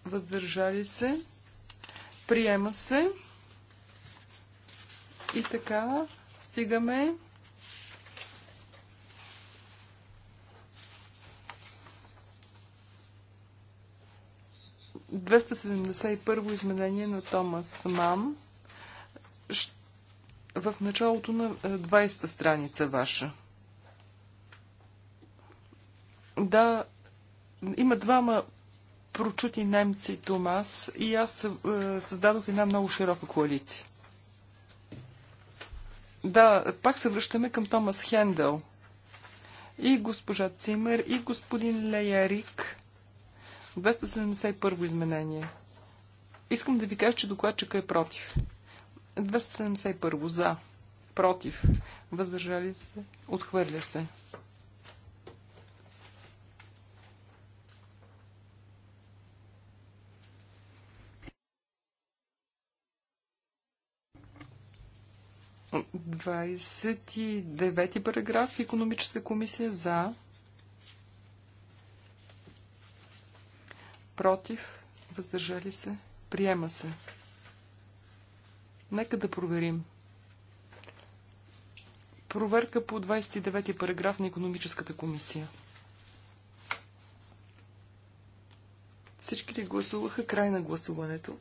Въздържали се. Приема се. И така стигаме 271 изменение на Томас Мам в началото на 20-та е, страница ваша. Да, има двама прочути немци Томас и аз е, създадох една много широка коалиция. Да, пак се връщаме към Томас Хендел. И госпожа Цимер, и господин Леярик 271 изменение. Искам да ви кажа, че докладчика е против. 271 за. Против. Въздържали се. Отхвърля се. Двадесет и параграф. Економическа комисия за. против, въздържали се, приема се. Нека да проверим. Проверка по 29 параграф на економическата комисия. Всички ли гласуваха край на гласуването?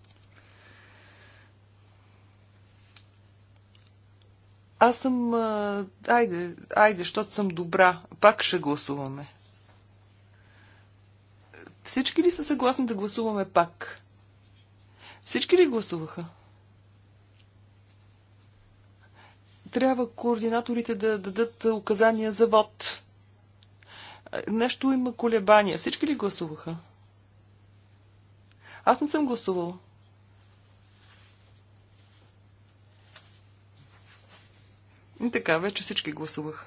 Аз съм... А, айде, айде, защото съм добра. Пак ще гласуваме. Всички ли са съгласни да гласуваме пак? Всички ли гласуваха? Трябва координаторите да дадат указания за вод. Нещо има колебания. Всички ли гласуваха? Аз не съм гласувал. И така, вече всички гласуваха.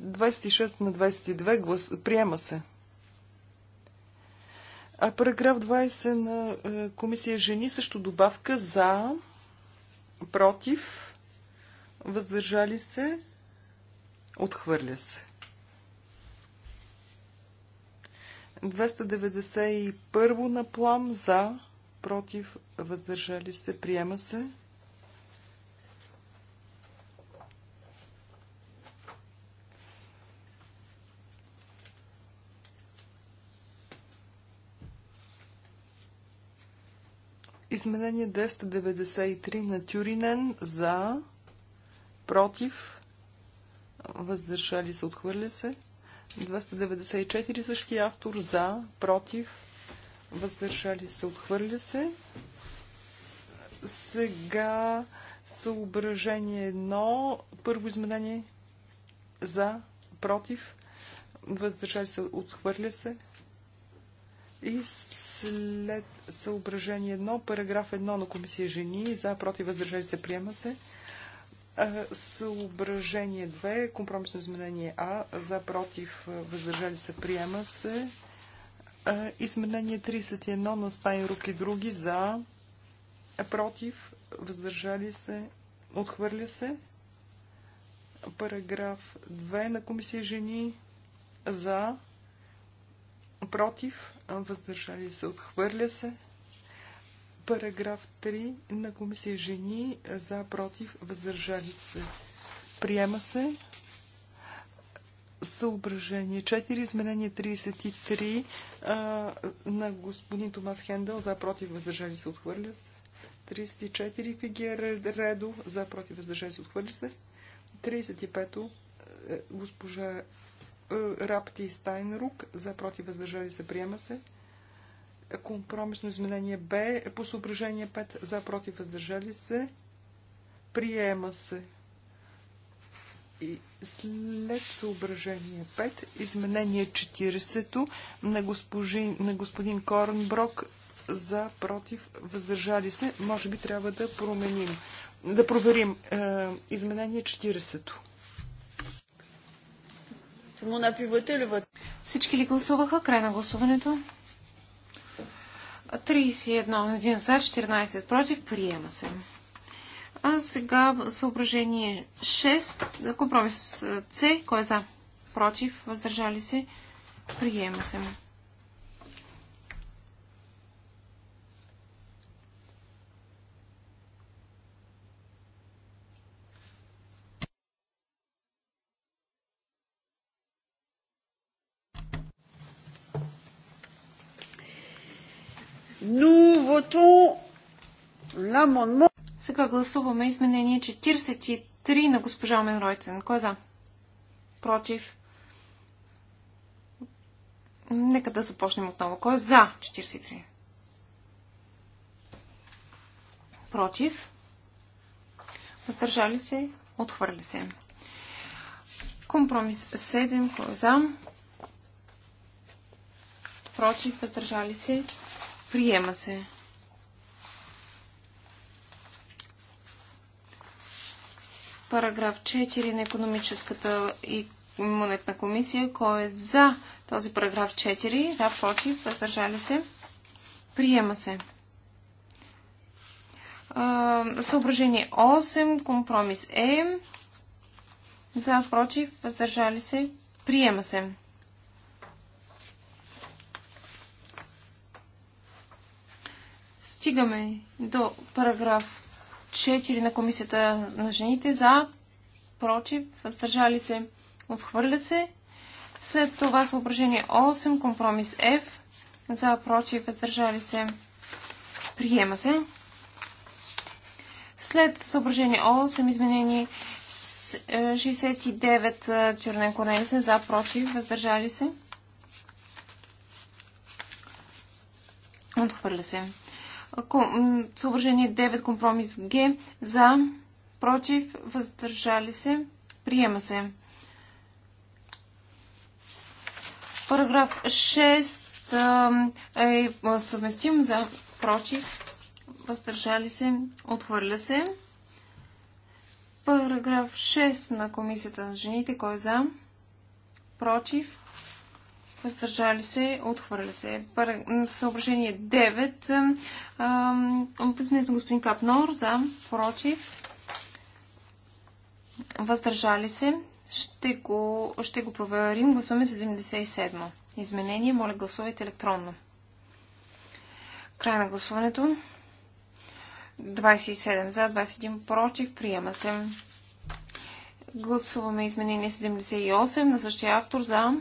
26 на 22 глас... приема се. А параграф 20 на е, комисия Жени също добавка за, против, въздържали се, отхвърля се. 291 на плам за, против, въздържали се, приема се. Изменение 293 на Тюринен за, против, въздържали се, отхвърля се. 294 същия автор за, против, въздържали се, отхвърля се. Сега съображение 1, първо изменение за, против, въздържали се, отхвърля се. И след съображение 1, параграф 1 на комисия жени, за, против, въздържали се, приема се. Съображение 2, компромисно изменение А, за, против, въздържали се, приема се. Изменение 31 на Стайнрук и други, за, против, въздържали се, отхвърля се. Параграф 2 на комисия жени, за, против, въздържали се, отхвърля се. Параграф 3 на комисия жени за, против, въздържали се, приема се. Съображение 4, изменение 33 а, на господин Томас Хендел за, против, въздържали се, отхвърля се. 34 фигия редо за, против, въздържали се, отхвърля се. 35 е, госпожа Рапти и Стайнрук за против въздържали се приема се. Компромисно изменение Б по съображение 5 за против въздържали се приема се. И след съображение 5, изменение 40 на, госпожи, на господин Корнброк за против въздържали се. Може би трябва да променим, да проверим е, изменение 40. -то. Всички ли гласуваха? Край на гласуването. 31 един за, 14 против. Приема се. А сега съображение 6. Компромис С. Кой е за? Против. Въздържали се. Приема се. Сега гласуваме изменение 43 на госпожа Омен Ройтен. Кой е за? Против? Нека да започнем отново. Кой е за 43? Против? Въздържали се? Отхвърли се. Компромис 7. Кой е за? Против? Въздържали се? Приема се. Параграф 4 на економическата и монетна комисия. Кой е за този параграф 4? За, против, въздържали се. Приема се. Съображение 8. Компромис Е. За, против, въздържали се. Приема се. Стигаме до параграф 4 на комисията на жените за, против, въздържали се, отхвърля се. След това съображение 8, компромис F, за, против, въздържали се, приема се. След съображение 8, изменение 69 е, е, чернен се за, против, въздържали се. Отхвърля се. Съображение 9, компромис Г. За, против, въздържали се, приема се. Параграф 6 е съвместим за, против, въздържали се, отхвърля се. Параграф 6 на комисията на жените. Кой е за? Против? въздържали се, отхвърля се. Съображение 9. Писменето господин Капнор за, против, въздържали се. Ще го, ще го проверим. Гласуваме 77. Изменение. Моля, гласувайте електронно. Край на гласуването. 27 за, 21 против. Приема се. Гласуваме изменение 78 на същия автор за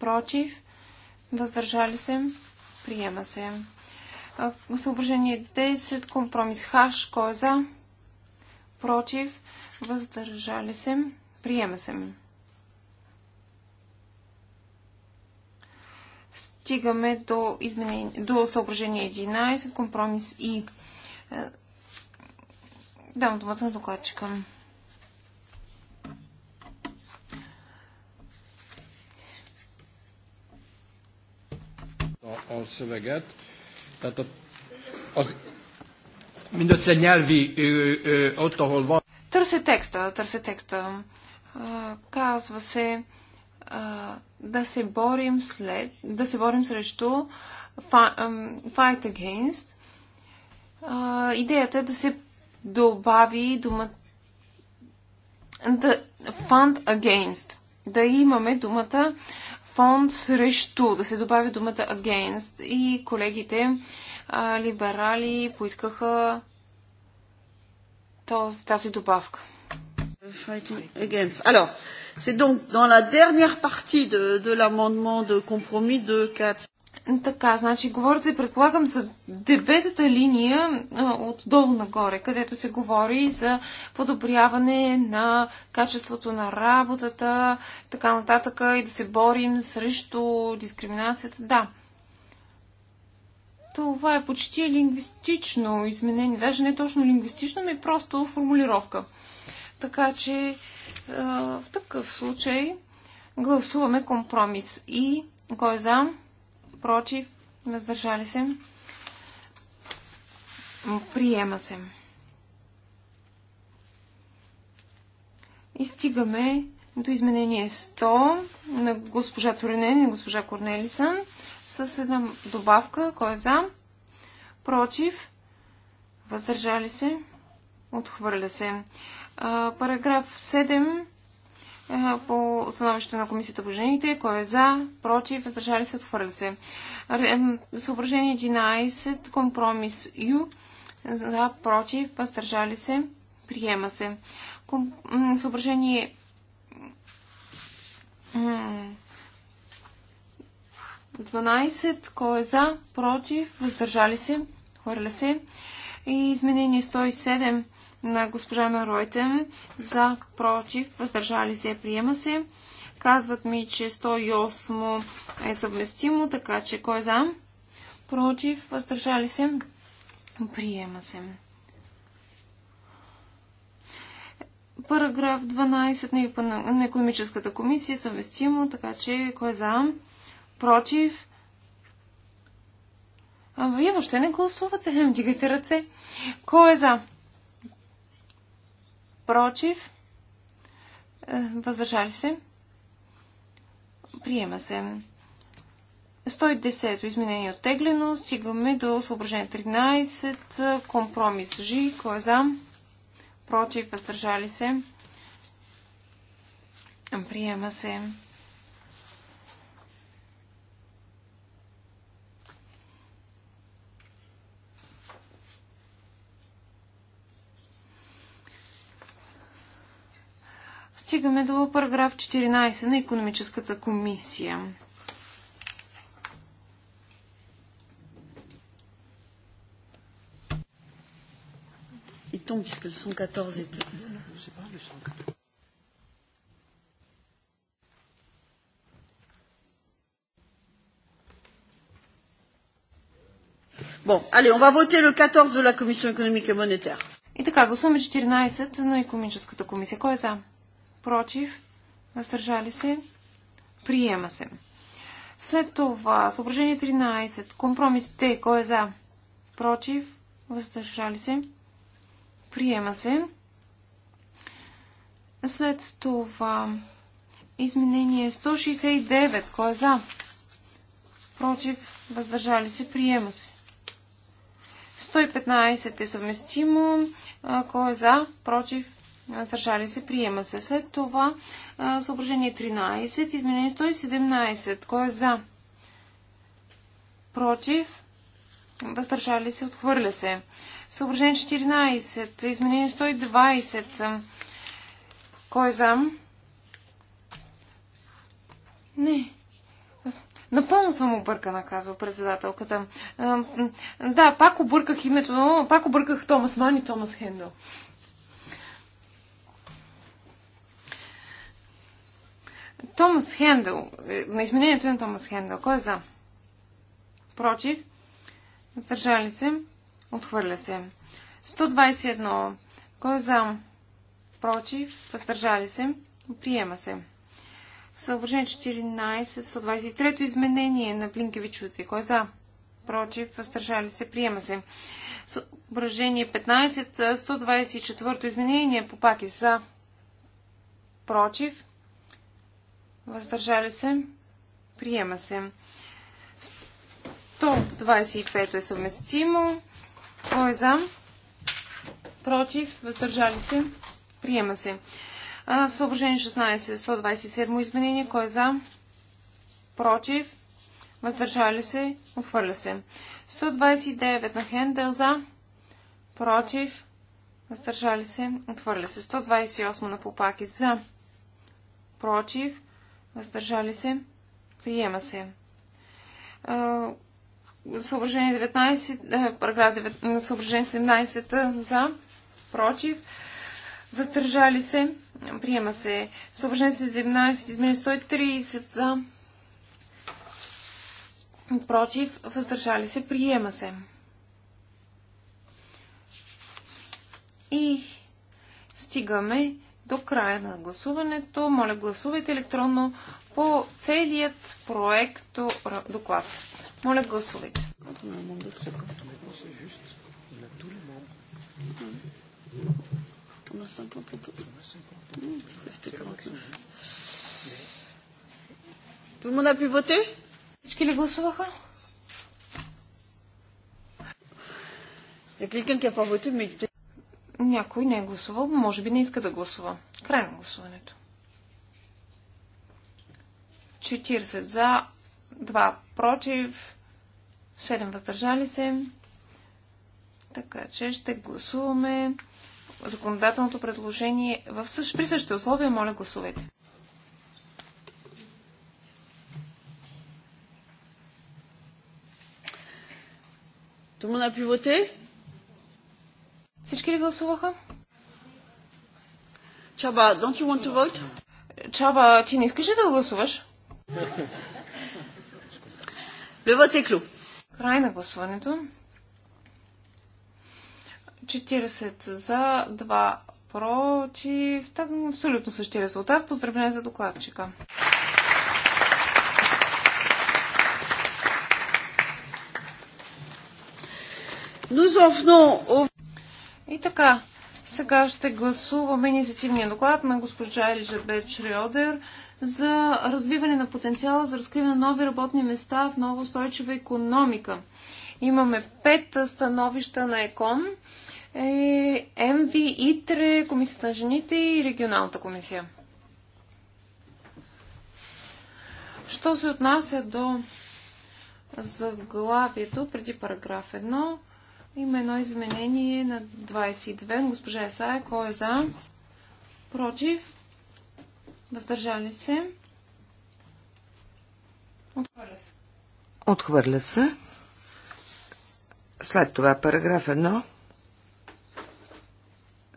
против, въздържали се, приема се. Съображение 10, компромис Хаш, кой е за, против, въздържали се, приема се. Стигаме до, изменение, до съображение 11, компромис И. Е, давам думата на докладчика. a, a szöveget. Tehát a, az mindössze nyelvi, ö, ö, ott, ahol van. Търся текста, търся текста. казва се да се борим след, да се борим срещу fight against. идеята е да се добави думата. да, fund against. Да имаме думата фонд срещу, да се добави думата against. И колегите а, либерали поискаха този, тази добавка. Against. Alors, c'est donc dans la dernière partie de, de l'amendement de compromis de 4. Така, значи, говорите, предполагам, за деветата линия отдолу нагоре, където се говори за подобряване на качеството на работата, така нататък, и да се борим срещу дискриминацията. Да. Това е почти лингвистично изменение. Даже не точно лингвистично, ми просто формулировка. Така че в такъв случай гласуваме компромис и кой е за? против, въздържали се, приема се. И стигаме до изменение 100 на госпожа Торинен и госпожа Корнелиса с една добавка, кой е за, против, въздържали се, отхвърля се. А, параграф 7 е, по становище на Комисията по жените. Кой е за, против, въздържали се, отхвърля се. Съображение 11, компромис Ю. За, против, въздържали се, приема се. Съображение М 12, кой е за, против, въздържали се, хвърля се. И изменение 107 на госпожа Меройтен за против, въздържали се, приема се. Казват ми, че 108 е съвместимо, така че кой е за? Против, въздържали се, приема се. Параграф 12 на економическата комисия е съвместимо, така че кой е за? Против, а вие въобще не гласувате. Дигате ръце. Кой е за? против, е, въздържали се, приема се. 110 изменение е оттеглено. Стигаме до съображение 13. Компромис Ж. Кой е за? Против, въздържали се. Приема се. Стигаме до параграф 14 на економическата комисия. Il tombe puisque le 114 est... Je sais pas, le 114. Bon, allez, on va voter le 14 de la Commission économique et monétaire. И така, гласуваме 14 на економическата комисия. Кой е за? против, въздържали се, приема се. След това, съображение 13, компромис Т, кой е за, против, въздържали се, приема се. След това, изменение 169, кой е за, против, въздържали се, приема се. 115 е съвместимо, кой е за, против, Въздържали се, приема се. След това съображение 13, изменение 117. Кой е за? Против? Въздържали се, отхвърля се. Съображение 14, изменение 120. Кой е за? Не. Напълно съм объркана, казва председателката. Да, пак обърках името, пак обърках Томас Ман и Томас Хендъл. Томас Хендъл, е, на изменението на Томас Хендел. Кой е за? Против? Въздържали се? Отхвърля се. 121. Кой е за? Против? Въздържали се? Приема се. Съображение 14, 123 изменение на Блинкевичовите. Кой е за? Против? Въздържали се? Приема се. Съображение 15, 124 изменение по паки е за? Против? Въздържали се? Приема се. 125 е съвместимо. Кой е за? Против? Въздържали се? Приема се. Съображение 16. 127 е изменение. Кой е за? Против? Въздържали се? Отхвърля се. 129 на Хендел за? Против? Въздържали се? Отхвърля се. 128 на Попаки за? Против? Въздържали се. Приема се. Съображение 19, параграф 9, съображение 17 за, против. Въздържали се. Приема се. Съображение 17, измени 130 за, против. Въздържали се. Приема се. И стигаме до края на гласуването. Моля, гласувайте електронно по целият проект доклад. Моля, гласувайте. Всички ли гласуваха? Я кликам, a quelqu'un някой не е гласувал, може би не иска да гласува. Край на гласуването. 40 за, 2 против, 7 въздържали се. Така че ще гласуваме законодателното предложение в същ, при същите условия. Моля, гласувайте. Tout le monde a pu voter всички ли гласуваха? Чаба, don't you want to vote? Чаба, ти не искаш ли да гласуваш? Лева теклю. Край на гласуването. 40 за, 2 против. Так, абсолютно същия резултат. Поздравление за докладчика. Nous en venons au... И така, сега ще гласуваме инициативния доклад на госпожа Елижабет Шриодер за развиване на потенциала за разкриване на нови работни места в нова устойчива економика. Имаме пет становища на ЕКОН, е, МВ, ИТРЕ, Комисията на жените и Регионалната комисия. Що се отнася до заглавието преди параграф 1, има едно изменение на 22. Госпожа Есая, кой е за? Против? Въздържали се? Отхвърля се. Отхвърля се. След това параграф 1.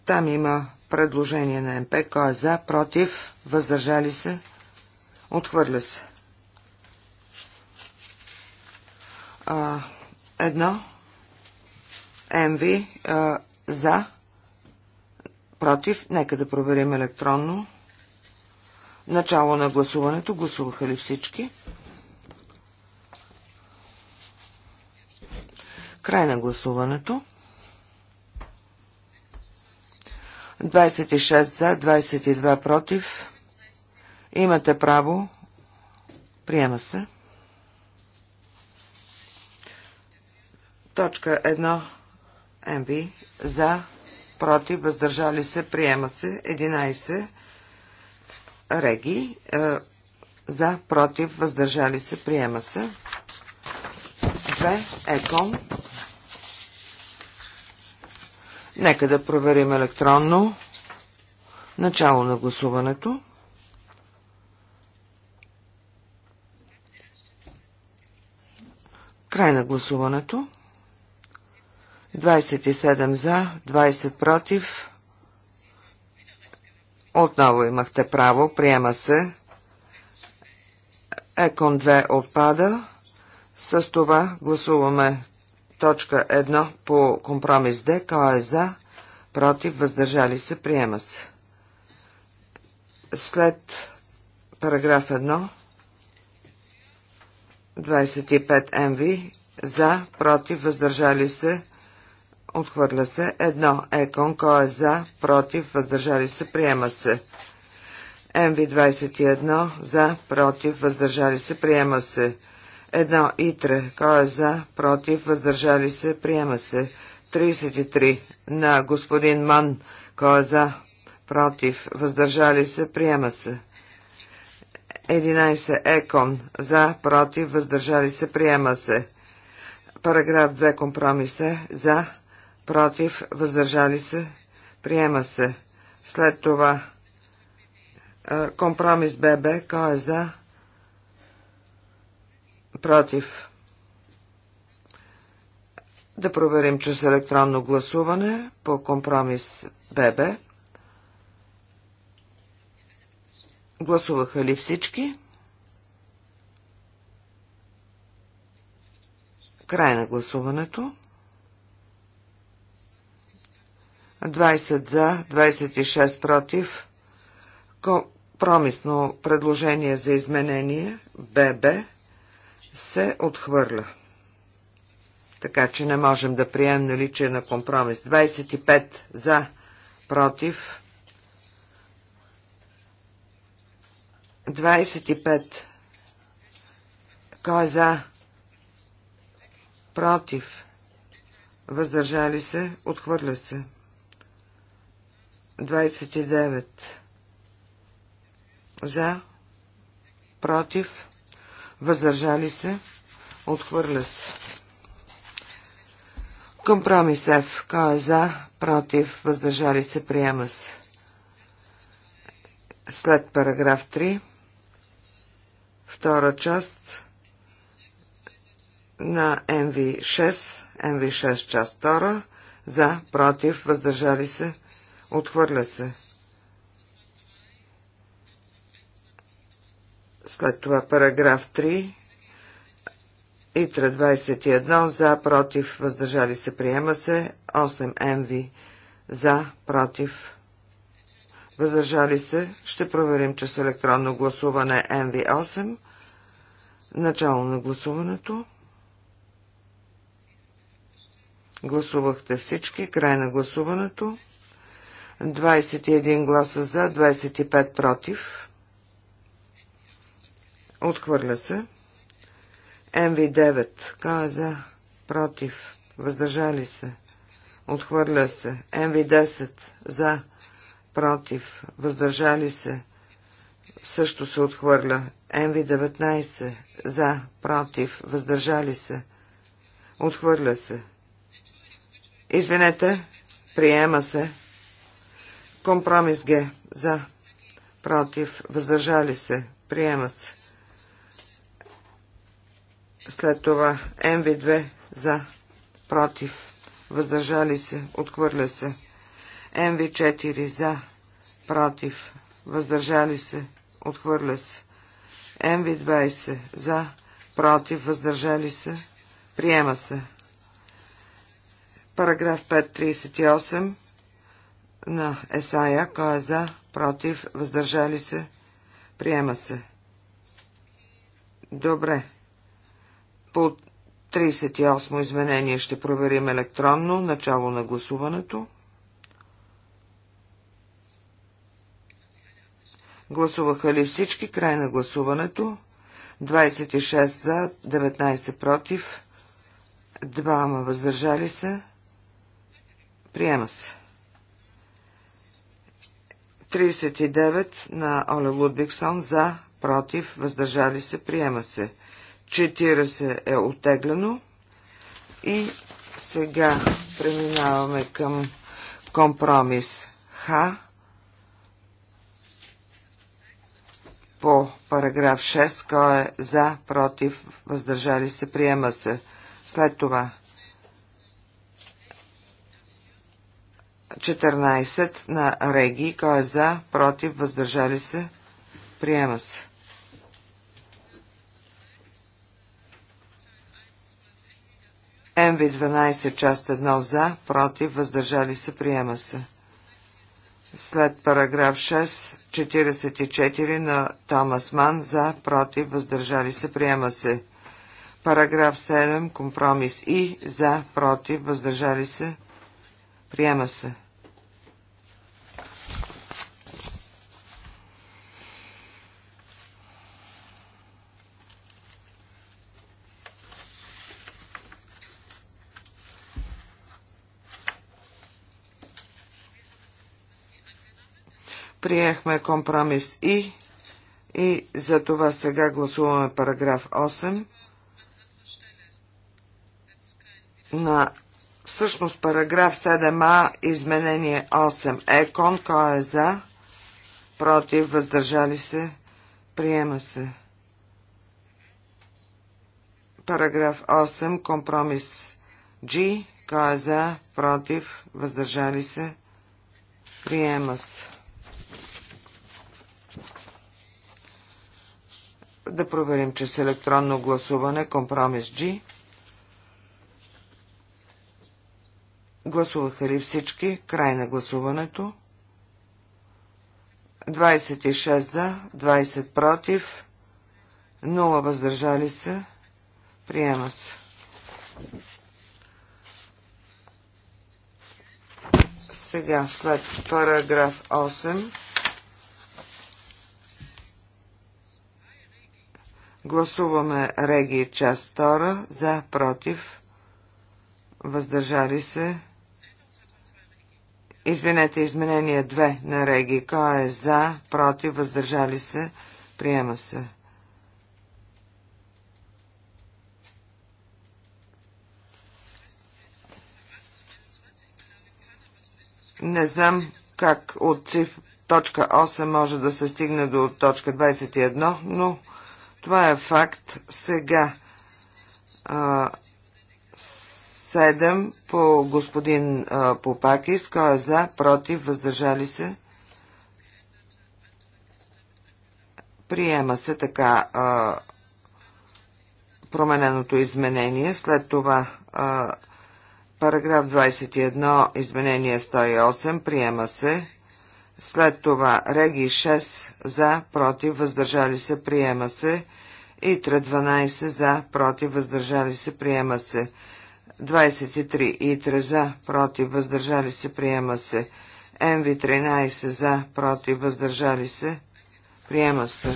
Там има предложение на МП. Кой е за? Против? Въздържали се? Отхвърля се. А, едно. МВ за, против, нека да проверим електронно. Начало на гласуването. Гласуваха ли всички? Край на гласуването. 26 за, 22 против. Имате право. Приема се. Точка 1 МВ за, против, въздържали се, приема се. 11 Реги е, за, против, въздържали се, приема се. 2 Екон. Нека да проверим електронно начало на гласуването. Край на гласуването. 27 за, 20 против. Отново имахте право, приема се. Екон 2 отпада. С това гласуваме точка 1 по компромис Д. Кой е за, против, въздържали се, приема се. След параграф 1 25 МВ за, против, въздържали се, се отхвърля се. Едно, Екон, кой е за, против, въздържали се, приема се. МВ-21, за, против, въздържали се, приема се. Едно, Итре, кой е за, против, въздържали се, приема се. 33 на господин Ман, кой е за, против, въздържали се, приема се. 11. Екон. За, против, въздържали се, приема се. Параграф 2. Компромисе. За, против, въздържали се, приема се. След това е, компромис ББ, кой е за, против. Да проверим чрез електронно гласуване по компромис ББ. Гласуваха ли всички? Край на гласуването. 20 за, 26 против. Компромисно предложение за изменение ББ се отхвърля. Така че не можем да приемем наличие на компромис. 25 за, против. 25. Кой е за? Против. Въздържали се, отхвърля се. 29 за, против, въздържали се, отхвърля се. Компромис F. Кой е за, против, въздържали се, приема се. След параграф 3, втора част на МВ6, МВ6 част 2, за, против, въздържали се, се. Отхвърля се. След това параграф 3. Итра 21 за, против, въздържали се, приема се. 8 МВ за, против, въздържали се. Ще проверим, че с електронно гласуване МВ8. Начало на гласуването. Гласувахте всички. Край на гласуването. 21 гласа за, 25 против. Отхвърля се. МВ9. каза е за? Против. Въздържали се. Отхвърля се. МВ10. За. Против. Въздържали се. Също се отхвърля. МВ19. За. Против. Въздържали се. Отхвърля се. Извинете. Приема се. Компромис Г. За. Против. Въздържали се. Приема се. След това МВ2. За. Против. Въздържали се. Отхвърля се. МВ4. За. Против. Въздържали се. Отхвърля се. МВ20. За. Против. Въздържали се. Приема се. Параграф 538 на Есая, кой е за, против, въздържали се, приема се. Добре. По 38 изменение ще проверим електронно начало на гласуването. Гласуваха ли всички? Край на гласуването. 26 за, 19 против, 2 въздържали се. Приема се. 39 на Оле Лудбиксон за, против, въздържали се, приема се. 40 е отеглено И сега преминаваме към компромис Х по параграф 6, кой е за, против, въздържали се, приема се. След това 14 на Реги. Кой е за, против, въздържали се, приема се. МВ-12 част 1 за, против, въздържали се, приема се. След параграф 6, 44 на Томас Ман за, против, въздържали се, приема се. Параграф 7, компромис и за, против, въздържали се, приема се. Приехме компромис И и за това сега гласуваме параграф 8 на всъщност параграф 7а, изменение 8. Екон, кой е за? Против, въздържали се? Приема се. Параграф 8, компромис G, кой е за? Против, въздържали се? Приема се. Да проверим, че с електронно гласуване компромис G. Гласуваха ли всички? Край на гласуването. 26 за, 20 против, 0 въздържали се. Приема се. Сега след параграф 8 Гласуваме Реги част 2 за, против, въздържали се. Извинете, изменение 2 на Реги. Кой е за, против, въздържали се, приема се. Не знам как от точка 8 може да се стигне до точка 21, но това е факт сега. 7 по господин Попаки, Попакис, кой е за, против, въздържали се. Приема се така промененото изменение. След това параграф 21, изменение 108, приема се. След това реги 6 за, против, въздържали се, приема се. Итра 12 за, против, въздържали се, приема се. 23 Итра за, против, въздържали се, приема се. МВ 13 за, против, въздържали се, приема се.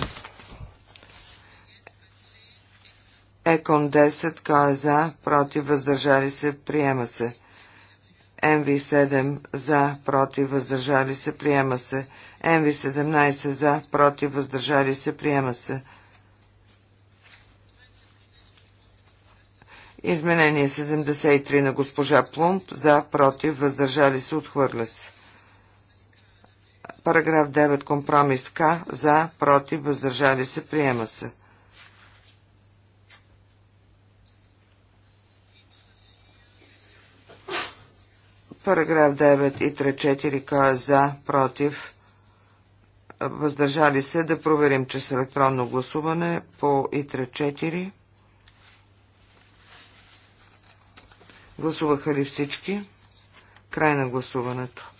Екон 10, кой е за, против, въздържали се, приема се. МВ-7 за, против, въздържали се, приема се. МВ-17 за, против, въздържали се, приема се. Изменение 73 на госпожа Плумп. За, против, въздържали се, отхвърля се. Параграф 9. Компромис К. За, против, въздържали се, приема се. Параграф 9 и 3-4 К. Е за, против, въздържали се. Да проверим, че с електронно гласуване по ИТРА 4 Гласуваха ли всички? Край на гласуването.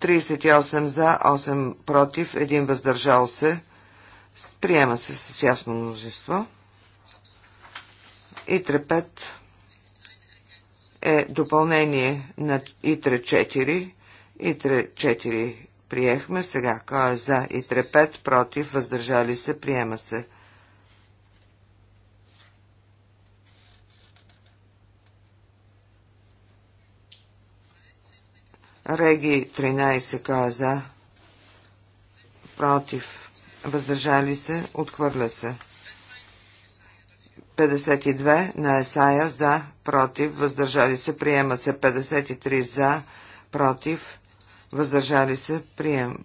38 за, 8 против, 1 въздържал се. Приема се с ясно мнозинство. ИТРЕ 5 е допълнение на ИТРЕ 4. ИТРЕ 4 приехме. Сега, кой е за ИТРЕ 5, против, въздържали се, приема се. Реги 13 кой е за? Против. Въздържали се. Отхвърля се. 52 на Есая за. Против. Въздържали се. Приема се. 53 за. Против. Въздържали се. Приема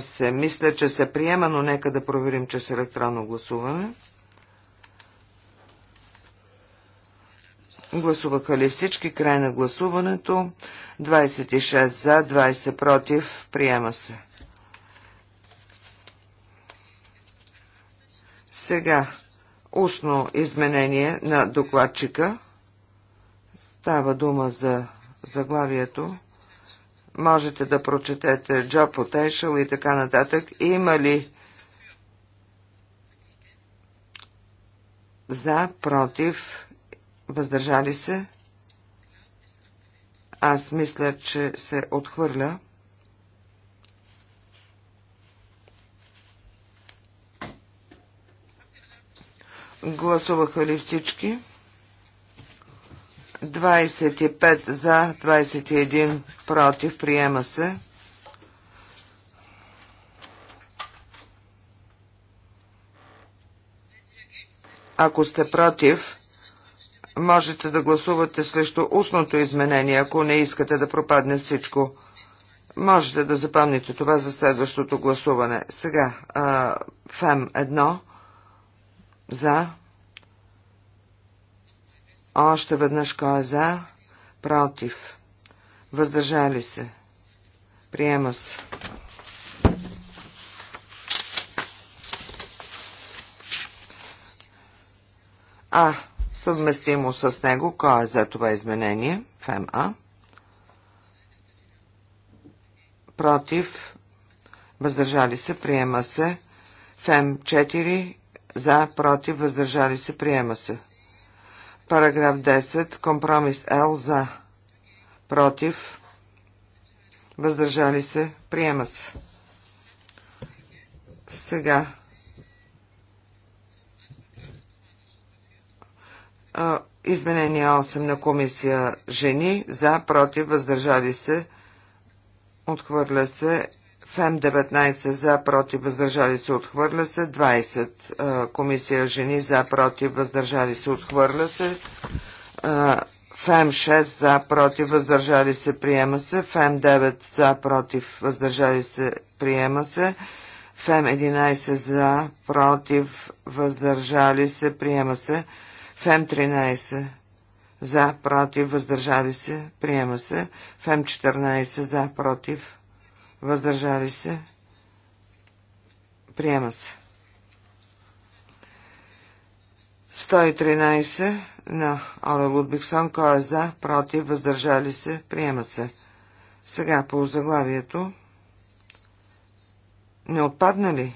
се. Мисля, че се приема, но нека да проверим, че с електронно гласуване. Гласуваха ли всички? Край на гласуването. 26 за, 20 против. Приема се. Сега устно изменение на докладчика. Става дума за заглавието. Можете да прочетете Job Potential и така нататък. Има ли за, против, въздържали се? Аз мисля, че се отхвърля. Гласуваха ли всички? 25 за, 21 против. Приема се. Ако сте против, можете да гласувате срещу устното изменение, ако не искате да пропадне всичко. Можете да запомните това за следващото гласуване. Сега, а, ФЕМ 1 за. Още веднъж кой е за? Против. Въздържали се. Приема се. А съвместимо с него. Кой е за това изменение? МА. Против. Въздържали се. Приема се. ФЕМ 4. За. Против. Въздържали се. Приема се. Параграф 10. Компромис Л. За. Против. Въздържали се. Приема се. Сега Изменение 8 на комисия жени за, против, въздържали се. Отхвърля се. ФЕМ 19 за, против, въздържали се, отхвърля се. 20 комисия жени за, против, въздържали се, отхвърля се. ФЕМ 6 за, против, въздържали се, приема се. ФЕМ 9 за, против, въздържали се, приема се. ФЕМ 11 за, против, въздържали се, приема се. Фем 13 за, против, въздържали се, приема се. Фем 14 за, против, въздържали се, приема се. 113 на Оле Лудбиксон, кой е за, против, въздържали се, приема се. Сега по заглавието. Не отпадна ли?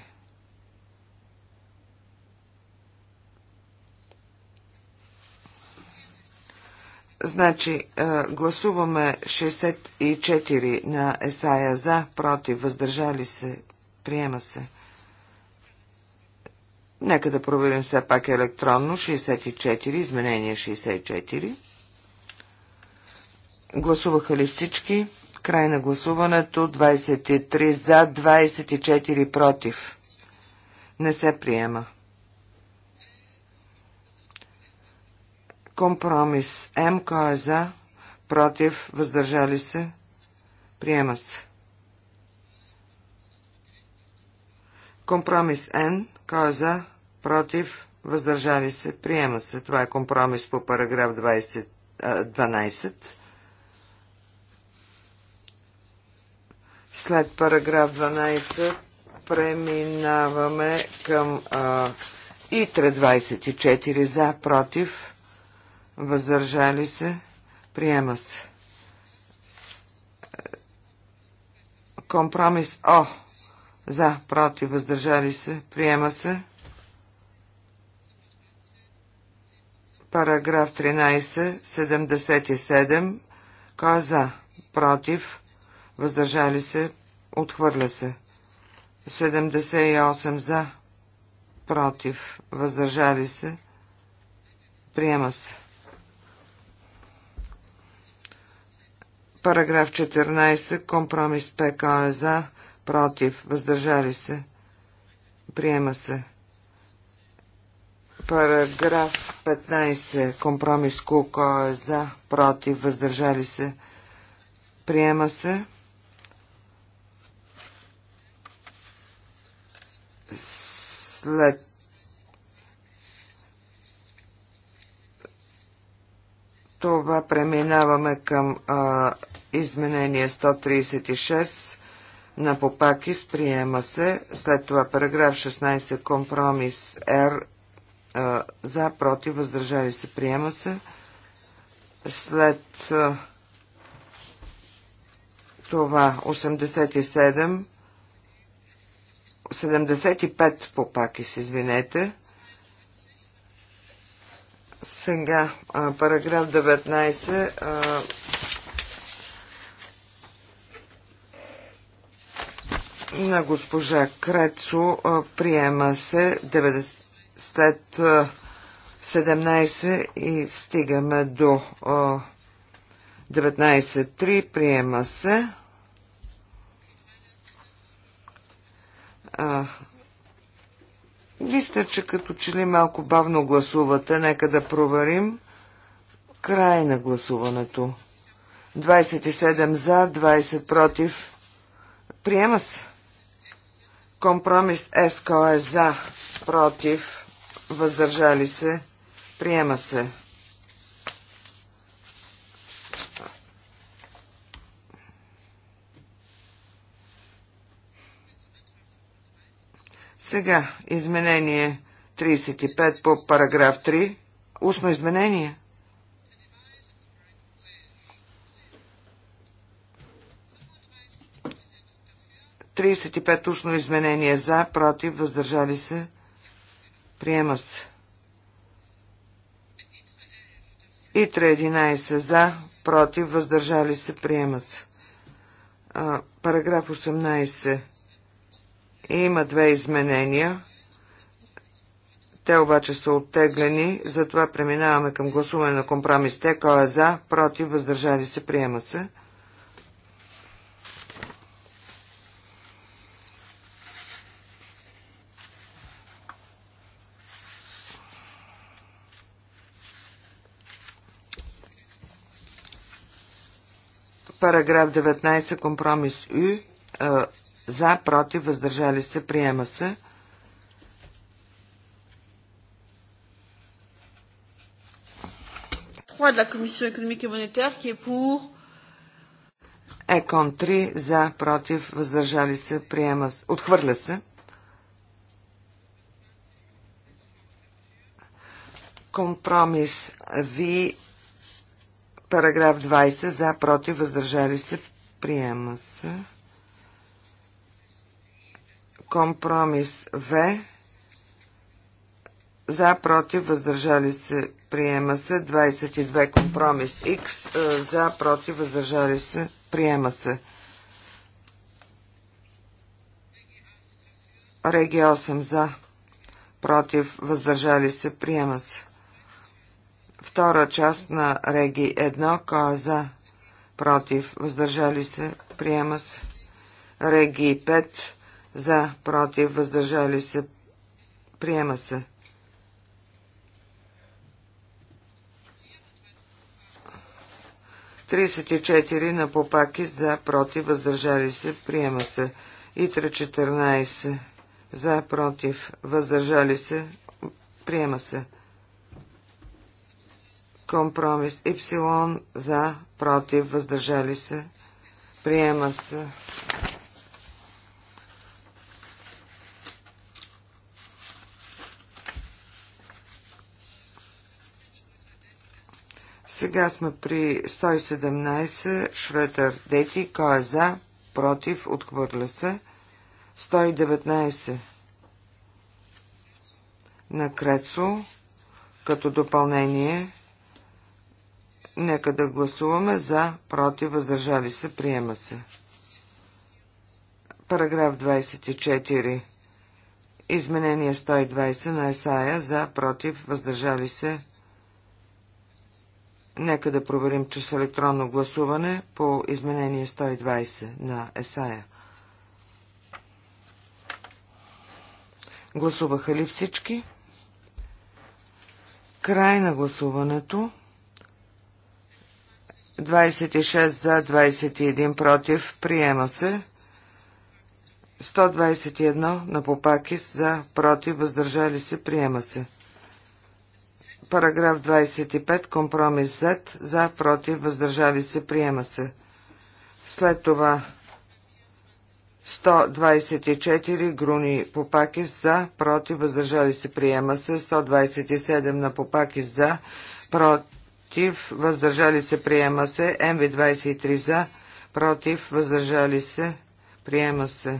Значи, е, гласуваме 64 на Есая за, против, въздържали се, приема се. Нека да проверим все пак електронно 64, изменение 64. Гласуваха ли всички? Край на гласуването 23 за, 24 против. Не се приема. Компромис М. Кой е за? Против? Въздържали се? Приема се. Компромис Н. Кой е за? Против? Въздържали се? Приема се. Това е компромис по параграф 20, 12. След параграф 12 преминаваме към а, ИТРЕ 24 за, против, въздържали се, приема се. Компромис О. За, против, въздържали се, приема се. Параграф 13, 77. Кой е за? Против, въздържали се, отхвърля се. 78 за, против, въздържали се, приема се. Параграф 14. Компромис ПКО е за, против, въздържали се. Приема се. Параграф 15. Компромис КУКО е за, против, въздържали се. Приема се. След това преминаваме към а, Изменение 136 на Попакис приема се. След това параграф 16 компромис Р за, против, въздържали се, приема се. След това 87 75 по пакис, извинете. Сега, параграф 19, на госпожа Крецо приема се 90, след 17 и стигаме до 19.3 приема се. А, мисля, че като че ли малко бавно гласувате, нека да проверим. Край на гласуването. 27 за, 20 против. Приема се. Компромис СКО е за, против, въздържали се, приема се. Сега изменение 35 по параграф 3. Усно изменение. 35 устно изменение за, против, въздържали се, приема се. Итра 11 за, против, въздържали се, приема се. А, параграф 18 има две изменения. Те обаче са оттеглени, затова преминаваме към гласуване на компромис. Те, кой е за, против, въздържали се, приема се. Параграф 19, компромис Ю, за, против, въздържали се, приема се. de la Commission économique et monétaire qui est pour. Екон 3 за, против, въздържали се, приема, се. отхвърля се. Компромис ви Параграф 20. За, против, въздържали се. Приема се. Компромис В. За, против, въздържали се. Приема се. 22. Компромис Х. Е, за, против, въздържали се. Приема се. Реги 8 за. Против, въздържали се. Приема се. Втора част на Реги 1. Кой е за? Против. Въздържали се. Приема се. Реги 5. За. Против. Въздържали се. Приема се. Тридесет и четири на попаки за против, въздържали се, приема се. Итра 14 за против, въздържали се, приема се. Компромис Ипсилон за, против, въздържали се. Приема се. Сега сме при 117 Шретър Дети. Кой е за? Против? Отхвърля се. 119 на Крецо като допълнение. Нека да гласуваме за, против, въздържали се, приема се. Параграф 24. Изменение 120 на Есая за, против, въздържали се. Нека да проверим чрез електронно гласуване по изменение 120 на Есая. Гласуваха ли всички? Край на гласуването. 26 за, 21 против. Приема се. 121 на Попакис за, против, въздържали се. Приема се. Параграф 25. Компромис Z. За, против, въздържали се. Приема се. След това 124 груни Попакис за, против, въздържали се. Приема се. 127 на Попакис за, против против, въздържали се, приема се. МВ-23 за, против, въздържали се, приема се.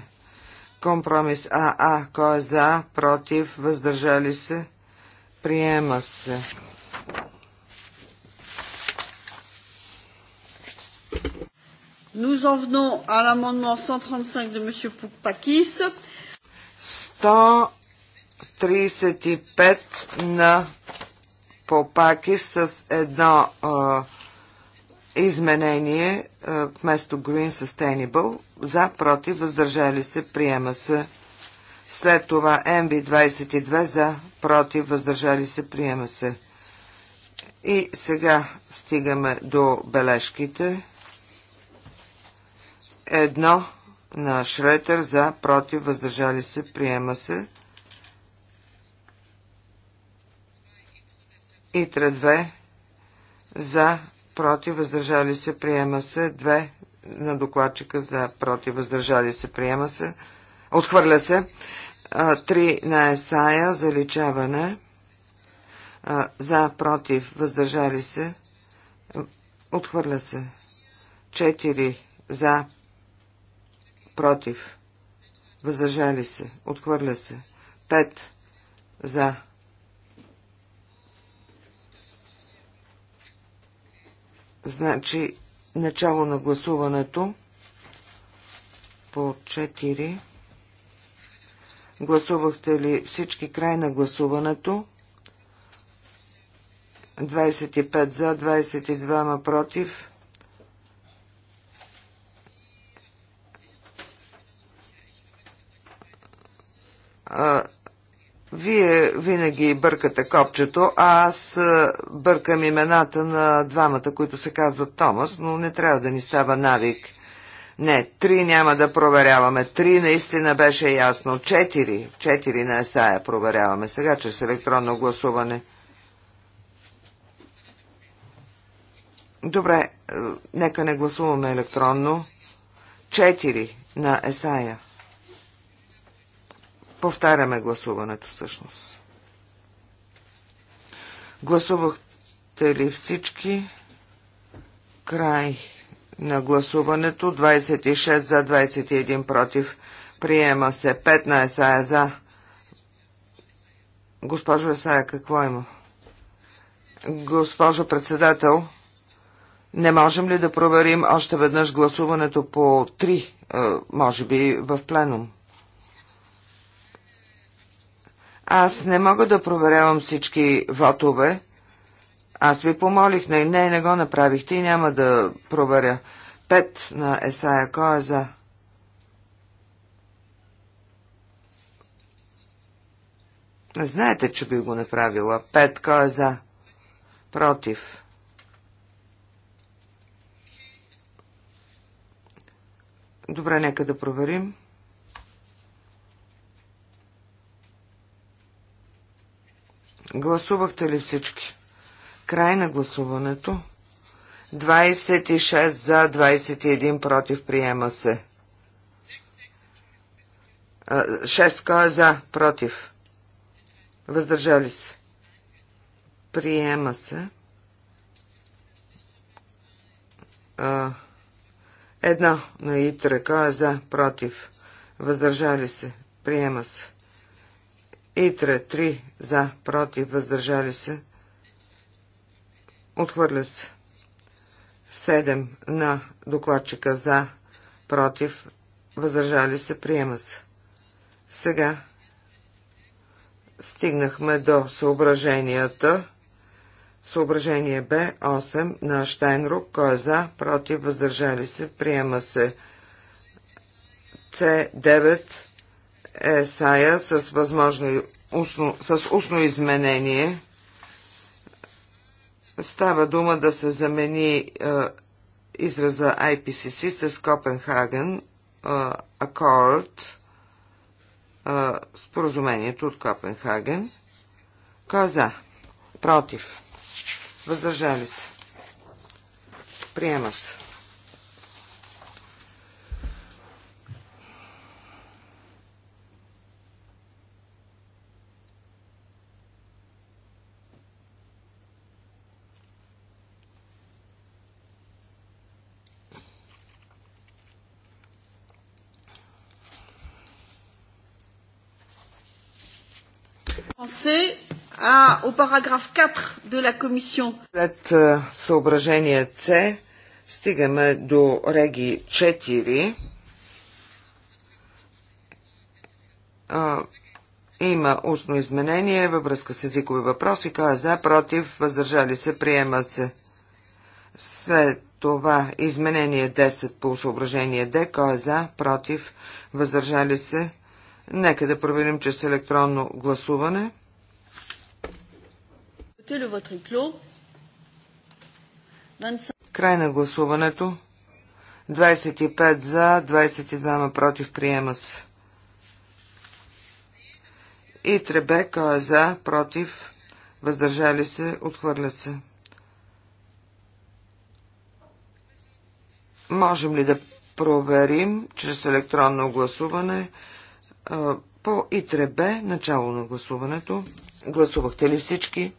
Компромис АА, кой е за, против, въздържали се, приема се. Nous en venons à l'amendement 135 de M. Poupakis. 135 на паки с едно а, изменение а, вместо Green Sustainable за, против, въздържали се, приема се. След това MB22 за, против, въздържали се, приема се. И сега стигаме до бележките. Едно на Шретер за, против, въздържали се, приема се. И 2 за, против, въздържали се, приема се. 2 на докладчика за, против, въздържали се, приема се. Отхвърля се. 3 на Есая, заличаване. За, против, въздържали се. Отхвърля се. 4 за, против, въздържали се. Отхвърля се. 5 за, Значи, начало на гласуването по 4. Гласувахте ли всички край на гласуването? 25 за, 22 ма против. А, вие винаги бъркате копчето, а аз бъркам имената на двамата, които се казват Томас, но не трябва да ни става навик. Не, три няма да проверяваме. Три наистина беше ясно. Четири. Четири на Есая проверяваме сега, че с електронно гласуване. Добре, е, нека не гласуваме електронно. Четири на Есая. Повтаряме гласуването всъщност. Гласувахте ли всички? Край на гласуването. 26 за, 21 против. Приема се 5 на Есая за. Госпожо Есая, какво има? Госпожо председател, не можем ли да проверим още веднъж гласуването по 3, е, може би в пленум? Аз не мога да проверявам всички вотове. Аз ви помолих, не, не, не го направихте и няма да проверя. Пет на Есая, кой е за? Знаете, че би го направила. Пет, кой е за? Против. Добре, нека да проверим. Гласувахте ли всички? Край на гласуването. 26 за, 21 против, приема се. 6 кой е за, против. Въздържали се. Приема се. Едно на ИТРА. Кой е за? Против. Въздържали се. Приема се. Итра 3 за, против, въздържали се. Отхвърля се. 7 на докладчика за, против, въздържали се, приема се. Сега стигнахме до съображенията. Съображение Б, 8 на Штайнрук, кой е за, против, въздържали се, приема се. С9 ЕСАЯ с възможно устно, с устно изменение. Става дума да се замени е, израза IPCC с Копенхаген е, Акорд, е, споразумението от Копенхаген. КАЗА е Против. Въздържали се. Приема се. а, au параграф 4 de la Commission. След съображение С стигаме до реги 4. има устно изменение във връзка с езикови въпроси. Кой е за, против, въздържали се, приема се. След това изменение 10 по съображение Д. Кой е за, против, въздържали се, Нека да проверим, че с електронно гласуване. Край на гласуването. 25 за, 22 против приема се. И Требе, кой е за, против, въздържали се, отхвърлят се. Можем ли да проверим чрез електронно гласуване по Итребе, начало на гласуването. Гласувахте ли всички?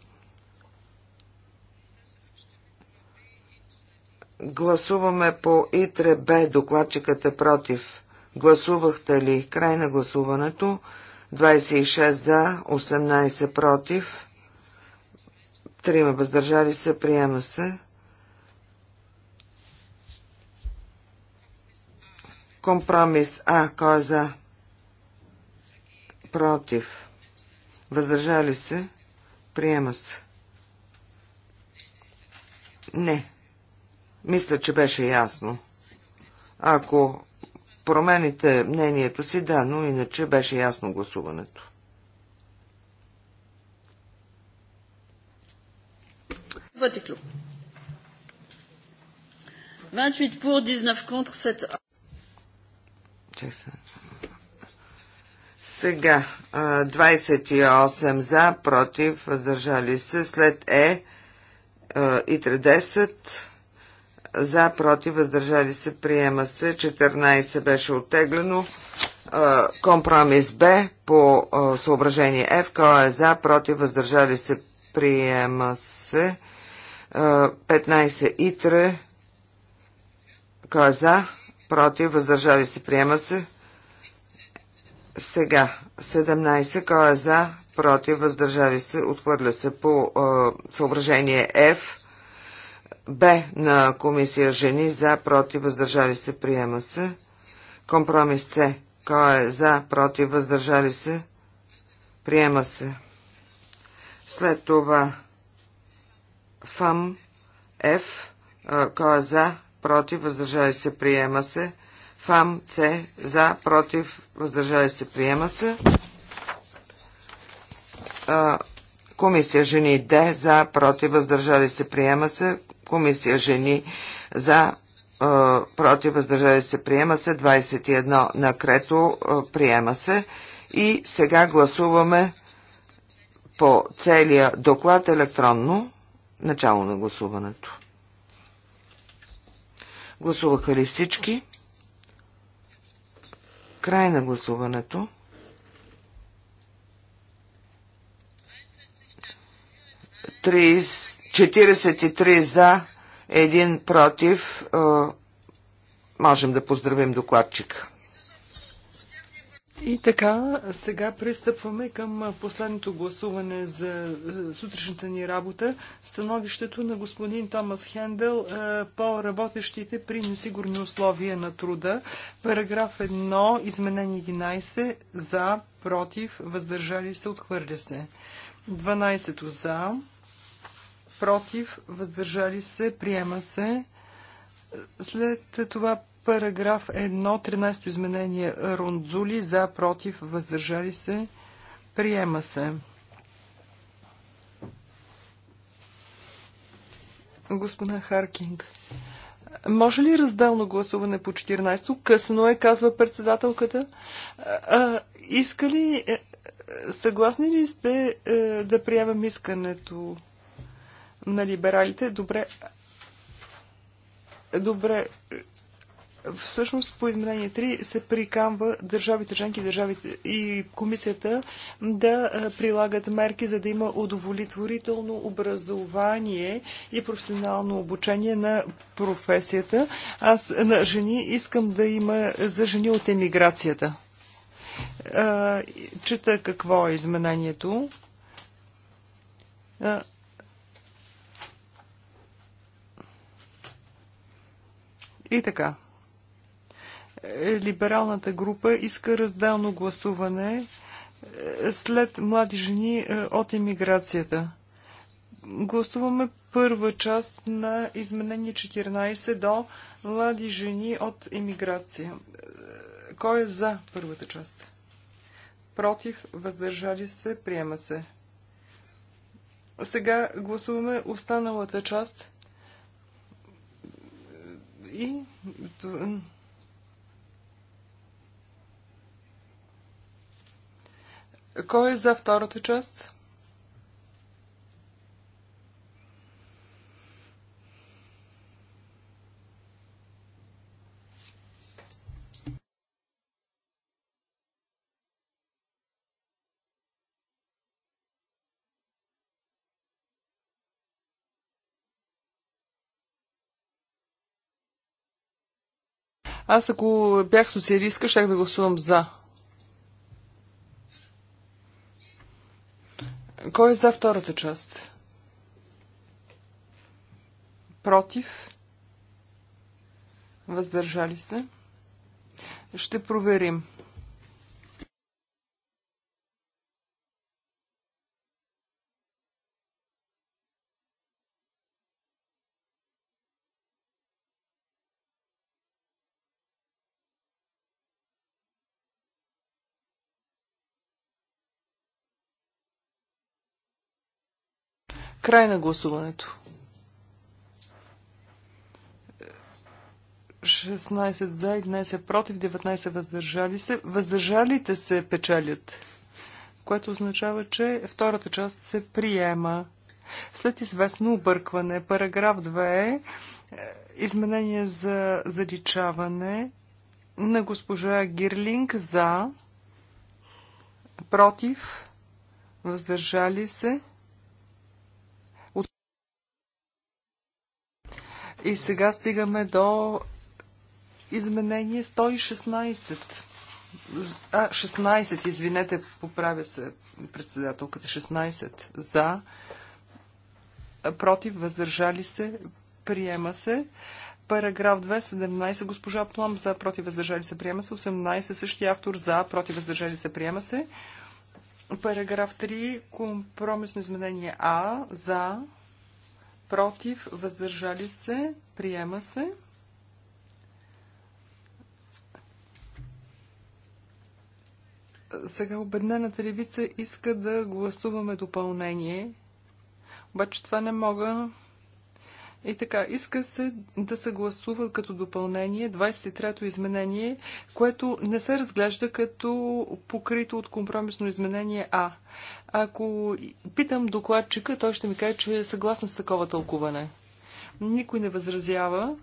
Гласуваме по Итребе, докладчикът е против. Гласувахте ли? Край на гласуването. 26 за, 18 против. Трима въздържали се, приема се. Компромис А. Кой е за? против, въздържали се, приема се. Не, мисля, че беше ясно. Ако промените мнението си, да, но иначе беше ясно гласуването. Вътеклю. clos. 28 pour, 19 контр 7. Сега 28 за, против, въздържали се. След Е и 30 за, против, въздържали се, приема се. 14 беше оттеглено. Компромис Б по съображение Ф. Кой е за, против, въздържали се, приема се. 15 И3. Кой е за, против, въздържали се, приема се. Сега, 17, кой е за, против, въздържали се, отхвърля се по е, съображение F. Б на комисия жени, за, против, въздържали се, приема се. Компромис С. Кой е за, против, въздържали се, приема се. След това ФАМ, Ф, кой е за, против, въздържали се, приема се. ФАМ, С, за, против, въздържали се, приема се. А, комисия жени Д за, против, въздържали се, приема се. Комисия жени за, а, против, въздържали се, приема се. 21 на крето, а, приема се. И сега гласуваме по целия доклад електронно начало на гласуването. Гласуваха ли всички? Край на гласуването. 43 за, 1 против. Е, можем да поздравим докладчика. И така, сега пристъпваме към последното гласуване за е, сутрешната ни работа. Становището на господин Томас Хендел е, по работещите при несигурни условия на труда. Параграф 1, изменение 11, за, против, въздържали се, отхвърля се. 12 за, против, въздържали се, приема се. След това Параграф 1, 13 изменение Рундзули, за, против, въздържали се, приема се. Господа Харкинг, може ли разделно гласуване по 14-то? Късно е, казва председателката. А, а, иска ли, е, съгласни ли сте а, е, да приемем искането на либералите? Добре. Добре, всъщност по изменение 3 се прикамва държавите членки държавите и комисията да прилагат мерки, за да има удовлетворително образование и професионално обучение на професията. Аз на жени искам да има за жени от емиграцията. Чета какво е изменението. И така. Е, либералната група иска разделно гласуване е, след млади жени е, от иммиграцията. Гласуваме първа част на изменение 14 до млади жени от иммиграция. Кой е за първата част? Против, въздържали се, приема се. Сега гласуваме останалата част и Кой е за втората част? Аз ако бях социалистка, щях да гласувам за. Кой е за втората част? Против? Въздържали се? Ще проверим. Край на гласуването. 16 за и днес е против, 19 въздържали се. Въздържалите се печалят, което означава, че втората част се приема. След известно объркване, параграф 2 е изменение за заличаване на госпожа Гирлинг за, против, въздържали се, И сега стигаме до изменение 116. А, 16, извинете, поправя се председателката. 16 за, против, въздържали се, приема се. Параграф 2, 17, госпожа Плам, за, против, въздържали се, приема се. 18, същия автор, за, против, въздържали се, приема се. Параграф 3, компромисно изменение А, за, против, въздържали се, приема се. Сега обеднената левица иска да гласуваме допълнение, обаче това не мога и така, иска се да се гласува като допълнение 23-то изменение, което не се разглежда като покрито от компромисно изменение А. Ако питам докладчика, той ще ми каже, че е съгласен с такова тълкуване. Никой не възразява.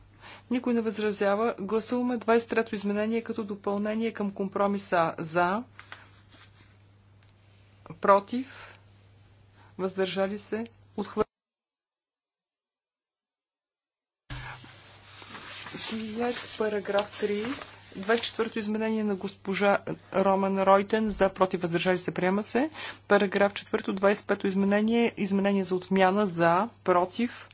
Никой не възразява. Гласуваме 23-то изменение като допълнение към компромиса за, против, въздържали се, отхвърляне. След параграф 3, 24-то изменение на госпожа Роман Ройтен за против въздържали се приема се. Параграф 4, 25-то изменение, изменение за отмяна за против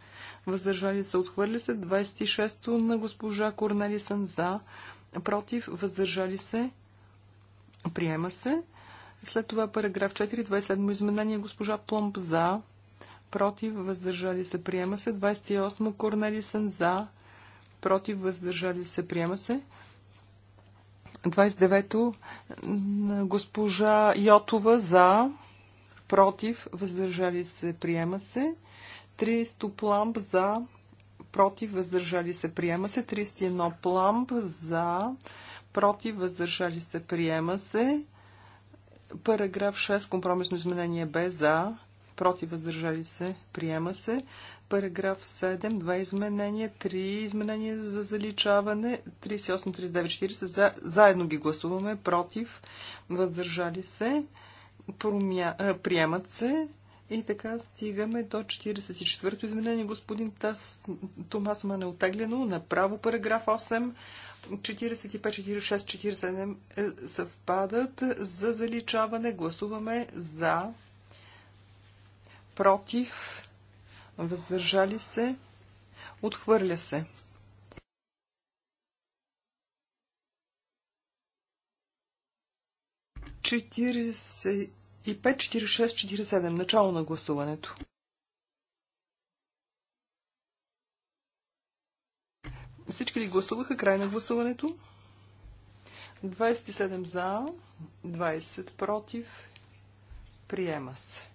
въздържали се отхвърли се. 26-то на госпожа Корнелисън за против въздържали се приема се. След това параграф 4, 27 изменение госпожа Пломб за против въздържали се приема се. 28 Корнелисън за против, въздържали се, приема се. 29-то госпожа Йотова за, против, въздържали се, приема се. 30 пламп за, против, въздържали се, приема се. 31 пламп за, против, въздържали се, приема се. Параграф 6, компромисно изменение Б за, против, въздържали се, приема се. Параграф 7, два изменения, три изменения за заличаване, 38, 39, 40, за, заедно ги гласуваме, против, въздържали се, промя, а, приемат се. И така стигаме до 44-то изменение. Господин Тас, Томас Мане отеглено. Направо параграф 8. 45, 46, 47 съвпадат за заличаване. Гласуваме за, против, въздържали се, отхвърля се. и 5, 46, 47. Начало на гласуването. Всички ли гласуваха? Край на гласуването. 27 за, 20 против. Приема се.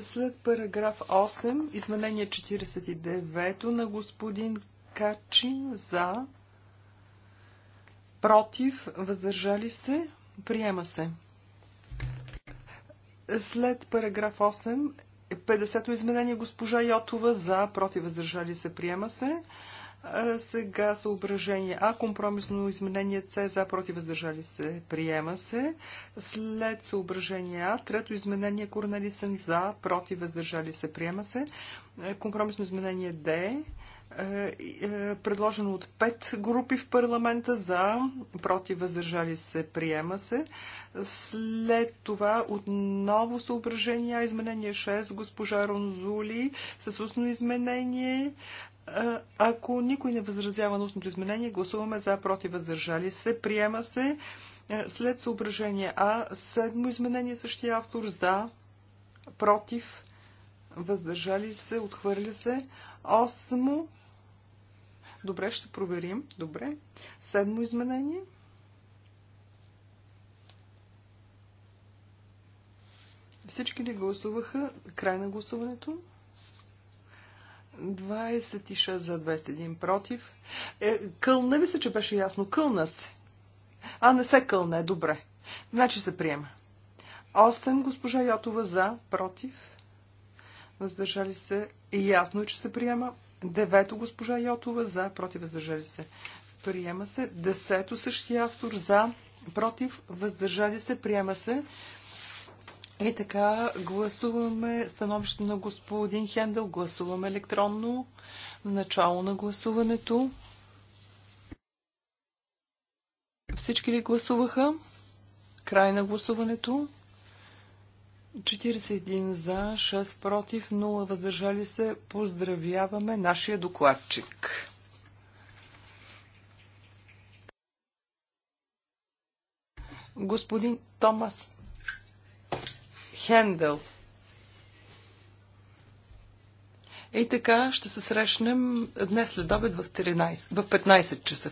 След параграф 8, изменение 49 на господин Качин за, против, въздържали се, приема се. След параграф 8, 50-то изменение госпожа Йотова за, против, въздържали се, приема се. Сега съображение А. Компромисно изменение С. За против въздържали се. Приема се. След съображение А. Трето изменение Корнелисън. За против въздържали се. Приема се. Компромисно изменение Д. Е, е, предложено от пет групи в парламента за против въздържали се. Приема се. След това отново съображение А. Изменение 6. Госпожа Ронзули с устно изменение ако никой не възразява на изменение, гласуваме за, против, въздържали се. Приема се след съображение А, седмо изменение същия автор за, против, въздържали се, отхвърля се. Осмо, добре, ще проверим, добре. Седмо изменение. Всички ли гласуваха? Край на гласуването. 26 за 21 против. Е, кълна ви се, че беше ясно. Кълна се. А не се кълна, е добре. Значи се приема. 8 госпожа Йотова за, против. Въздържали се. Ясно е, че се приема. 9 госпожа Йотова за, против. Въздържали се. Приема се. 10 същия автор за, против. Въздържали се. Приема се. Е така, гласуваме становище на господин Хендел, гласуваме електронно, начало на гласуването. Всички ли гласуваха? Край на гласуването. 41 за, 6 против, 0 въздържали се. Поздравяваме нашия докладчик. Господин Томас Хендел. И така ще се срещнем днес след обед в, 13, в 15 часа.